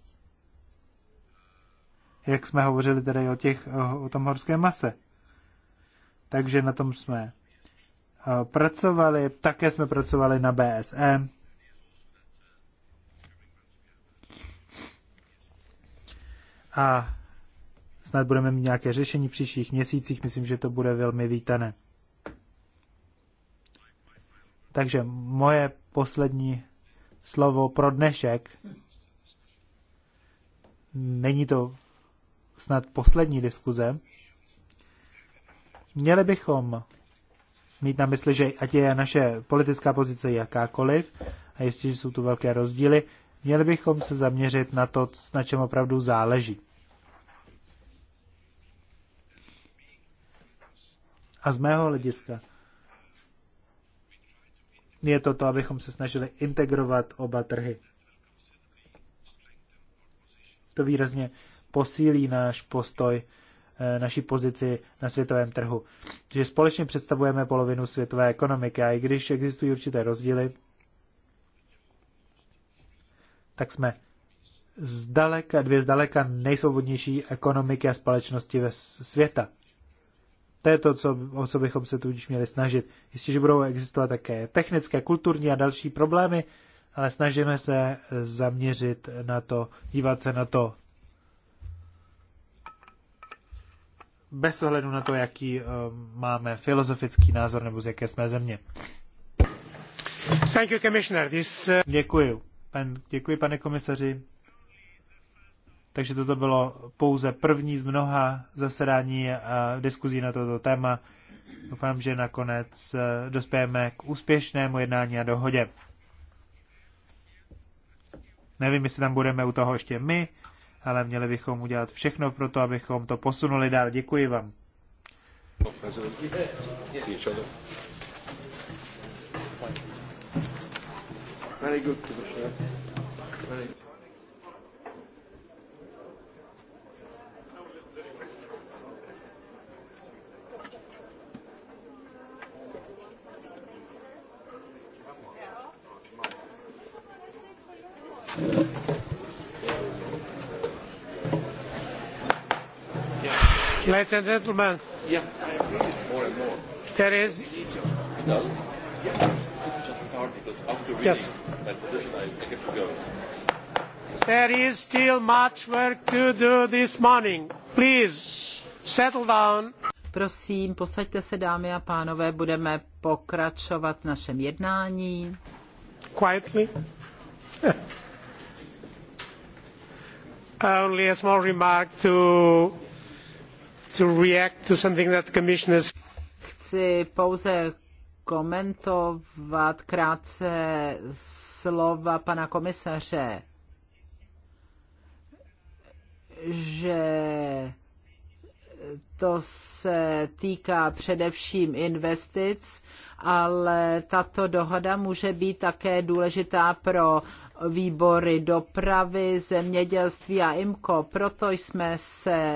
Jak jsme hovořili tedy o, těch, o tom horské mase. Takže na tom jsme Eh, pracovali, také jsme pracovali na BSE. A snad budeme mít nějaké řešení v příštích měsících, myslím, že to bude velmi vítané. Takže moje poslední slovo pro dnešek. Není to snad poslední diskuze. Měli bychom mít na mysli, že ať je naše politická pozice jakákoliv, a jestliže jsou tu velké rozdíly, měli bychom se zaměřit na to, na čem opravdu záleží. A z mého hlediska je to to, abychom se snažili integrovat oba trhy. To výrazně posílí náš postoj Eh, naší pozici na světovém trhu. Že společně představujeme polovinu světové ekonomiky a i když existují určité rozdíly, tak jsme zdaleka, dvě zdaleka nejsvobodnější ekonomiky a společnosti ve světa. To je to, co, o co bychom se tudíž měli snažit. Jistě, budou existovat také technické, kulturní a další problémy, ale snažíme se zaměřit na to, dívat se na to bez ohledu na to, jaký eh, máme filozofický názor nebo z jaké jsme země. Thank you, Commissioner. This, uh... Děkuji. Pan, děkuji, pane komisaři. Takže toto bylo pouze první z mnoha zasedání a diskuzí na toto téma. Doufám, že nakonec eh, dospějeme k úspěšnému jednání a dohodě. Nevím, jestli tam budeme u toho ještě my, ale měli bychom udělat všechno pro to, abychom to posunuli dál. Děkuji vám. Very good, Commissioner. Very good. Ladies and gentlemen, There is. yes. There is still much work to do this morning. Please settle down. Prosím, posaďte se, dámy a pánové, budeme pokračovat v našem jednání. Quietly. [laughs] Only a small remark to Chci pouze komentovat krátce slova pana komisaře, že to se týká především investic, ale tato dohoda může být také důležitá pro výbory dopravy, zemědělství a IMCO. Proto jsme se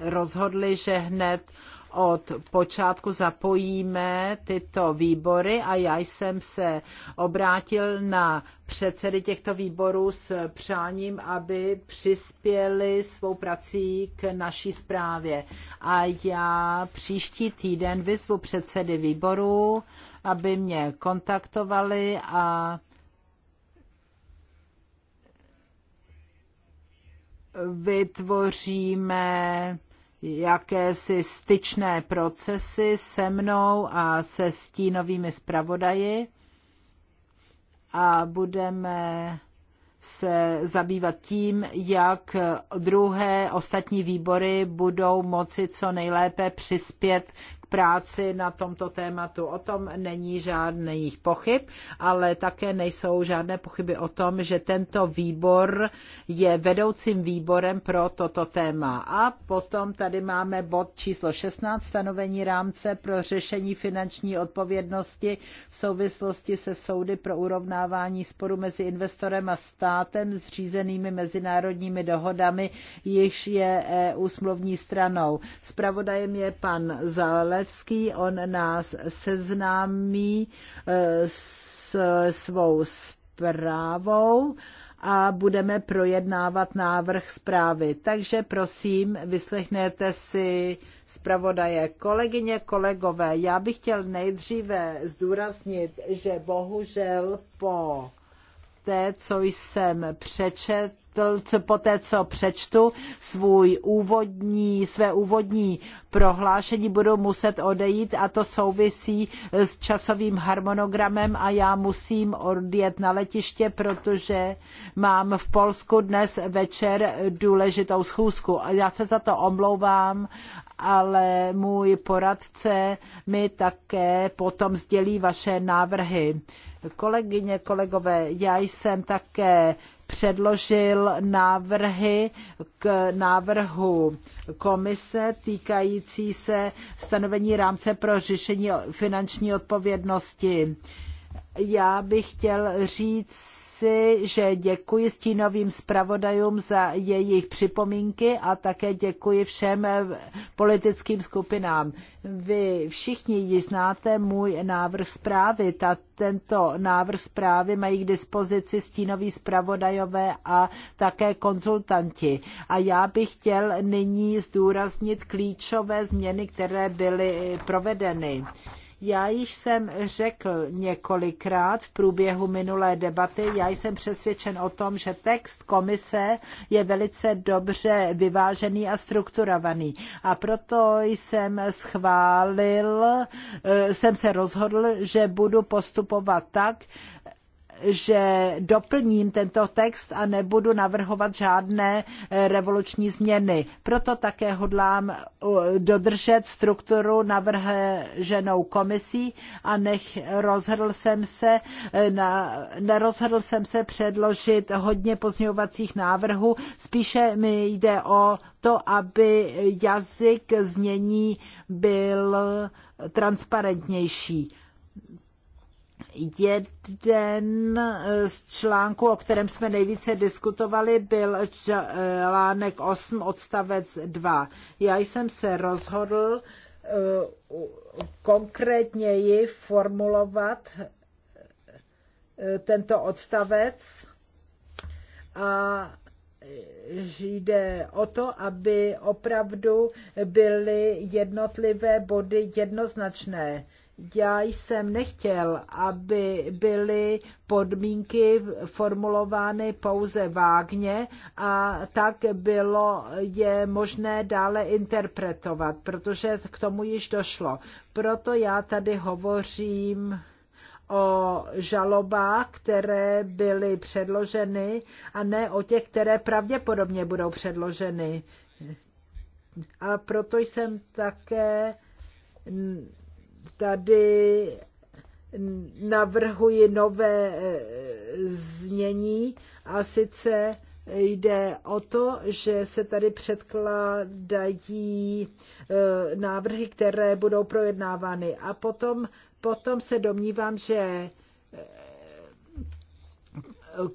rozhodli, že hned od počátku zapojíme tyto výbory a já jsem se obrátil na předsedy těchto výborů s přáním, aby přispěli svou prací k naší zprávě. A já příští týden vyzvu předsedy výborů, aby mě kontaktovali a vytvoříme jakési styčné procesy se mnou a se stínovými zpravodaji a budeme se zabývat tím, jak druhé ostatní výbory budou moci co nejlépe přispět práci na tomto tématu. O tom není žádných pochyb, ale také nejsou žádné pochyby o tom, že tento výbor je vedoucím výborem pro toto téma. A potom tady máme bod číslo 16, stanovení rámce pro řešení finanční odpovědnosti v souvislosti se soudy pro urovnávání sporu mezi investorem a státem zřízenými mezinárodními dohodami, již je EU smluvní stranou. Spravodajem je pan Zale Zalevský. On nás seznámí eh, s svou zprávou a budeme projednávat návrh zprávy. Takže prosím, vyslechněte si zpravodaje. Kolegyně, kolegové, já bych chtěl nejdříve zdůraznit, že bohužel po té, co jsem přečet, po té, co přečtu svůj úvodní, své úvodní prohlášení, budu muset odejít a to souvisí s časovým harmonogramem a já musím odjet na letiště, protože mám v Polsku dnes večer důležitou schůzku. Já se za to omlouvám, ale můj poradce mi také potom sdělí vaše návrhy. Kolegyně, kolegové, já jsem také předložil návrhy k návrhu komise týkající se stanovení rámce pro řešení finanční odpovědnosti. Já bych chtěl říct říci, že děkuji stínovým zpravodajům za jejich připomínky a také děkuji všem politickým skupinám. Vy všichni již znáte můj návrh zprávy. Ta, tento návrh zprávy mají k dispozici stínoví zpravodajové a také konzultanti. A já bych chtěl nyní zdůraznit klíčové změny, které byly provedeny. Já již jsem řekl několikrát v průběhu minulé debaty, já jsem přesvědčen o tom, že text komise je velice dobře vyvážený a strukturovaný. A proto jsem schválil, eh, jsem se rozhodl, že budu postupovat tak, že doplním tento text a nebudu navrhovat žádné eh, revoluční změny. Proto také hodlám eh, dodržet strukturu navrženou komisí a nech rozhodl jsem se, eh, na, nerozhodl jsem se předložit hodně pozměňovacích návrhů. Spíše mi jde o to, aby jazyk znění byl transparentnější Jeden eh, z článků, o kterém jsme nejvíce diskutovali, byl článek 8 odstavec 2. Já jsem se rozhodl eh, konkrétněji formulovat eh, tento odstavec a jde o to, aby opravdu byly jednotlivé body jednoznačné já jsem nechtěl, aby byly podmínky formulovány pouze vágně a tak bylo je možné dále interpretovat, protože k tomu již došlo. Proto já tady hovořím o žalobách, které byly předloženy a ne o těch, které pravděpodobně budou předloženy. A proto jsem také Tady navrhuji nové eh, znění a sice jde o to, že se tady předkládají eh, návrhy, které budou projednávány. A potom, potom se domnívám, že eh,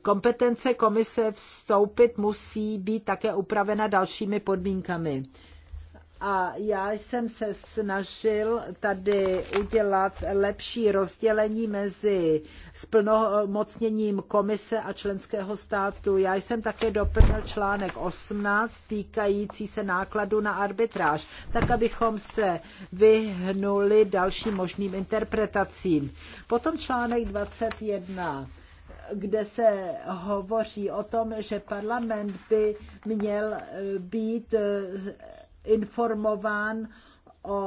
kompetence komise vstoupit musí být také upravena dalšími podmínkami a já jsem se snažil tady udělat lepší rozdělení mezi splnomocněním komise a členského státu. Já jsem také doplnil článek 18 týkající se nákladu na arbitráž, tak abychom se vyhnuli dalším možným interpretacím. Potom článek 21 kde se hovoří o tom, že parlament by měl být informován o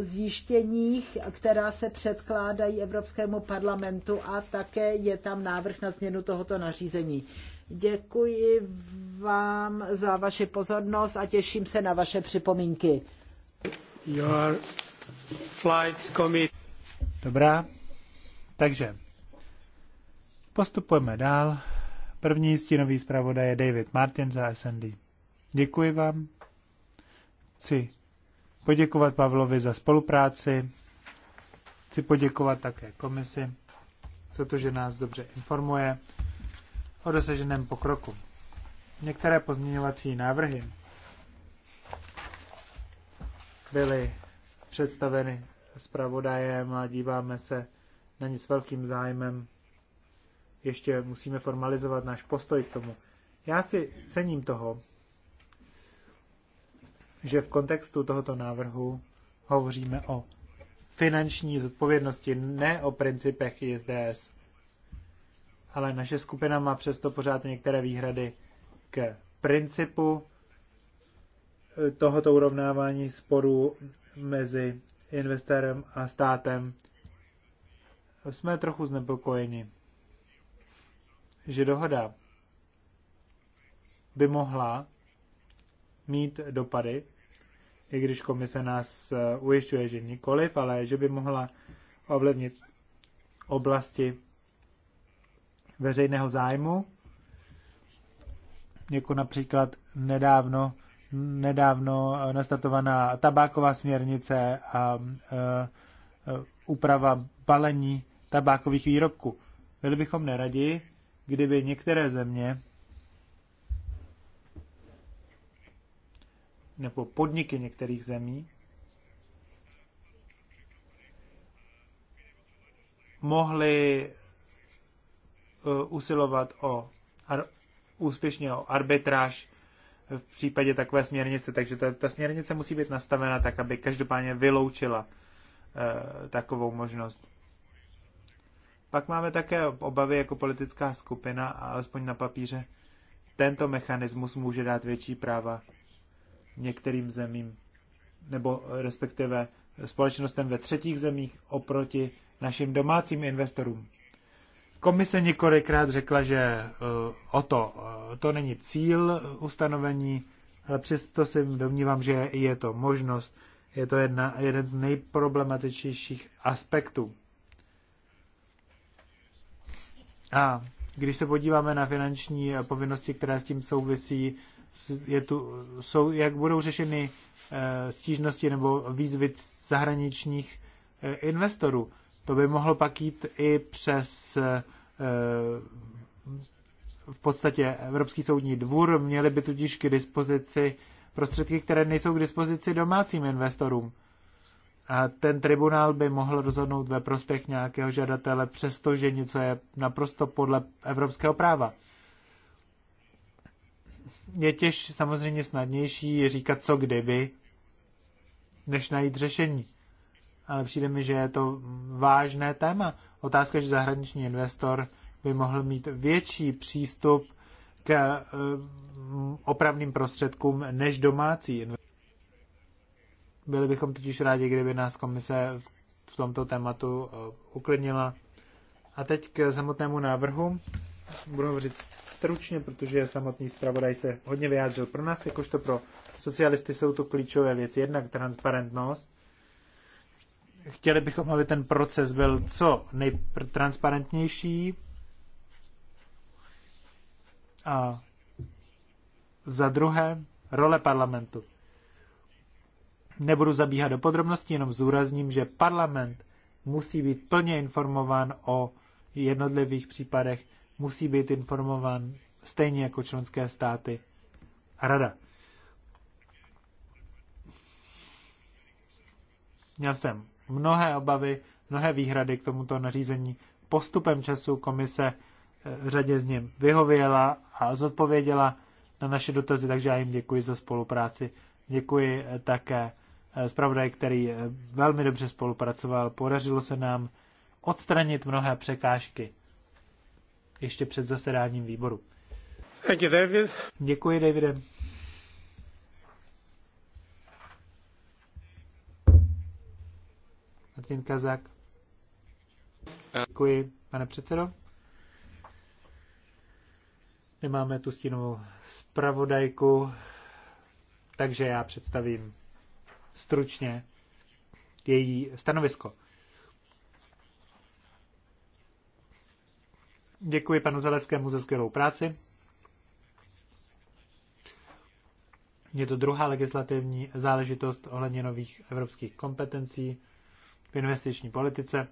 e, zjištěních, která se předkládají Evropskému parlamentu a také je tam návrh na změnu tohoto nařízení. Děkuji vám za vaši pozornost a těším se na vaše připomínky. Your flights Dobrá, takže postupujeme dál. První stínový zpravodaj je David Martin za SND. Děkuji vám. Chci poděkovat Pavlovi za spolupráci. Chci poděkovat také komisi za to, že nás dobře informuje o dosaženém pokroku. Některé pozměňovací návrhy byly představeny zpravodajem a díváme se na ně s velkým zájmem. Ještě musíme formalizovat náš postoj k tomu. Já si cením toho, že v kontextu tohoto návrhu hovoříme o finanční zodpovědnosti, ne o principech ISDS. Ale naše skupina má přesto pořád některé výhrady k principu eh, tohoto urovnávání sporů mezi investorem a státem. Jsme trochu znepokojeni, že dohoda by mohla mít dopady i když komise nás eh, ujišťuje, že nikoliv, ale že by mohla ovlivnit oblasti veřejného zájmu, jako například nedávno, nedávno eh, nastartovaná tabáková směrnice a eh, úprava balení tabákových výrobků. Byli bychom neradi, kdyby některé země nebo podniky některých zemí mohly eh, usilovat o ar, úspěšně o arbitráž v případě takové směrnice. Takže ta, ta směrnice musí být nastavena tak, aby každopádně vyloučila e, takovou možnost. Pak máme také obavy jako politická skupina, a alespoň na papíře, tento mechanismus může dát větší práva některým zemím nebo eh, respektive eh, společnostem ve třetích zemích oproti našim domácím investorům. Komise několikrát řekla, že eh, o to, to není cíl ustanovení, ale přesto si domnívám, že je to možnost. Je to jedna, jeden z nejproblematičnějších aspektů. A když se podíváme na finanční povinnosti, které s tím souvisí, je tu, jsou, jak budou řešeny eh, stížnosti nebo výzvy zahraničních eh, investorů. To by mohlo pak jít i přes eh, v podstatě Evropský soudní dvůr. Měli by tudíž k dispozici prostředky, které nejsou k dispozici domácím investorům. A ten tribunál by mohl rozhodnout ve prospěch nějakého žadatele, přestože něco je naprosto podle evropského práva je těž samozřejmě snadnější říkat co kdyby, než najít řešení. Ale přijde mi, že je to vážné téma. Otázka, že zahraniční investor by mohl mít větší přístup k eh, opravným prostředkům než domácí investor. Byli bychom totiž rádi, kdyby nás komise v tomto tématu eh, uklidnila. A teď k samotnému návrhu budu hovořit stručně, protože samotný zpravodaj se hodně vyjádřil. Pro nás, jakožto pro socialisty, jsou to klíčové věci. Jednak transparentnost. Chtěli bychom, aby ten proces byl co nejtransparentnější. A za druhé, role parlamentu. Nebudu zabíhat do podrobností, jenom zúrazním, že parlament musí být plně informován o jednotlivých případech musí být informován stejně jako členské státy a rada. Měl jsem mnohé obavy, mnohé výhrady k tomuto nařízení. Postupem času komise eh, řadě z ním vyhověla a zodpověděla na naše dotazy, takže já jim děkuji za spolupráci. Děkuji eh, také eh, zpravodaj, který velmi dobře spolupracoval. Podařilo se nám odstranit mnohé překážky ještě před zasedáním výboru. Thank you, David. Děkuji, Davide. Martin Kazak. Děkuji, pane předsedo. Nemáme tu stínovou zpravodajku, takže já představím stručně její stanovisko. Děkuji panu Zaleckému za skvělou práci. Je to druhá legislativní záležitost ohledně nových evropských kompetencí v investiční politice,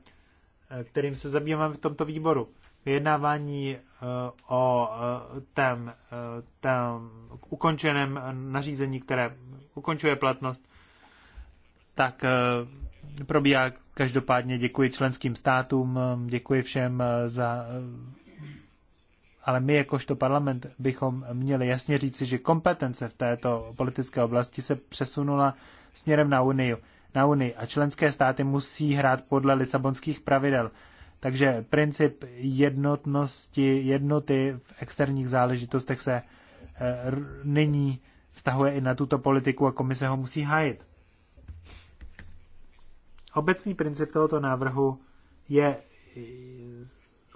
eh, kterým se zabýváme v tomto výboru. Vyjednávání eh, o eh, tém, tém ukončeném nařízení, které ukončuje platnost, tak probíhá každopádně. Děkuji členským státům, děkuji všem za ale my jakožto parlament bychom měli jasně říci, že kompetence v této politické oblasti se přesunula směrem na Unii. Na Unii a členské státy musí hrát podle lisabonských pravidel. Takže princip jednotnosti, jednoty v externích záležitostech se eh, nyní vztahuje i na tuto politiku a komise ho musí hájit. Obecný princip tohoto návrhu je eh,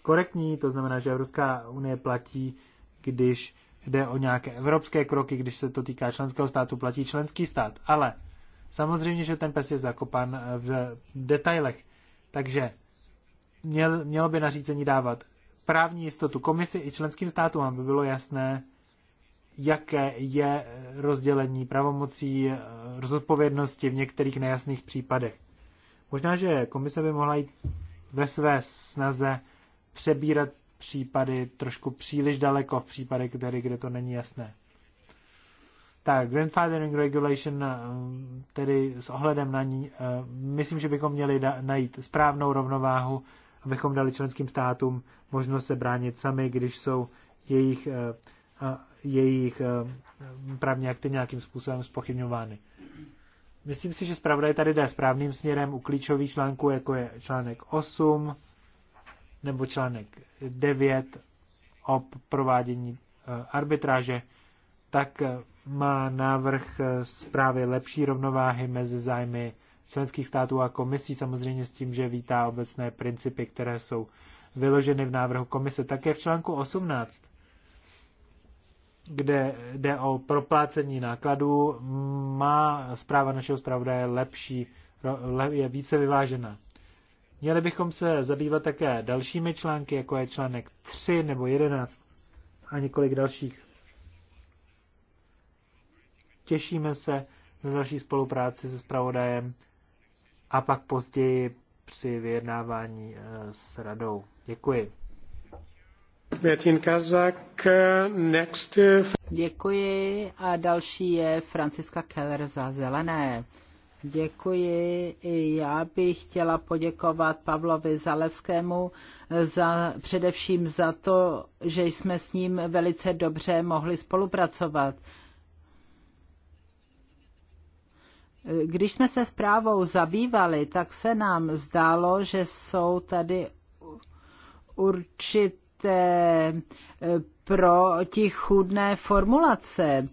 korektní, to znamená, že Evropská unie platí, když jde o nějaké evropské kroky, když se to týká členského státu, platí členský stát. Ale samozřejmě, že ten pes je zakopan eh, v detailech. Takže měl, mělo by nařízení dávat právní jistotu komisi i členským státům, aby bylo jasné, jaké je eh, rozdělení pravomocí eh, zodpovědnosti v některých nejasných případech. Možná, že komise by mohla jít ve své snaze přebírat případy trošku příliš daleko v případech, který, kde to není jasné. Tak, grandfathering regulation, eh, tedy s ohledem na ní, eh, myslím, že bychom měli najít správnou rovnováhu, abychom dali členským státům možnost se bránit sami, když jsou jejich, eh, jejich právní akty nějakým způsobem spochybňovány. Myslím si, že zpravodaj tady jde správným směrem u klíčových článků, jako je článek 8, nebo článek 9 o provádění eh, arbitráže, tak eh, má návrh eh, zprávy lepší rovnováhy mezi zájmy členských států a komisí, samozřejmě s tím, že vítá obecné principy, které jsou vyloženy v návrhu komise. Také v článku 18, kde jde o proplácení nákladů, má zpráva našeho zpravodaje lepší, je více vyvážená. Měli bychom se zabývat také dalšími články, jako je článek 3 nebo 11 a několik dalších. Těšíme se na další spolupráci se zpravodajem a pak později při vyjednávání eh, s radou. Děkuji. Martin Kazak, next. Eh, Děkuji a další je Franciska Keller za zelené. Děkuji. Já bych chtěla poděkovat Pavlovi Zalevskému za, především za to, že jsme s ním velice dobře mohli spolupracovat. Když jsme se zprávou zabývali, tak se nám zdálo, že jsou tady určité e, protichůdné formulace,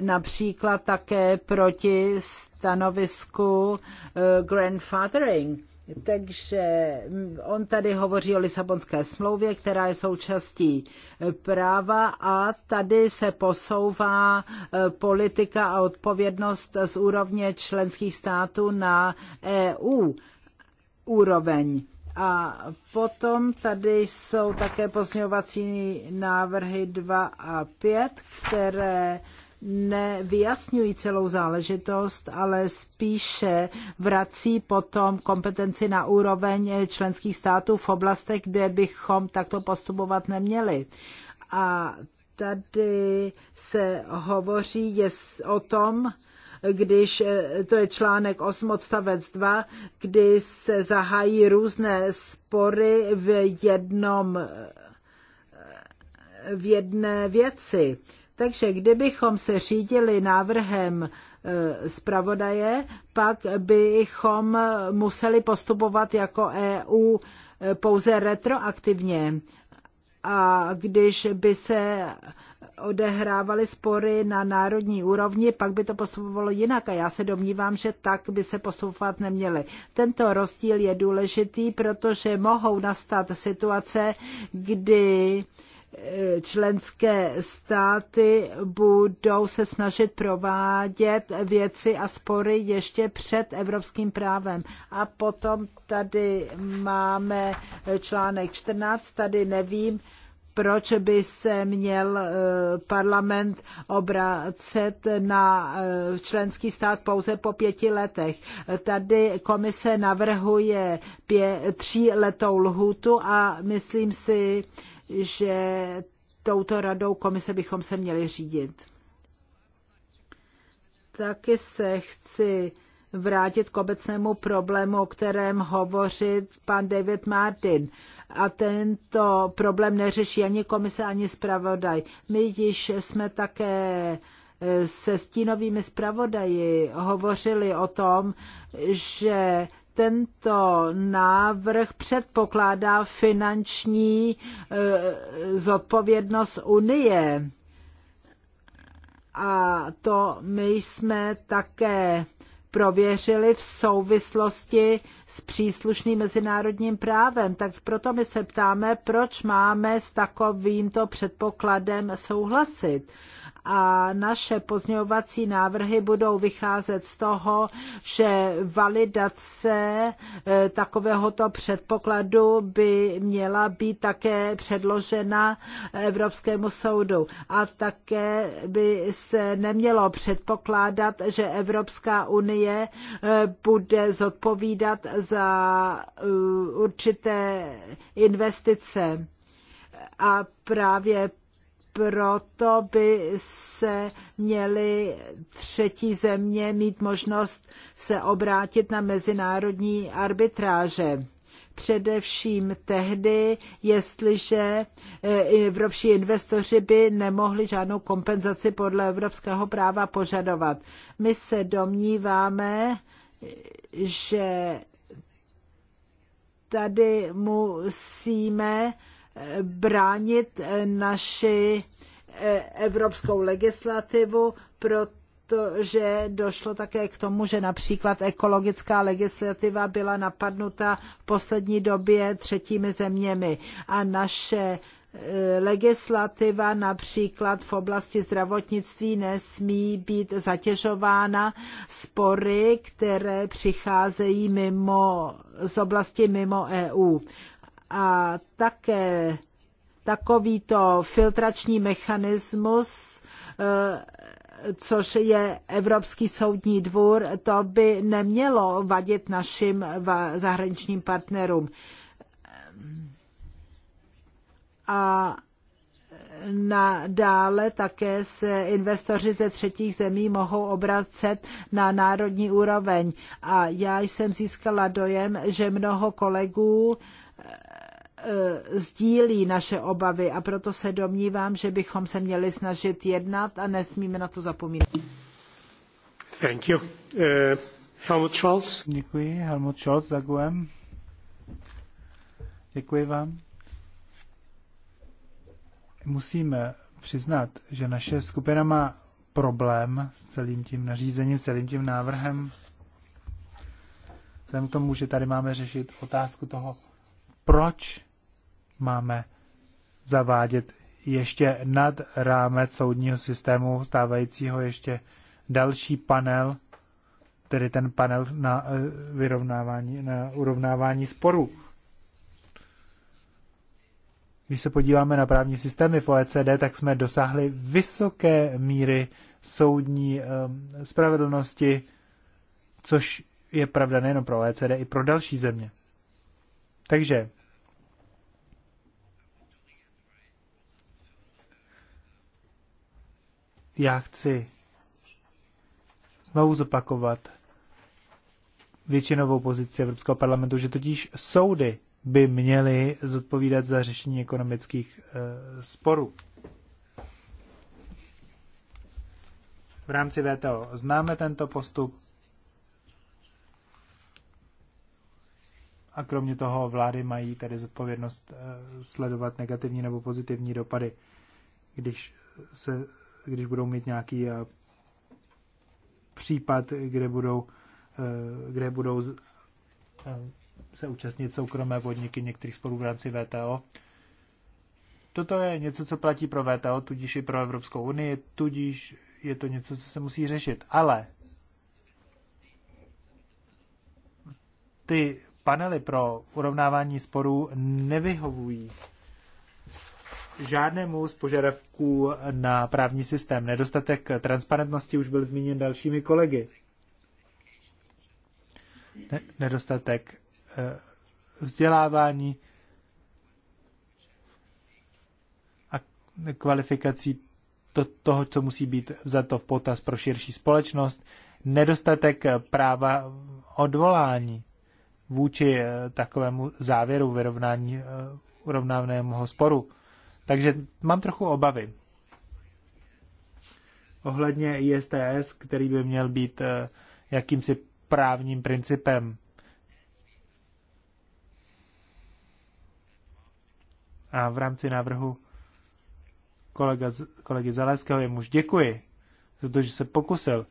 například také proti stanovisku eh, grandfathering. Takže mm, on tady hovoří o Lisabonské smlouvě, která je součástí eh, práva a tady se posouvá eh, politika a odpovědnost z úrovně členských států na EU úroveň. A potom tady jsou také pozměňovací návrhy 2 a 5, které nevyjasňují celou záležitost, ale spíše vrací potom kompetenci na úroveň členských států v oblastech, kde bychom takto postupovat neměli. A tady se hovoří o tom, když to je článek 8 odstavec 2, kdy se zahájí různé spory v jednom v jedné věci. Takže kdybychom se řídili návrhem e, zpravodaje, pak bychom museli postupovat jako EU e, pouze retroaktivně. A když by se odehrávaly spory na národní úrovni, pak by to postupovalo jinak a já se domnívám, že tak by se postupovat neměly. Tento rozdíl je důležitý, protože mohou nastat situace, kdy členské státy budou se snažit provádět věci a spory ještě před evropským právem. A potom tady máme článek 14, tady nevím, proč by se měl eh, parlament obracet na eh, členský stát pouze po pěti letech. Tady komise navrhuje pě, tříletou lhůtu a myslím si, že touto radou komise bychom se měli řídit. Taky se chci vrátit k obecnému problému, o kterém hovořit pan David Martin. A tento problém neřeší ani komise, ani zpravodaj. My již jsme také eh, se stínovými zpravodaji hovořili o tom, že tento návrh předpokládá finanční eh, zodpovědnost Unie. A to my jsme také prověřili v souvislosti s příslušným mezinárodním právem. Tak proto my se ptáme, proč máme s takovýmto předpokladem souhlasit a naše pozměňovací návrhy budou vycházet z toho, že validace eh, takovéhoto předpokladu by měla být také předložena Evropskému soudu. A také by se nemělo předpokládat, že Evropská unie eh, bude zodpovídat za eh, určité investice. A právě proto by se měly třetí země mít možnost se obrátit na mezinárodní arbitráže především tehdy, jestliže eh, evropští investoři by nemohli žádnou kompenzaci podle evropského práva požadovat. My se domníváme, že tady musíme bránit eh, naši eh, evropskou legislativu, protože došlo také k tomu, že například ekologická legislativa byla napadnuta v poslední době třetími zeměmi a naše eh, legislativa například v oblasti zdravotnictví nesmí být zatěžována spory, které přicházejí mimo, z oblasti mimo EU a také takovýto filtrační mechanismus, eh, což je Evropský soudní dvůr, to by nemělo vadit našim zahraničním partnerům. A nadále také se investoři ze třetích zemí mohou obracet na národní úroveň. A já jsem získala dojem, že mnoho kolegů E, sdílí naše obavy a proto se domnívám, že bychom se měli snažit jednat a nesmíme na to zapomínat. Thank you. Uh, Helmut Scholz. Děkuji, Helmut Scholz, zagujem. Děkuji vám. Musíme přiznat, že naše skupina má problém s celým tím nařízením, s celým tím návrhem. Vzhledem k tomu, že tady máme řešit otázku toho, proč máme zavádět ještě nad rámec soudního systému stávajícího ještě další panel, tedy ten panel na eh, vyrovnávání, na urovnávání sporů. Když se podíváme na právní systémy v OECD, tak jsme dosáhli vysoké míry soudní eh, spravedlnosti, což je pravda nejen pro OECD, i pro další země. Takže já chci znovu zopakovat většinovou pozici Evropského parlamentu, že totiž soudy by měly zodpovídat za řešení ekonomických e, sporů. V rámci VTO známe tento postup a kromě toho vlády mají tedy zodpovědnost e, sledovat negativní nebo pozitivní dopady, když se když budou mít nějaký eh, případ, kde budou, eh, kde budou eh, se účastnit soukromé podniky některých sporů v rámci VTO. Toto je něco, co platí pro VTO, tudíž i pro Evropskou unii, tudíž je to něco, co se musí řešit. Ale ty panely pro urovnávání sporů nevyhovují žádnému z požadavků na právní systém. Nedostatek transparentnosti už byl zmíněn dalšími kolegy. Ne- nedostatek eh, vzdělávání a kvalifikací to, toho, co musí být vzato v potaz pro širší společnost, nedostatek práva odvolání vůči eh, takovému závěru vyrovnání eh, urovnávného sporu. Takže mám trochu obavy ohledně ISTS, který by měl být eh, jakýmsi právním principem. A v rámci návrhu kolega, kolegy Zaleského jemuž děkuji protože to, že se pokusil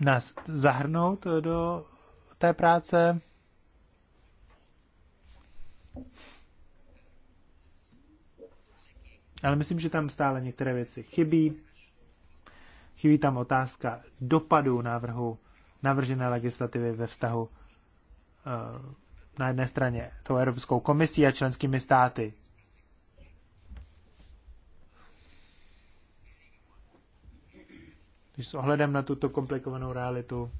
nás zahrnout eh, do té práce. Ale myslím, že tam stále některé věci chybí. Chybí tam otázka dopadu návrhu navržené legislativy ve vztahu eh, na jedné straně tou Evropskou komisí a členskými státy. Když s ohledem na tuto komplikovanou realitu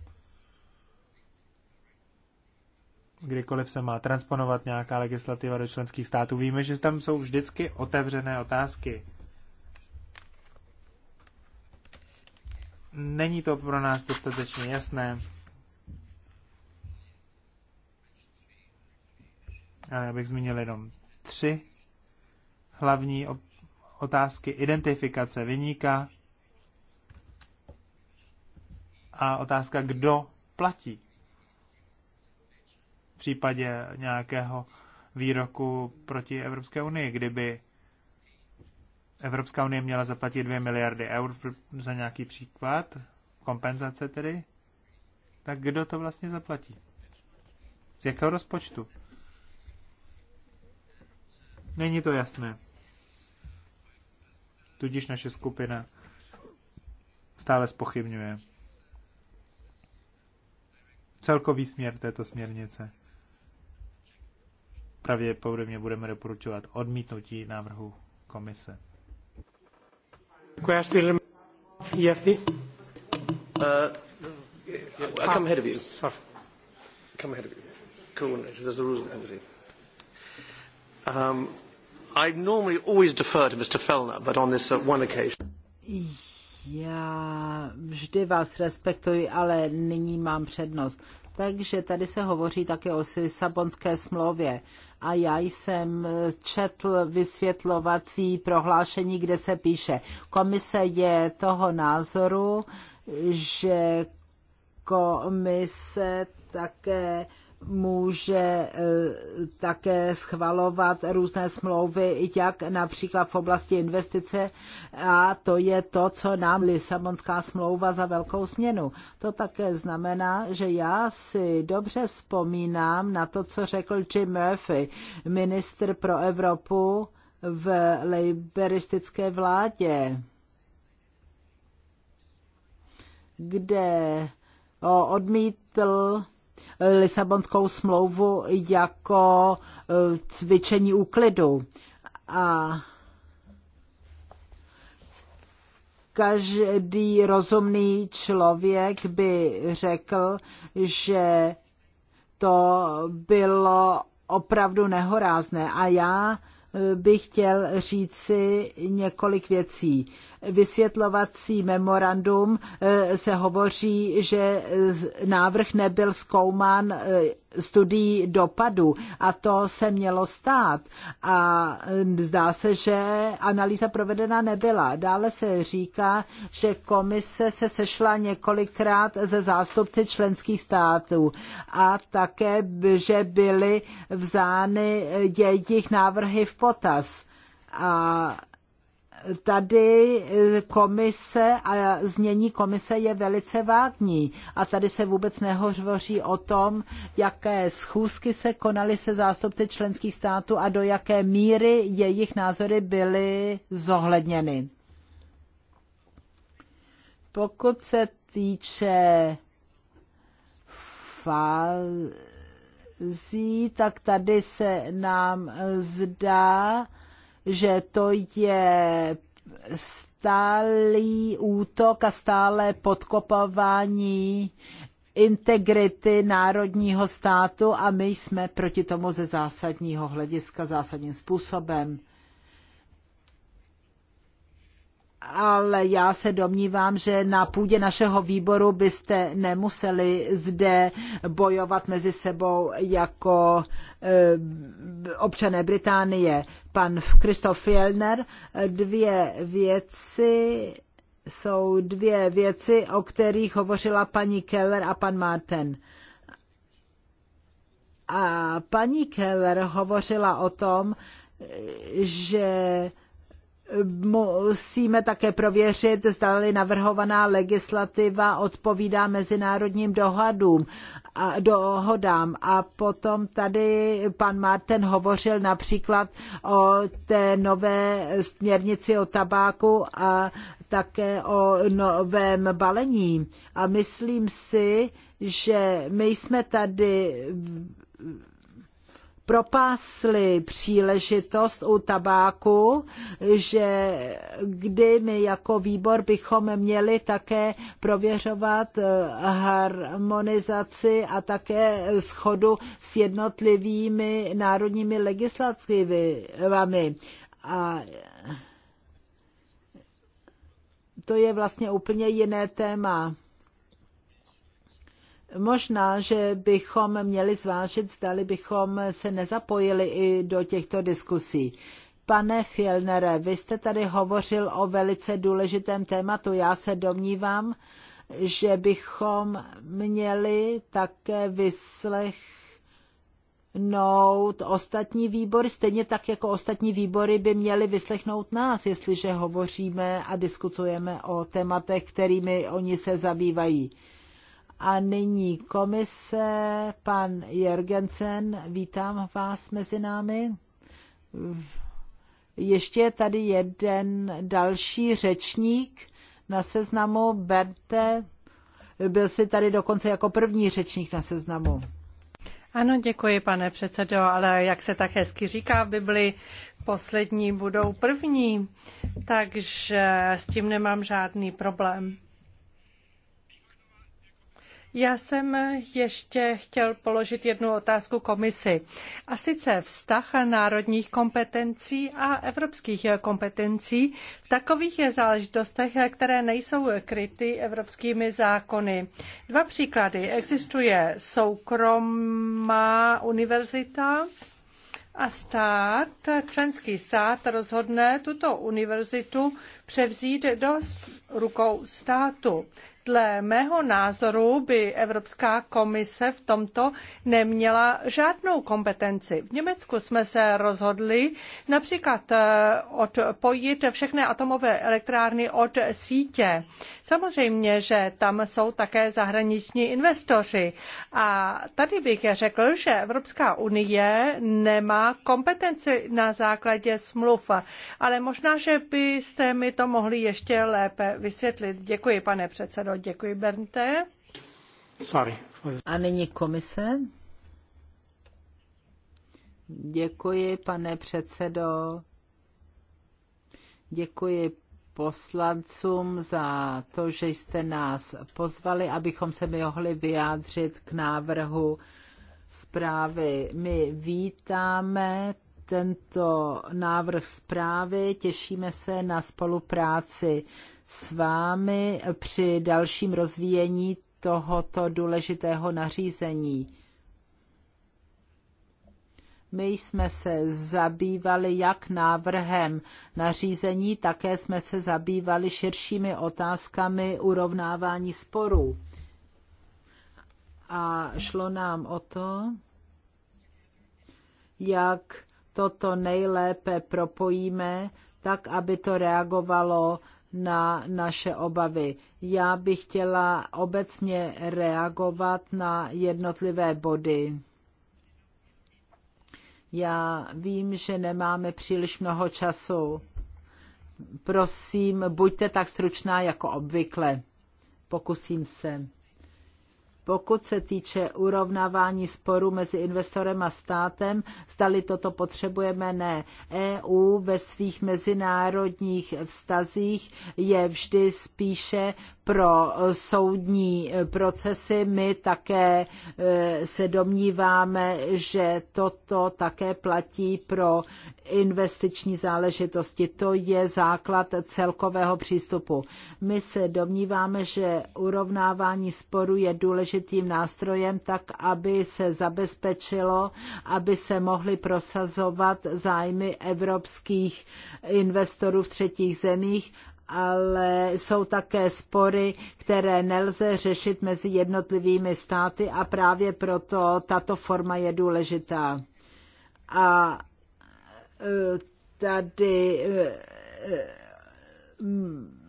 kdykoliv se má transponovat nějaká legislativa do členských států, víme, že tam jsou vždycky otevřené otázky. Není to pro nás dostatečně jasné. Ale abych zmínil jenom tři hlavní otázky identifikace vyníka a otázka, kdo platí případě nějakého výroku proti Evropské unii, kdyby Evropská unie měla zaplatit 2 miliardy eur za nějaký příklad, kompenzace tedy, tak kdo to vlastně zaplatí? Z jakého rozpočtu? Není to jasné. Tudíž naše skupina stále spochybňuje celkový směr této směrnice pravděpodobně budeme doporučovat odmítnutí návrhu komise. Uh, EFD? come ahead of you. Come ahead of you. There's a rule um, I normally always defer to Mr. Fellner, but on this uh, one occasion. Já vždy vás respektuji, ale nyní mám přednost. Takže tady se hovoří také o Lisabonské smlouvě a já jsem četl vysvětlovací prohlášení, kde se píše, komise je toho názoru, že komise také může e, také schvalovat různé smlouvy, jak například v oblasti investice a to je to, co nám Lisabonská smlouva za velkou změnu. To také znamená, že já si dobře vzpomínám na to, co řekl Jim Murphy, ministr pro Evropu v liberistické vládě, kde odmítl Lisabonskou smlouvu jako e, cvičení úklidu. A každý rozumný člověk by řekl, že to bylo opravdu nehorázné. A já e, bych chtěl říci několik věcí vysvětlovací memorandum eh, se hovoří, že návrh nebyl zkoumán eh, studií dopadu a to se mělo stát a eh, zdá se, že analýza provedena nebyla. Dále se říká, že komise se sešla několikrát ze zástupci členských států a také, že byly vzány jejich návrhy v potaz. A tady eh, komise a znění komise je velice vágní a tady se vůbec nehovoří o tom, jaké schůzky se konaly se zástupci členských států a do jaké míry jejich názory byly zohledněny. Pokud se týče fází, tak tady se nám zdá, že to je stálý útok a stále podkopování integrity národního státu a my jsme proti tomu ze zásadního hlediska zásadním způsobem. ale já se domnívám, že na půdě našeho výboru byste nemuseli zde bojovat mezi sebou jako eh, občané Británie pan Kristof Fjellner. Dvě věci jsou dvě věci, o kterých hovořila paní Keller a pan Martin. A paní Keller hovořila o tom, že musíme také prověřit, zdali navrhovaná legislativa odpovídá mezinárodním dohadům a dohodám. A potom tady pan Martin hovořil například o té nové směrnici o tabáku a také o novém balení. A myslím si, že my jsme tady propásli příležitost u tabáku, že kdy my jako výbor bychom měli také prověřovat eh, harmonizaci a také schodu s jednotlivými národními legislativami. A to je vlastně úplně jiné téma. Možná, že bychom měli zvážit, zdali bychom se nezapojili i do těchto diskusí. Pane Fielnere, vy jste tady hovořil o velice důležitém tématu. Já se domnívám, že bychom měli také vyslechnout ostatní výbory, stejně tak jako ostatní výbory by měly vyslechnout nás, jestliže hovoříme a diskutujeme o tématech, kterými oni se zabývají. A nyní komise, pan Jergensen, vítám vás mezi námi. Ještě je tady jeden další řečník na seznamu. Berte, byl jsi tady dokonce jako první řečník na seznamu. Ano, děkuji, pane předsedo, ale jak se tak hezky říká v Bibli, poslední budou první, takže s tím nemám žádný problém. Já jsem ještě chtěl položit jednu otázku komisi. A sice vztah národních kompetencí a evropských kompetencí v takových záležitostech, které nejsou kryty evropskými zákony. Dva příklady. Existuje soukromá univerzita, a stát, členský stát rozhodne tuto univerzitu převzít do rukou státu. Dle mého názoru by Evropská komise v tomto neměla žádnou kompetenci. V Německu jsme se rozhodli například eh, odpojit všechny atomové elektrárny od sítě. Samozřejmě, že tam jsou také zahraniční investoři. A tady bych řekl, že Evropská unie nemá kompetenci na základě smluv. Ale možná, že byste mi to mohli ještě lépe vysvětlit. Děkuji, pane předsedo děkuji, Bernte. Sorry. A nyní komise. Děkuji, pane předsedo. Děkuji poslancům za to, že jste nás pozvali, abychom se mohli vyjádřit k návrhu zprávy. My vítáme tento návrh zprávy, těšíme se na spolupráci s vámi při dalším rozvíjení tohoto důležitého nařízení. My jsme se zabývali jak návrhem nařízení, také jsme se zabývali širšími otázkami urovnávání sporů. A šlo nám o to, jak toto nejlépe propojíme, tak aby to reagovalo na naše obavy. Já bych chtěla obecně reagovat na jednotlivé body. Já vím, že nemáme příliš mnoho času. Prosím, buďte tak stručná jako obvykle. Pokusím se. Pokud se týče urovnávání sporu mezi investorem a státem, zdali toto potřebujeme, ne. EU ve svých mezinárodních vztazích je vždy spíše pro soudní procesy. My také e, se domníváme, že toto také platí pro investiční záležitosti. To je základ celkového přístupu. My se domníváme, že urovnávání sporu je důležité důležitým nástrojem, tak aby se zabezpečilo, aby se mohly prosazovat zájmy evropských investorů v třetích zemích ale jsou také spory, které nelze řešit mezi jednotlivými státy a právě proto tato forma je důležitá. A e, tady e,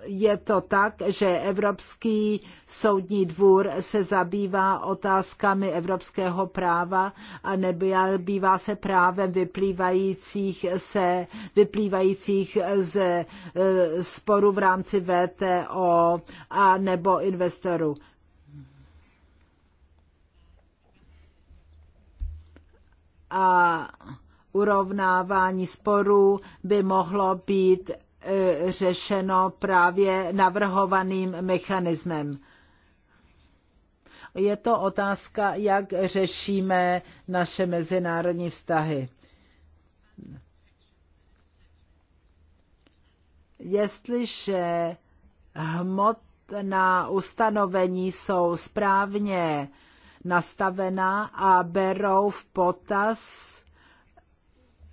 je to tak, že Evropský soudní dvůr se zabývá otázkami evropského práva a nebývá se právem vyplývajících, se, vyplývajících z e, sporu v rámci VTO a nebo investorů. A urovnávání sporů by mohlo být Eh, řešeno právě navrhovaným mechanismem. Je to otázka, jak řešíme naše mezinárodní vztahy. Jestliže hmotná ustanovení jsou správně nastavená a berou v potaz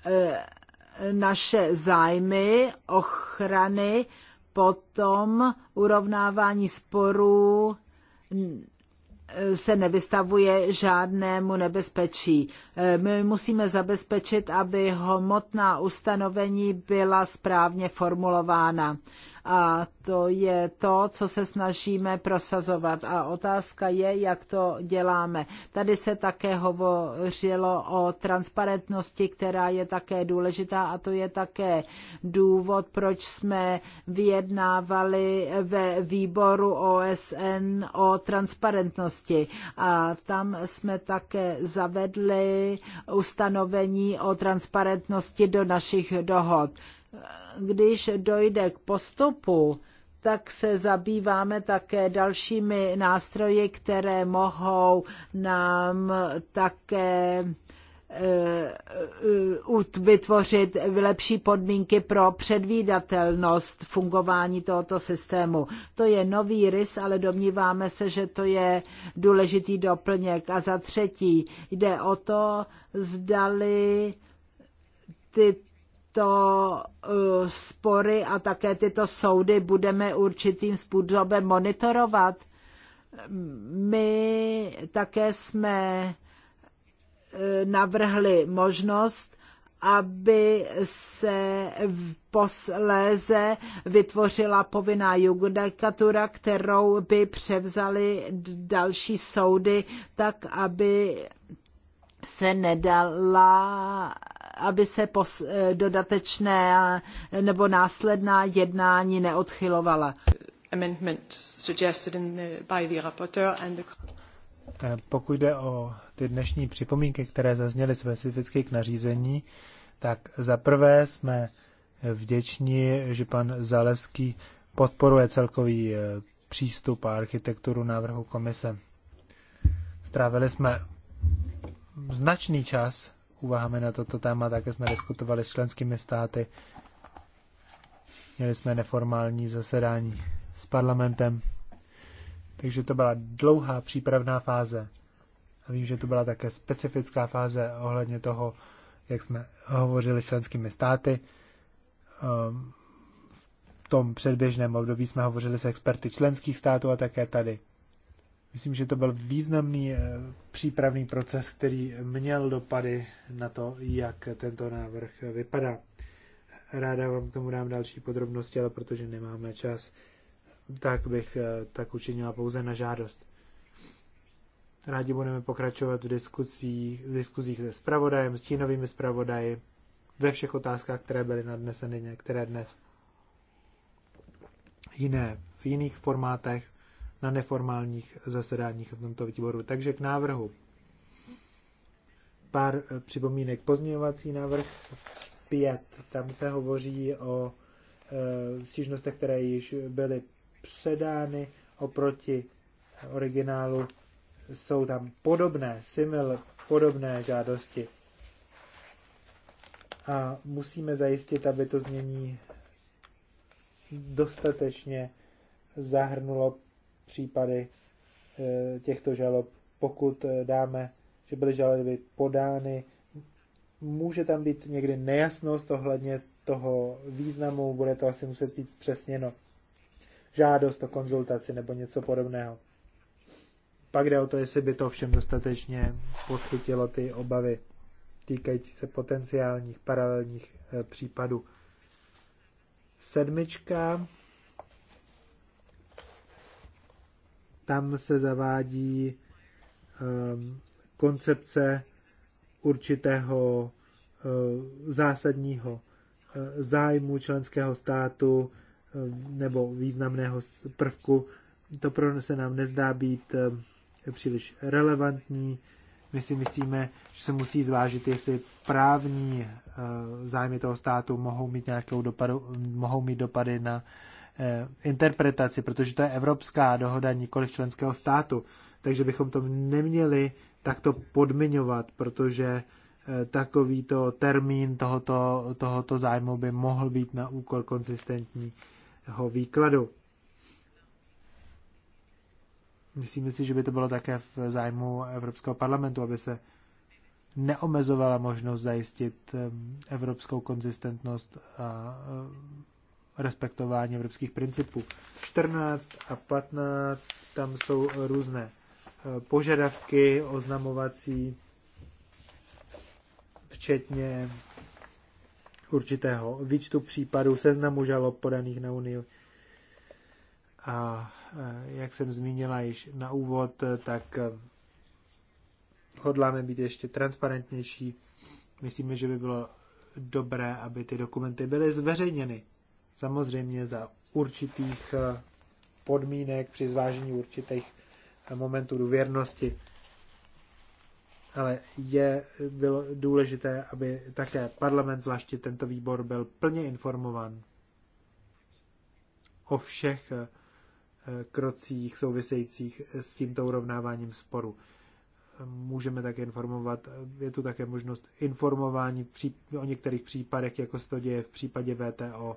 eh, naše zájmy, ochrany, potom urovnávání sporů se nevystavuje žádnému nebezpečí. E, my musíme zabezpečit, aby hmotná ustanovení byla správně formulována. A to je to, co se snažíme prosazovat. A otázka je, jak to děláme. Tady se také hovořilo o transparentnosti, která je také důležitá a to je také důvod, proč jsme vyjednávali ve výboru OSN o transparentnosti. A tam jsme také zavedli ustanovení o transparentnosti do našich dohod když dojde k postupu, tak se zabýváme také dalšími nástroji, které mohou nám také e, e, vytvořit lepší podmínky pro předvídatelnost fungování tohoto systému. To je nový rys, ale domníváme se, že to je důležitý doplněk. A za třetí jde o to, zdali ty tyto eh, spory a také tyto soudy budeme určitým způsobem monitorovat. My také jsme eh, navrhli možnost, aby se v posléze vytvořila povinná judikatura, kterou by převzali další soudy, tak aby se nedala aby se pos, eh, dodatečné nebo následná jednání neodchylovala. Eh, pokud jde o ty dnešní připomínky, které zazněly specificky k nařízení, tak za prvé jsme vděční, že pan Zaleský podporuje celkový eh, přístup a architekturu návrhu komise. Strávili jsme značný čas úvahami na toto téma, také jsme diskutovali s členskými státy. Měli jsme neformální zasedání s parlamentem. Takže to byla dlouhá přípravná fáze. A vím, že to byla také specifická fáze ohledně toho, jak jsme hovořili s členskými státy. Ehm, v tom předběžném období jsme hovořili s experty členských států a také tady. Myslím, že to byl významný eh, přípravný proces, který měl dopady na to, jak tento návrh vypadá. Ráda vám k tomu dám další podrobnosti, ale protože nemáme čas, tak bych eh, tak učinila pouze na žádost. Rádi budeme pokračovat v diskuzích, v diskuzích se spravodajem, s tínovými spravodaji, ve všech otázkách, které byly nadneseny některé dnes jiné, v jiných formátech na neformálních zasedáních v tomto výboru. Takže k návrhu. Pár eh, připomínek. Pozměňovací návrh 5. Tam se hovoří o eh, stížnostech, které již byly předány oproti originálu. Jsou tam podobné, simil, podobné žádosti. A musíme zajistit, aby to znění dostatečně zahrnulo případy eh, těchto žalob, pokud eh, dáme, že byly žaloby podány, může tam být někdy nejasnost ohledně toho významu, bude to asi muset být zpřesněno. Žádost o konzultaci nebo něco podobného. Pak jde o to, jestli by to všem dostatečně podchytilo ty obavy týkající se potenciálních paralelních eh, případů. Sedmička tam se zavádí ehm, koncepce určitého eh, zásadního eh, zájmu členského státu eh, nebo významného prvku. To pro se nám nezdá být příliš relevantní. My si myslíme, že se musí zvážit, jestli právní zájmy toho státu mohou mít nějakou dopadu, mohou mít dopady na Eh, interpretaci, protože to je evropská dohoda nikoli členského státu. Takže bychom to neměli takto podmiňovat, protože eh, takovýto termín tohoto, tohoto zájmu by mohl být na úkor konzistentního výkladu. Myslíme si, že by to bylo také v zájmu Evropského parlamentu, aby se neomezovala možnost zajistit eh, evropskou konzistentnost a respektování evropských principů. 14 a 15, tam jsou různé eh, požadavky oznamovací, včetně určitého výčtu případů, seznamu žalob podaných na Unii. A eh, jak jsem zmínila již na úvod, eh, tak hodláme být ještě transparentnější. Myslíme, že by bylo dobré, aby ty dokumenty byly zveřejněny samozřejmě za určitých eh, podmínek při zvážení určitých eh, momentů důvěrnosti. Ale je bylo důležité, aby také parlament, zvláště tento výbor, byl plně informovan o všech eh, krocích souvisejících s tímto urovnáváním sporu. Můžeme také informovat, je tu také možnost informování o některých případech, jako se to děje v případě VTO,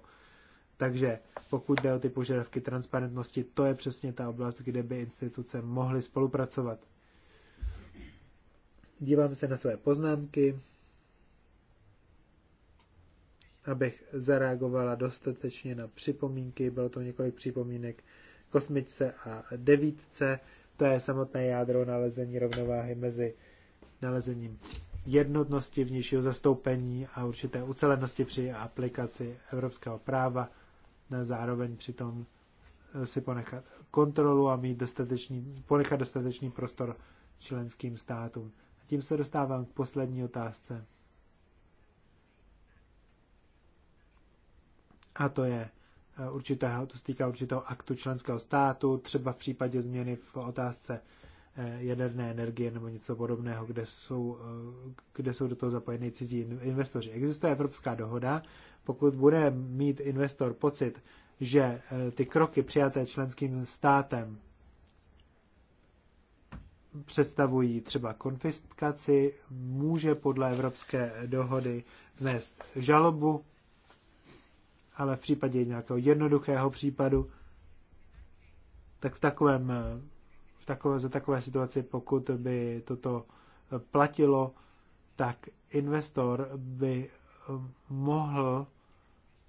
takže pokud jde o ty požadavky transparentnosti, to je přesně ta oblast, kde by instituce mohly spolupracovat. Dívám se na své poznámky, abych zareagovala dostatečně na připomínky. Bylo to několik připomínek kosmičce a devítce. To je samotné jádro nalezení rovnováhy mezi nalezením jednotnosti vnějšího zastoupení a určité ucelenosti při aplikaci evropského práva zároveň přitom eh, si ponechat kontrolu a mít dostatečný, ponechat dostatečný prostor členským státům. A tím se dostávám k poslední otázce. A to je eh, určitého, to se týká určitého aktu členského státu, třeba v případě změny v otázce eh, jaderné energie nebo něco podobného, kde jsou, kde jsou do toho zapojeny cizí investoři. Existuje Evropská dohoda pokud bude mít investor pocit, že eh, ty kroky přijaté členským státem představují třeba konfiskaci, může podle evropské dohody vznést žalobu, ale v případě nějakého jednoduchého případu, tak v takovém, eh, v takové, za takové situaci, pokud by toto eh, platilo, tak investor by mohl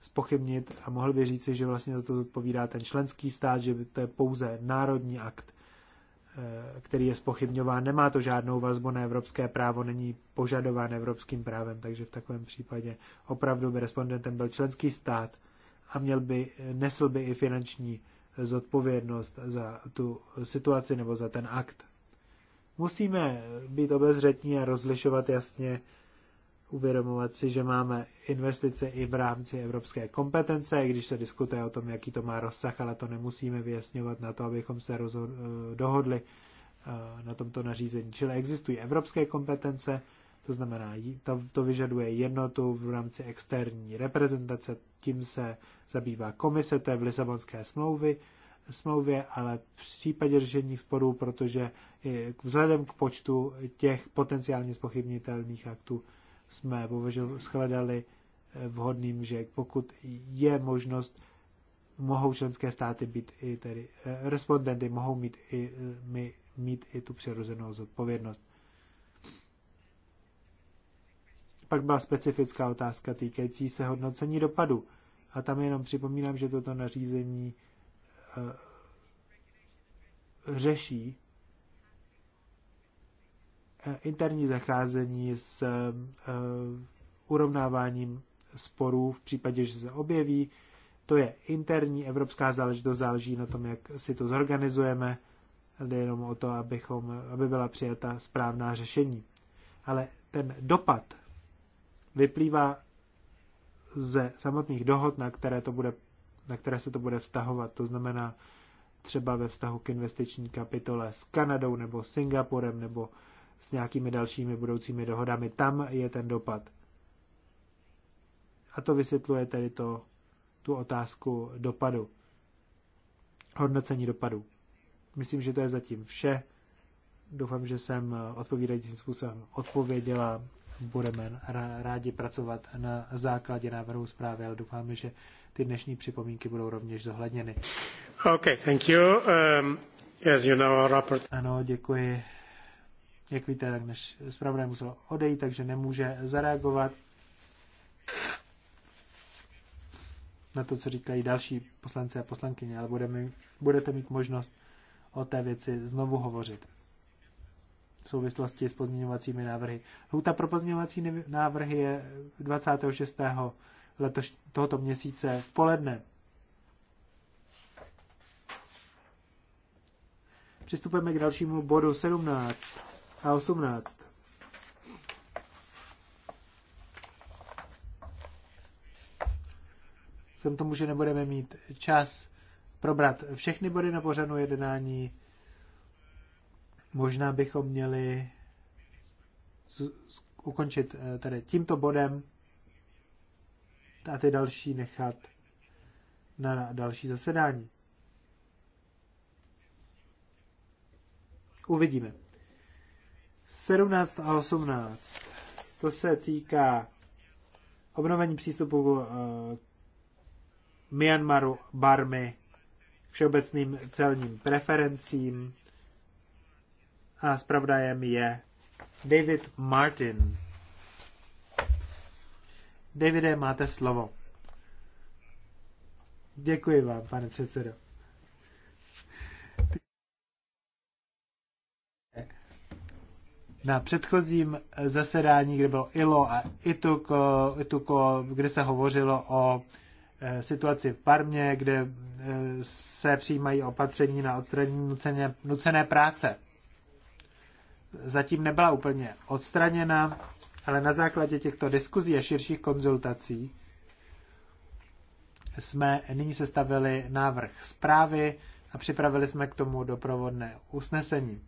spochybnit a mohl by říci, že vlastně za to odpovídá ten členský stát, že to je pouze národní akt, eh, který je spochybňován. Nemá to žádnou vazbu na evropské právo, není požadován evropským právem, takže v takovém případě opravdu by respondentem byl členský stát a měl by, nesl by i finanční zodpovědnost za tu situaci nebo za ten akt. Musíme být obezřetní a rozlišovat jasně uvědomovat si, že máme investice i v rámci evropské kompetence, když se diskutuje o tom, jaký to má rozsah, ale to nemusíme vyjasňovat na to, abychom se rozhod- eh, dohodli eh, na tomto nařízení. Čili existují evropské kompetence, to znamená, to, to vyžaduje jednotu v rámci externí reprezentace, tím se zabývá komise, to je v Lisabonské smlouvy, smlouvě, ale v případě řešení sporů, protože vzhledem k počtu těch potenciálně spochybnitelných aktů jsme shledali eh, vhodným, že pokud je možnost, mohou členské státy být i tedy eh, respondenty, mohou mít i, eh, my, mít i tu přirozenou zodpovědnost. Pak byla specifická otázka týkající se hodnocení dopadu. A tam jenom připomínám, že toto nařízení řeší interní zacházení s eh, eh, urovnáváním sporů v případě, že se objeví. To je interní evropská záležitost, záleží na tom, jak si to zorganizujeme, jde jenom o to, abychom, aby byla přijata správná řešení. Ale ten dopad vyplývá ze samotných dohod, na které, to bude, na které se to bude vztahovat. To znamená třeba ve vztahu k investiční kapitole s Kanadou nebo Singapurem nebo s nějakými dalšími budoucími dohodami. Tam je ten dopad. A to vysvětluje tedy to, tu otázku dopadu. Hodnocení dopadu. Myslím, že to je zatím vše. Doufám, že jsem odpovídajícím způsobem odpověděla. Budeme rádi pracovat na základě návrhu zprávy, ale doufáme, že ty dnešní připomínky budou rovněž zohledněny. Okay, thank you. Um, as you know, rapport... Ano, děkuji. Jak víte, tak než zpravodaj musel odejít, takže nemůže zareagovat na to, co říkají další poslanci a poslankyně, ale budeme, budete mít možnost o té věci znovu hovořit v souvislosti s pozměňovacími návrhy. Lhuta pro pozměňovací návrhy je 26. Letoš, tohoto měsíce v poledne. Přistupujeme k dalšímu bodu 17 a 18. Jsem tomu, že nebudeme mít čas probrat všechny body na pořadu jednání. Možná bychom měli z, z, ukončit eh, tady tímto bodem a ty další nechat na další zasedání. Uvidíme. 17 a 18. To se týká obnovení přístupu uh, Myanmaru, Barmy, všeobecným celním preferencím. A zpravodajem je David Martin. Davide, máte slovo. Děkuji vám, pane předsedo. na předchozím eh, zasedání, kde bylo ILO a ITUKO, ITUKO kde se hovořilo o eh, situaci v Parmě, kde eh, se přijímají opatření na odstranění nucené, nucené práce. Zatím nebyla úplně odstraněna, ale na základě těchto diskuzí a širších konzultací jsme nyní sestavili návrh zprávy a připravili jsme k tomu doprovodné usnesení.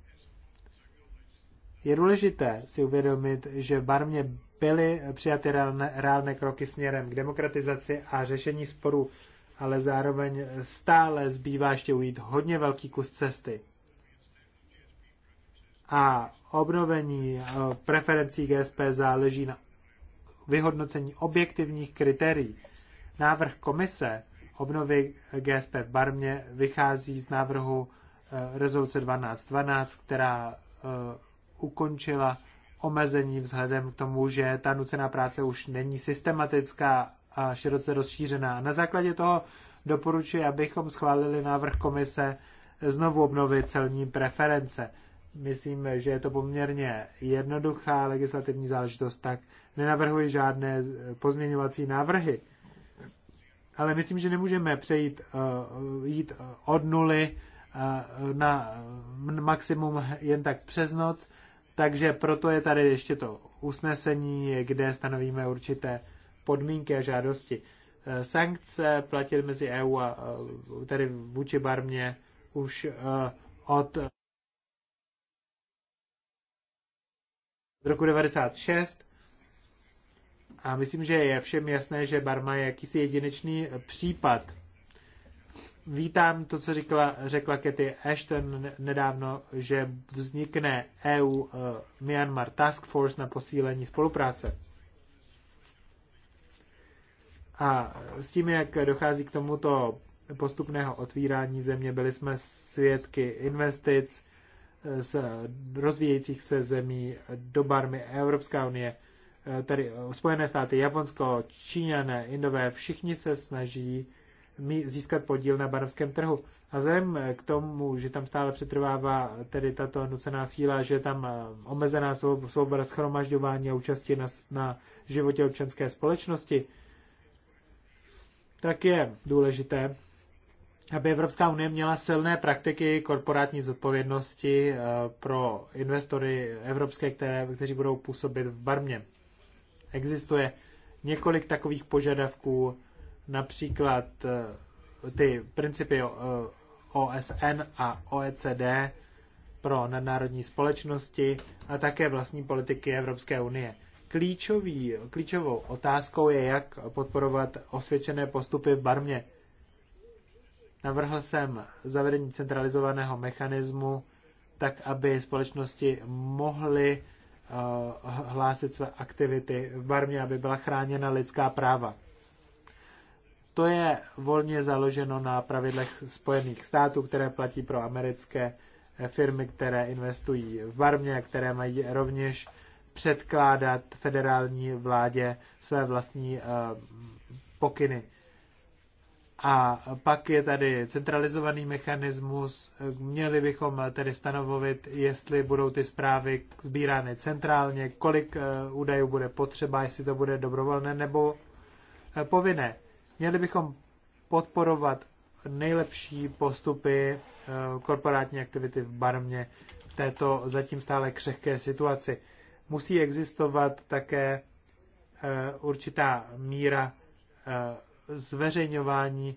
Je důležité si uvědomit, že v Barmě byly přijaty reálné, reálné kroky směrem k demokratizaci a řešení sporů, ale zároveň stále zbývá ještě ujít hodně velký kus cesty. A obnovení eh, preferencí GSP záleží na vyhodnocení objektivních kritérií. Návrh komise obnovy GSP v Barmě vychází z návrhu eh, rezoluce 1212, která eh, ukončila omezení vzhledem k tomu, že ta nucená práce už není systematická a široce rozšířená. Na základě toho doporučuji, abychom schválili návrh komise znovu obnovit celní preference. Myslím, že je to poměrně jednoduchá legislativní záležitost, tak nenavrhuji žádné pozměňovací návrhy. Ale myslím, že nemůžeme přejít eh, jít eh, od nuly eh, na maximum jen tak přes noc takže proto je tady ještě to usnesení, kde stanovíme určité podmínky a žádosti. Eh, sankce platily mezi EU a eh, tedy vůči Barmě už eh, od roku 96 a myslím, že je všem jasné, že Barma je jakýsi jedinečný případ vítám to, co říkala, řekla Katy Ashton nedávno, že vznikne EU uh, eh, Myanmar Task Force na posílení spolupráce. A s tím, jak dochází k tomuto postupného otvírání země, byli jsme svědky investic eh, z rozvíjejících se zemí do Barmy, Evropská unie, eh, tedy Spojené státy, Japonsko, Číňané, Indové, všichni se snaží mi získat podíl na barevském trhu. A vzhledem k tomu, že tam stále přetrvává tedy tato nucená síla, že tam eh, omezená svoboda schromažďování a účasti na, na životě občanské společnosti, tak je důležité, aby Evropská unie měla silné praktiky korporátní zodpovědnosti eh, pro investory evropské, které, kteří budou působit v Barmě. Existuje několik takových požadavků například eh, ty principy eh, OSN a OECD pro nadnárodní společnosti a také vlastní politiky Evropské unie. Klíčový, klíčovou otázkou je, jak podporovat osvědčené postupy v Barmě. Navrhl jsem zavedení centralizovaného mechanismu, tak aby společnosti mohly eh, hlásit své aktivity v Barmě, aby byla chráněna lidská práva. To je volně založeno na pravidlech Spojených států, které platí pro americké eh, firmy, které investují v Barmě, které mají rovněž předkládat federální vládě své vlastní eh, pokyny. A pak je tady centralizovaný mechanismus. Měli bychom tedy stanovovit, jestli budou ty zprávy sbírány centrálně, kolik eh, údajů bude potřeba, jestli to bude dobrovolné nebo povinné. Měli bychom podporovat nejlepší postupy eh, korporátní aktivity v Barmě v této zatím stále křehké situaci. Musí existovat také eh, určitá míra eh, zveřejňování.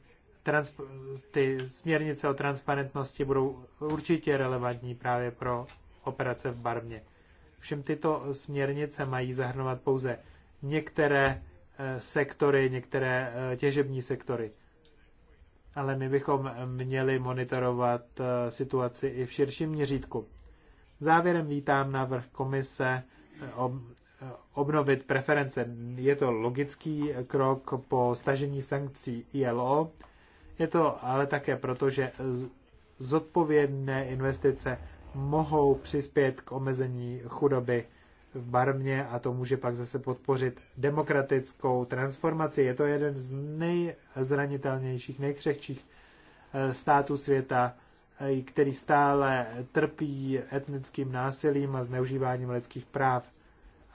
Ty směrnice o transparentnosti budou určitě relevantní právě pro operace v Barmě. Všem tyto směrnice mají zahrnovat pouze některé Eh, sektory, některé eh, těžební sektory. Ale my bychom měli monitorovat eh, situaci i v širším měřítku. Závěrem vítám návrh komise obnovit preference. Je to logický krok po stažení sankcí ILO. Je to ale také proto, že zodpovědné investice mohou přispět k omezení chudoby v Barmě a to může pak zase podpořit demokratickou transformaci. Je to jeden z nejzranitelnějších, nejkřehčích eh, států světa, eh, který stále trpí etnickým násilím a zneužíváním lidských práv.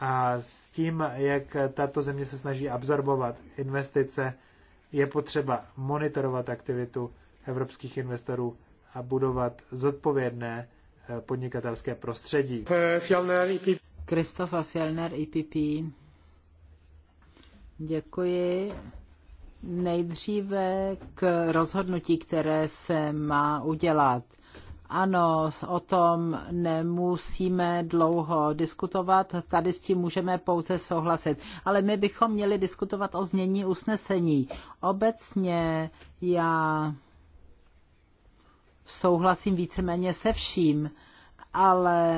A s tím, jak tato země se snaží absorbovat investice, je potřeba monitorovat aktivitu evropských investorů a budovat zodpovědné eh, podnikatelské prostředí. Kristofa Fjellner, IPP. E Děkuji. Nejdříve k rozhodnutí, které se má udělat. Ano, o tom nemusíme dlouho diskutovat, tady s tím můžeme pouze souhlasit. Ale my bychom měli diskutovat o změní usnesení. Obecně já souhlasím víceméně se vším, ale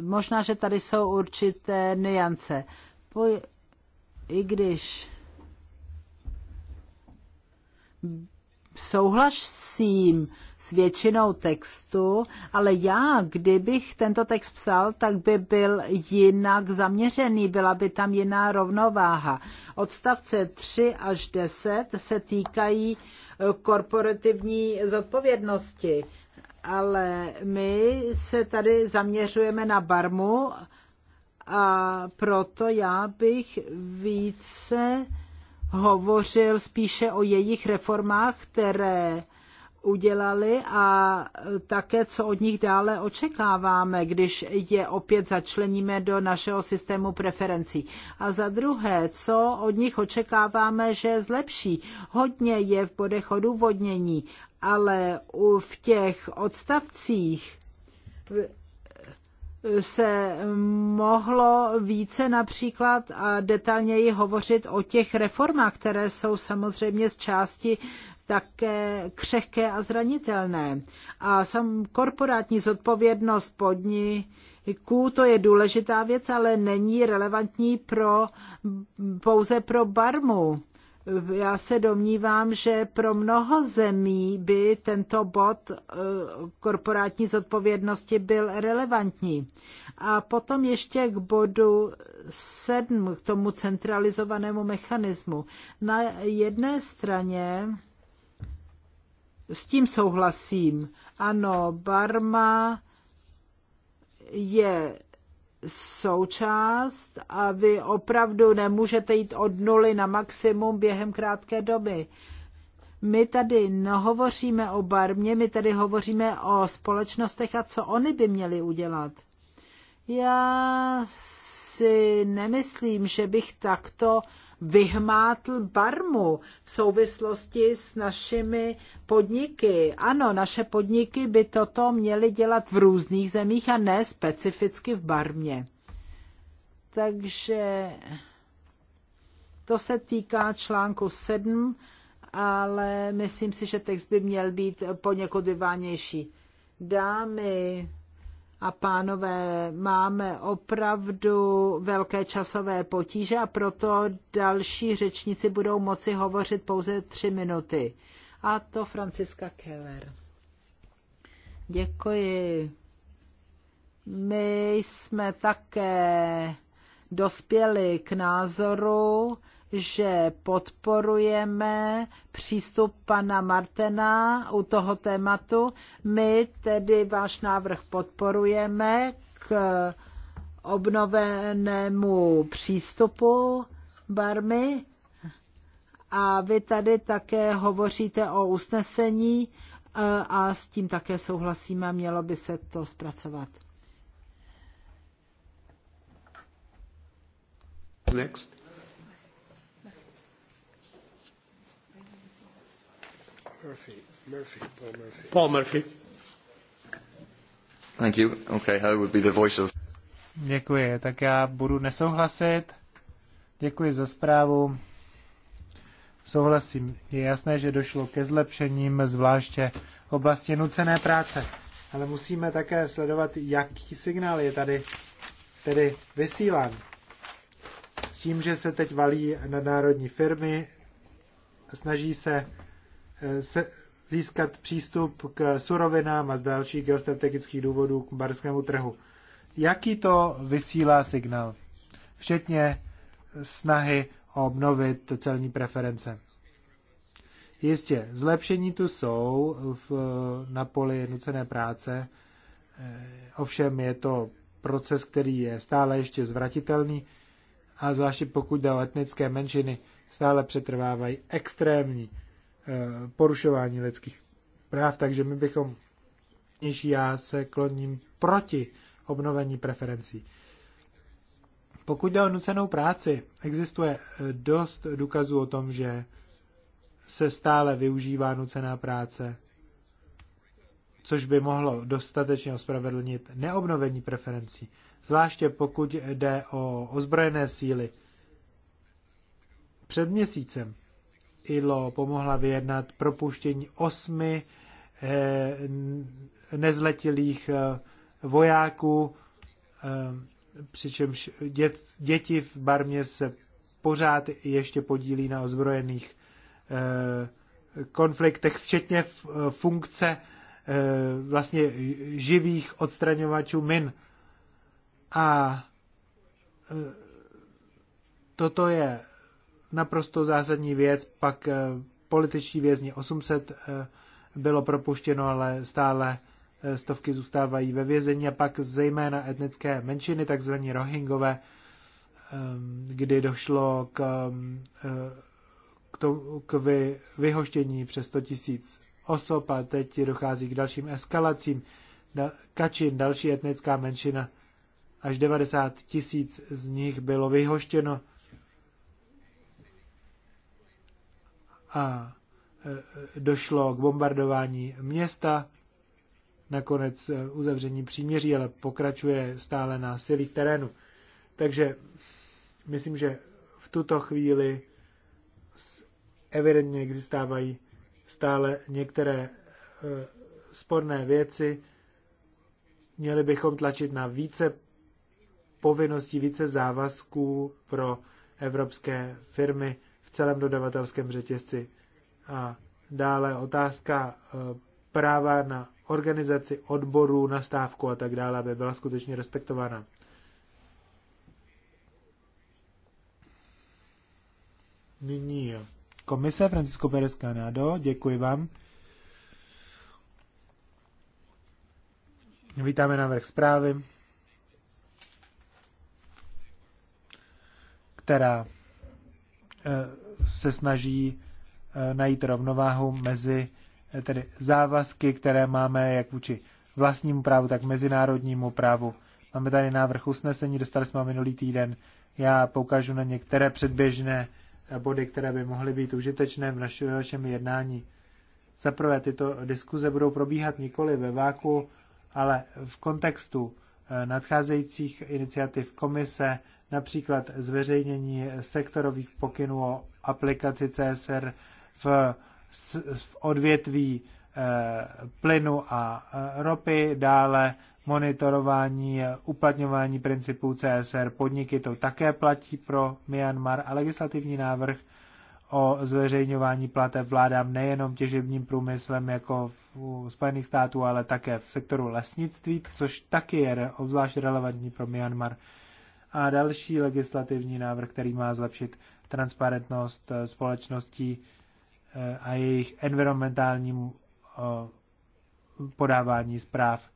možná, že tady jsou určité niance. Po, I když souhlasím s většinou textu, ale já, kdybych tento text psal, tak by byl jinak zaměřený, byla by tam jiná rovnováha. Odstavce 3 až 10 se týkají korporativní zodpovědnosti ale my se tady zaměřujeme na Barmu a proto já bych více hovořil spíše o jejich reformách, které udělali a také, co od nich dále očekáváme, když je opět začleníme do našeho systému preferencí. A za druhé, co od nich očekáváme, že zlepší. Hodně je v bodech odůvodnění, ale v těch odstavcích se mohlo více například a detailněji hovořit o těch reformách, které jsou samozřejmě z části také křehké a zranitelné. A sam korporátní zodpovědnost podniků, to je důležitá věc, ale není relevantní pro, pouze pro barmu já se domnívám, že pro mnoho zemí by tento bod eh, korporátní zodpovědnosti byl relevantní. A potom ještě k bodu sedm, k tomu centralizovanému mechanismu. Na jedné straně s tím souhlasím. Ano, Barma je součást a vy opravdu nemůžete jít od nuly na maximum během krátké doby. My tady nehovoříme o barmě, my tady hovoříme o společnostech a co oni by měli udělat. Já si nemyslím, že bych takto vyhmátl Barmu v souvislosti s našimi podniky. Ano, naše podniky by toto měly dělat v různých zemích a ne specificky v Barmě. Takže to se týká článku 7, ale myslím si, že text by měl být poněkud vyvánější. Dámy, a pánové, máme opravdu velké časové potíže a proto další řečníci budou moci hovořit pouze tři minuty. A to Franciska Keller. Děkuji. My jsme také dospěli k názoru, že podporujeme přístup pana Martena u toho tématu. My tedy váš návrh podporujeme k obnovenému přístupu Barmy a vy tady také hovoříte o usnesení eh, a s tím také souhlasíme a mělo by se to zpracovat. Next. Murphy. Murphy. Paul Murphy. Paul Murphy. Thank you. Okay, I would be the voice of... Děkuji, tak já budu nesouhlasit. Děkuji za zprávu. Souhlasím. Je jasné, že došlo ke zlepšením, zvláště v oblasti nucené práce. Ale musíme také sledovat, jaký signál je tady tedy vysílán. S tím, že se teď valí nadnárodní firmy, snaží se se, získat přístup k surovinám a z dalších geostrategických důvodů k barskému trhu. Jaký to vysílá signál? Včetně snahy obnovit celní preference. Jistě, zlepšení tu jsou v, na poli nucené práce, eh, ovšem je to proces, který je stále ještě zvratitelný a zvláště pokud jde o etnické menšiny, stále přetrvávají extrémní Eh, porušování lidských práv, takže my bychom, než já se kloním proti obnovení preferencí. Pokud jde o nucenou práci, existuje eh, dost důkazů o tom, že se stále využívá nucená práce, což by mohlo dostatečně ospravedlnit neobnovení preferencí, zvláště pokud jde o ozbrojené síly. Před měsícem ILO pomohla vyjednat propuštění osmi eh, nezletilých eh, vojáků, eh, přičemž děti v Barmě se pořád ještě podílí na ozbrojených konfliktech, včetně funkce vlastně živých odstraňovačů min. A toto je naprosto zásadní věc, pak eh, političtí vězni 800 eh, bylo propuštěno, ale stále eh, stovky zůstávají ve vězení a pak zejména etnické menšiny, takzvaní rohingové, ehm, kdy došlo k, k, to, k vy, vyhoštění přes 100 tisíc osob a teď dochází k dalším eskalacím. Kačin, další etnická menšina, až 90 tisíc z nich bylo vyhoštěno a e, e, došlo k bombardování města, nakonec e, uzavření příměří, ale pokračuje stále na silí terénu. Takže myslím, že v tuto chvíli evidentně existávají stále některé sporné věci. Měli bychom tlačit na více povinností, více závazků pro evropské firmy celém dodavatelském řetězci. A dále otázka e, práva na organizaci odborů, na stávku a tak dále, aby byla skutečně respektována. Nyní komise Francisco Pérez Canado, děkuji vám. Vítáme návrh zprávy, která se snaží eh, najít rovnováhu mezi eh, tedy závazky, které máme jak vůči vlastnímu právu, tak mezinárodnímu právu. Máme tady návrh usnesení, dostali jsme ho minulý týden. Já poukážu na některé předběžné eh, body, které by mohly být užitečné v našem jednání. Za prvé, tyto diskuze budou probíhat nikoli ve váku, ale v kontextu nadcházejících iniciativ komise například zveřejnění sektorových pokynů o aplikaci CSR v, v odvětví eh, plynu a eh, ropy, dále monitorování eh, uplatňování principů CSR. Podniky to také platí pro Myanmar a legislativní návrh o zveřejňování plateb vládám nejenom těžebním průmyslem jako v Spojených států, ale také v sektoru lesnictví, což taky je obzvlášť relevantní pro Myanmar a další legislativní návrh, který má zlepšit transparentnost eh, společností eh, a jejich environmentálním podávání zpráv.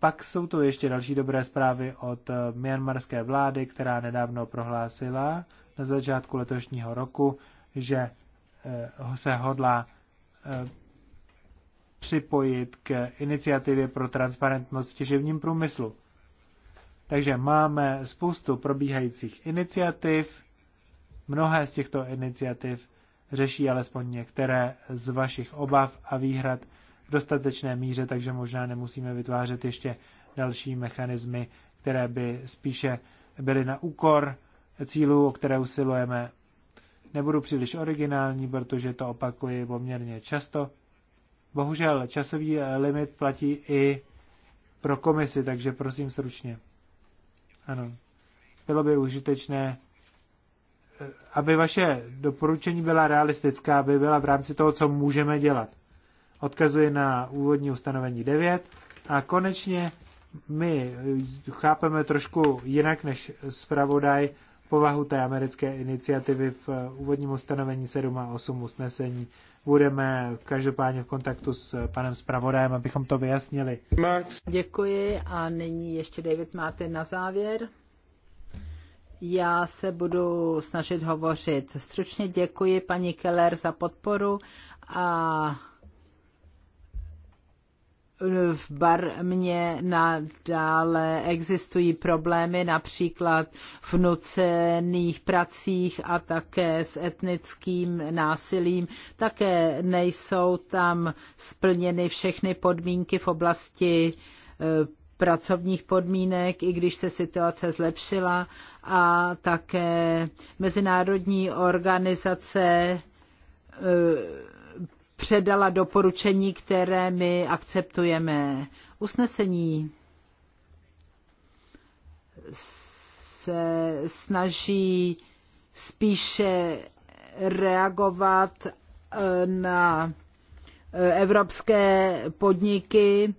Pak jsou tu ještě další dobré zprávy od eh, myanmarské vlády, která nedávno prohlásila na začátku letošního roku, že se hodlá připojit k iniciativě pro transparentnost v těživním průmyslu. Takže máme spoustu probíhajících iniciativ. Mnohé z těchto iniciativ řeší alespoň některé z vašich obav a výhrad v dostatečné míře, takže možná nemusíme vytvářet ještě další mechanismy, které by spíše byly na úkor cílů, o které usilujeme. Nebudu příliš originální, protože to opakuji poměrně často. Bohužel časový limit platí i pro komisi, takže prosím stručně. Ano. Bylo by užitečné, eh, aby vaše doporučení byla realistická, aby byla v rámci toho, co můžeme dělat. Odkazuje na úvodní ustanovení 9. A konečně my chápeme trošku jinak než zpravodaj povahu té americké iniciativy v úvodním ustanovení 7 a 8 usnesení. Budeme každopádně v kontaktu s panem zpravodajem, abychom to vyjasnili. Max. Děkuji a nyní ještě David máte na závěr. Já se budu snažit hovořit. Stručně děkuji paní Keller za podporu a v Barmě nadále existují problémy, například v nucených pracích a také s etnickým násilím. Také nejsou tam splněny všechny podmínky v oblasti e, pracovních podmínek, i když se situace zlepšila a také mezinárodní organizace e, předala doporučení, které my akceptujeme. Usnesení se snaží spíše reagovat eh, na eh, evropské podniky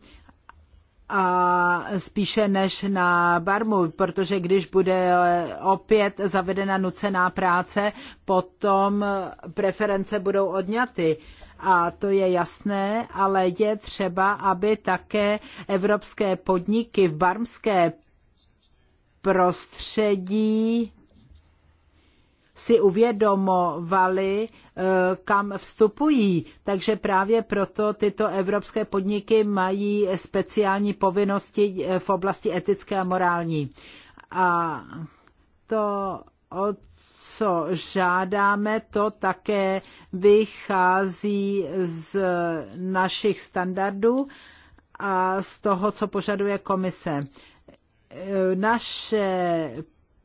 a spíše než na barmu, protože když bude eh, opět zavedena nucená práce, potom preference budou odňaty a to je jasné, ale je třeba, aby také evropské podniky v barmské prostředí si uvědomovali, eh, kam vstupují. Takže právě proto tyto evropské podniky mají speciální povinnosti eh, v oblasti etické a morální. A to o co žádáme, to také vychází z našich standardů a z toho, co požaduje komise. Naše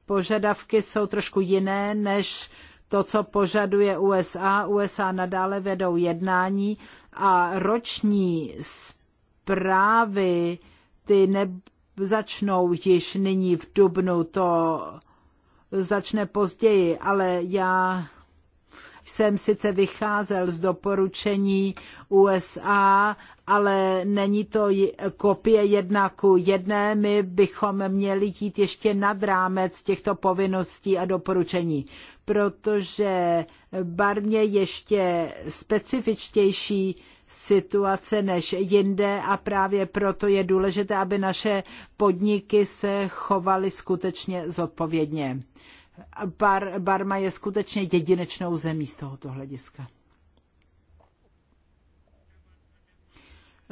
požadavky jsou trošku jiné než to, co požaduje USA. USA nadále vedou jednání a roční zprávy ty ne, začnou již nyní v dubnu. To začne později, ale já jsem sice vycházel z doporučení USA, ale není to kopie jedna ku jedné. My bychom měli jít ještě nad rámec těchto povinností a doporučení, protože barmě ještě specifičtější situace než jinde a právě proto je důležité, aby naše podniky se chovaly skutečně zodpovědně. Bar, Barma je skutečně jedinečnou zemí z tohoto hlediska.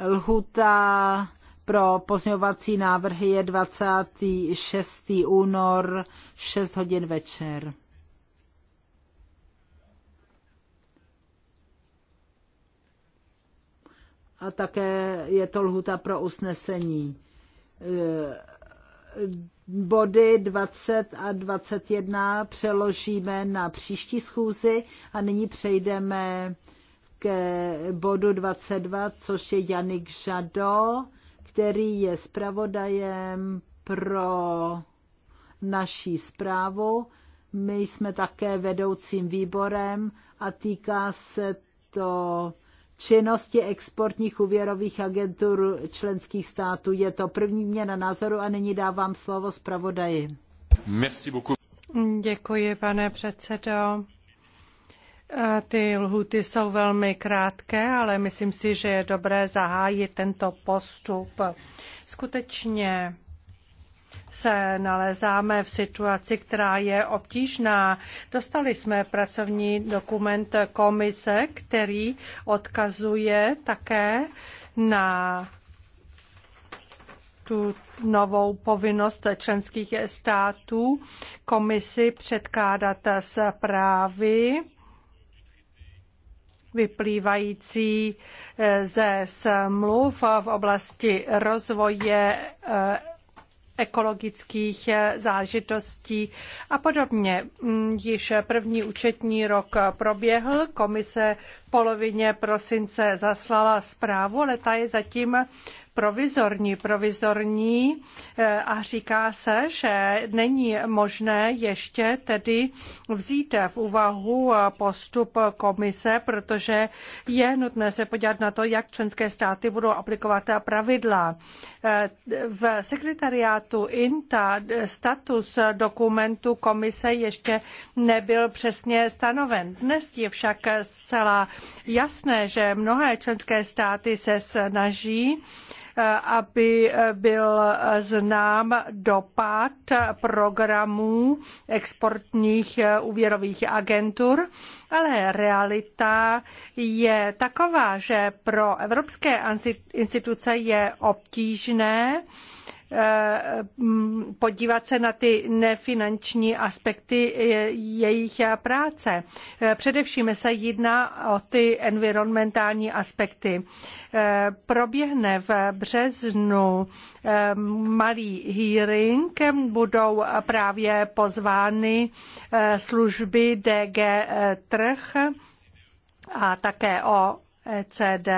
Lhuta pro pozňovací návrhy je 26. únor 6 hodin večer. a také je to lhuta pro usnesení. E, body 20 a 21 přeložíme na příští schůzi a nyní přejdeme k bodu 22, což je Janik Žado, který je zpravodajem pro naší zprávu. My jsme také vedoucím výborem a týká se to činnosti exportních úvěrových agentur členských států. Je to první měna názoru a nyní dávám slovo zpravodaji. Merci beaucoup. Děkuji, pane předsedo. E, ty lhuty jsou velmi krátké, ale myslím si, že je dobré zahájit tento postup. Skutečně se nalezáme v situaci, která je obtížná. Dostali jsme pracovní dokument komise, který odkazuje také na tu novou povinnost členských států komisi předkládat zprávy vyplývající eh, ze smluv v oblasti rozvoje eh, ekologických eh, záležitostí a podobně. Mm, již první účetní rok proběhl, komise v polovině prosince zaslala zprávu, ale ta je zatím provizorní. Provizorní eh, a říká se, že není možné ještě tedy vzít v úvahu eh, postup komise, protože je nutné se podívat na to, jak členské státy budou aplikovat pravidla. Eh, v sekretariátu INTA status dokumentu komise ještě nebyl přesně stanoven. Dnes je však zcela jasné, že mnohé členské státy se snaží aby byl znám dopad programů exportních úvěrových agentur, ale realita je taková, že pro evropské instituce je obtížné, podívat se na ty nefinanční aspekty jejich práce. Především se jedná o ty environmentální aspekty. Proběhne v březnu eh, malý hearing, budou právě pozvány eh, služby DG eh, Trh a také o ECD,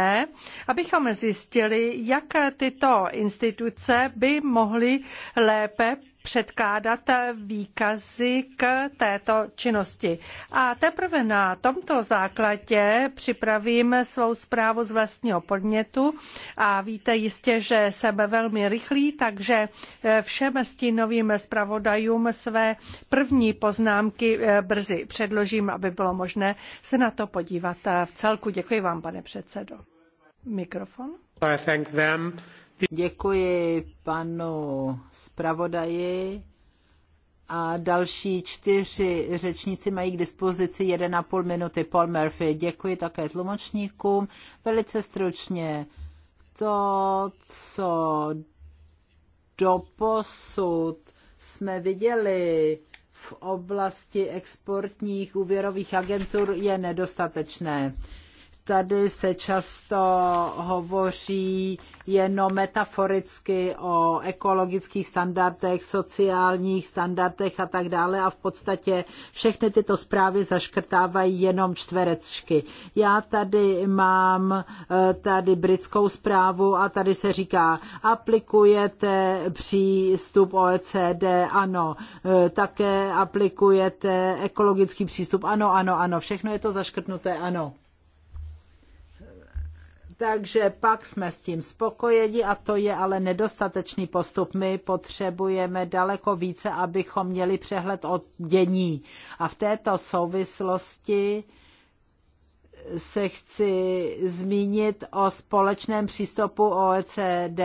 abychom zjistili, jak tyto instituce by mohly lépe předkládat výkazy k této činnosti. A teprve na tomto základě připravím svou zprávu z vlastního podnětu a víte jistě, že jsem velmi rychlý, takže eh, všem stínovým zpravodajům své první poznámky eh, brzy předložím, aby bylo možné se na to podívat eh, v celku. Děkuji vám, pane předsedo. Mikrofon. I thank them. Děkuji panu zpravodaji a další čtyři řečníci mají k dispozici 1,5 minuty. Paul Murphy, děkuji také tlumočníkům. Velice stručně to, co doposud jsme viděli v oblasti exportních úvěrových agentur, je nedostatečné. Tady se často hovoří jenom metaforicky o ekologických standardech, sociálních standardech a tak dále a v podstatě všechny tyto zprávy zaškrtávají jenom čtverečky. Já tady mám eh, tady britskou zprávu a tady se říká, aplikujete přístup OECD, ano, eh, také aplikujete ekologický přístup, ano, ano, ano, všechno je to zaškrtnuté, ano. Takže pak jsme s tím spokojeni a to je ale nedostatečný postup. My potřebujeme daleko více, abychom měli přehled o dění. A v této souvislosti se chci zmínit o společném přístupu OECD.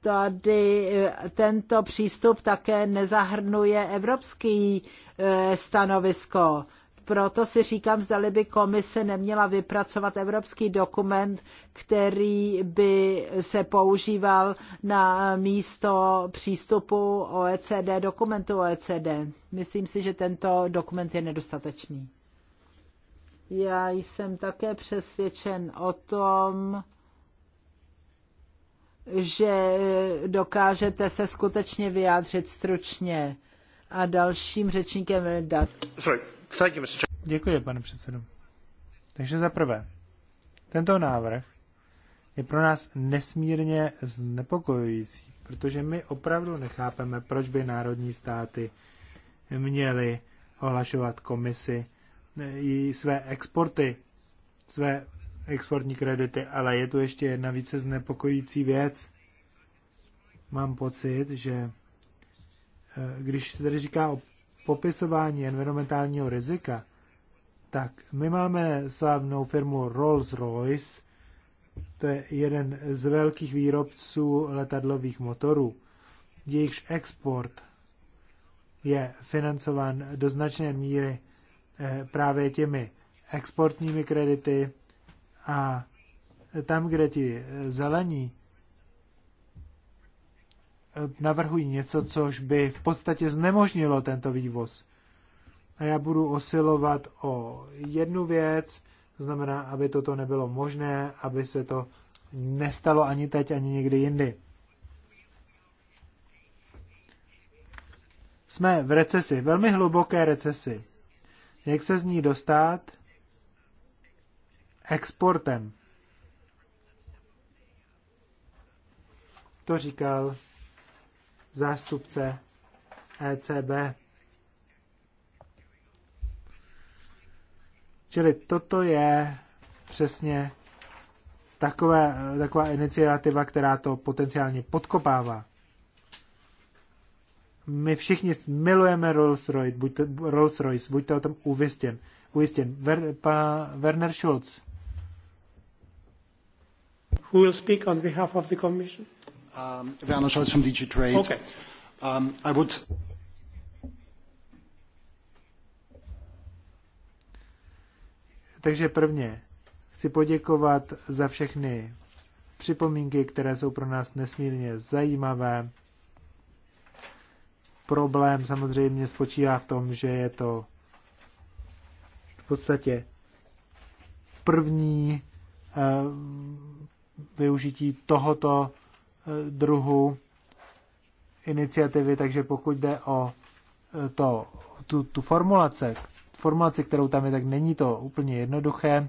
Tady eh, tento přístup také nezahrnuje evropský eh, stanovisko proto si říkám, zda by komise neměla vypracovat evropský dokument, který by se používal na místo přístupu OECD, dokumentu OECD. Myslím si, že tento dokument je nedostatečný. Já jsem také přesvědčen o tom, že dokážete se skutečně vyjádřit stručně. A dalším řečníkem je Dat. Sorry. Děkuji, pane předsedo. Takže za prvé, tento návrh je pro nás nesmírně znepokojující, protože my opravdu nechápeme, proč by národní státy měly ohlašovat komisi i eh, své exporty, své exportní kredity, ale je tu ještě jedna více znepokojící věc. Mám pocit, že eh, když se tady říká o popisování environmentálního rizika, tak my máme slavnou firmu Rolls-Royce, to je jeden z velkých výrobců letadlových motorů. Jejichž export je financován do značné míry eh, právě těmi exportními kredity a tam, kde ti zelení navrhují něco, což by v podstatě znemožnilo tento vývoz. A já budu osilovat o jednu věc, to znamená, aby toto nebylo možné, aby se to nestalo ani teď, ani někdy jindy. Jsme v recesi, velmi hluboké recesi. Jak se z ní dostat? Exportem. To říkal zástupce ECB. Čili toto je přesně takové, taková iniciativa, která to potenciálně podkopává. My všichni milujeme Rolls-Royce, buďte, Rolls-Royce, buďte o tom uvěstěn. ujistěn. Ver, pa, Werner Schulz. Who will speak on behalf of the commission? Werner um, Scholz from DG Trade. Okay. Um, I would... Takže prvně chci poděkovat za všechny připomínky, které jsou pro nás nesmírně zajímavé. Problém samozřejmě spočívá v tom, že je to v podstatě první eh, využití tohoto druhu iniciativy, takže pokud jde o e, to, tu, tu formulace, formulaci, kterou tam je, tak není to úplně jednoduché.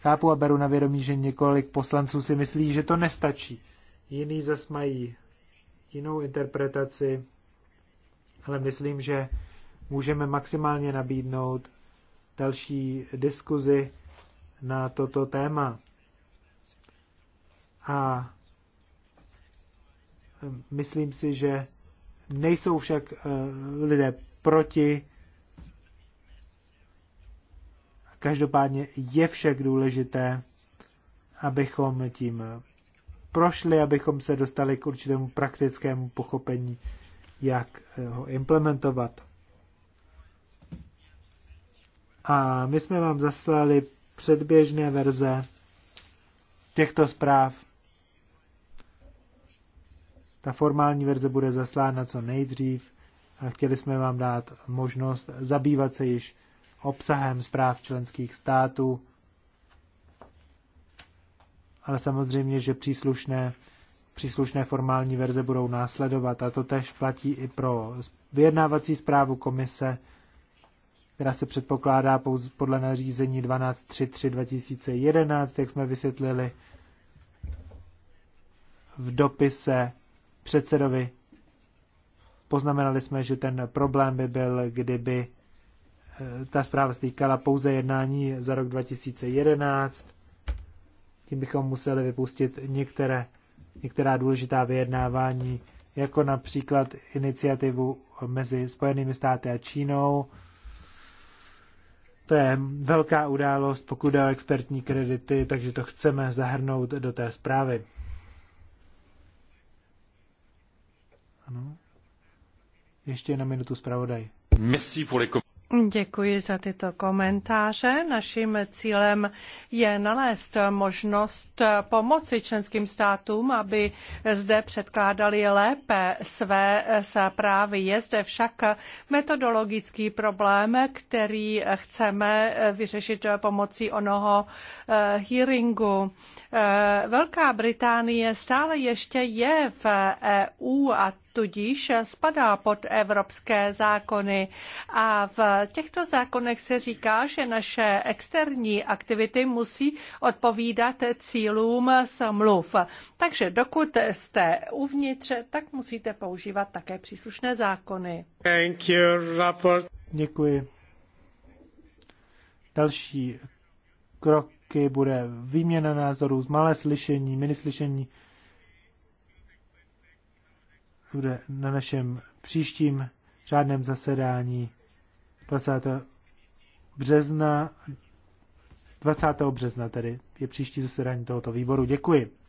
Chápu a beru na vědomí, že několik poslanců si myslí, že to nestačí. Jiný zas mají jinou interpretaci, ale myslím, že můžeme maximálně nabídnout další diskuzi na toto téma. A Myslím si, že nejsou však eh, lidé proti. Každopádně je však důležité, abychom tím prošli, abychom se dostali k určitému praktickému pochopení, jak eh, ho implementovat. A my jsme vám zaslali předběžné verze těchto zpráv ta formální verze bude zaslána co nejdřív a chtěli jsme vám dát možnost zabývat se již obsahem zpráv členských států, ale samozřejmě, že příslušné, příslušné formální verze budou následovat a to tež platí i pro vyjednávací zprávu komise, která se předpokládá pouze podle nařízení 12.3.3.2011, jak jsme vysvětlili v dopise předsedovi. Poznamenali jsme, že ten problém by byl, kdyby eh, ta zpráva stýkala pouze jednání za rok 2011. Tím bychom museli vypustit některé, některá důležitá vyjednávání, jako například iniciativu mezi Spojenými státy a Čínou. To je velká událost, pokud jde o expertní kredity, takže to chceme zahrnout do té zprávy. Ano. Ještě na minutu zpravodaj. Merci pour les Děkuji za tyto komentáře. Naším cílem je nalézt možnost pomoci členským státům, aby zde předkládali lépe své zprávy. Je zde však metodologický problém, který chceme vyřešit pomocí onoho eh, hearingu. Eh, Velká Británie stále ještě je v EU a tudíž spadá pod evropské zákony. A v těchto zákonech se říká, že naše externí aktivity musí odpovídat cílům smluv. Takže dokud jste uvnitř, tak musíte používat také příslušné zákony. Thank you, rapport. Děkuji. Další kroky bude výměna názorů, malé slyšení, minislyšení bude na našem příštím řádném zasedání 20. března, 20. března tedy je příští zasedání tohoto výboru. Děkuji.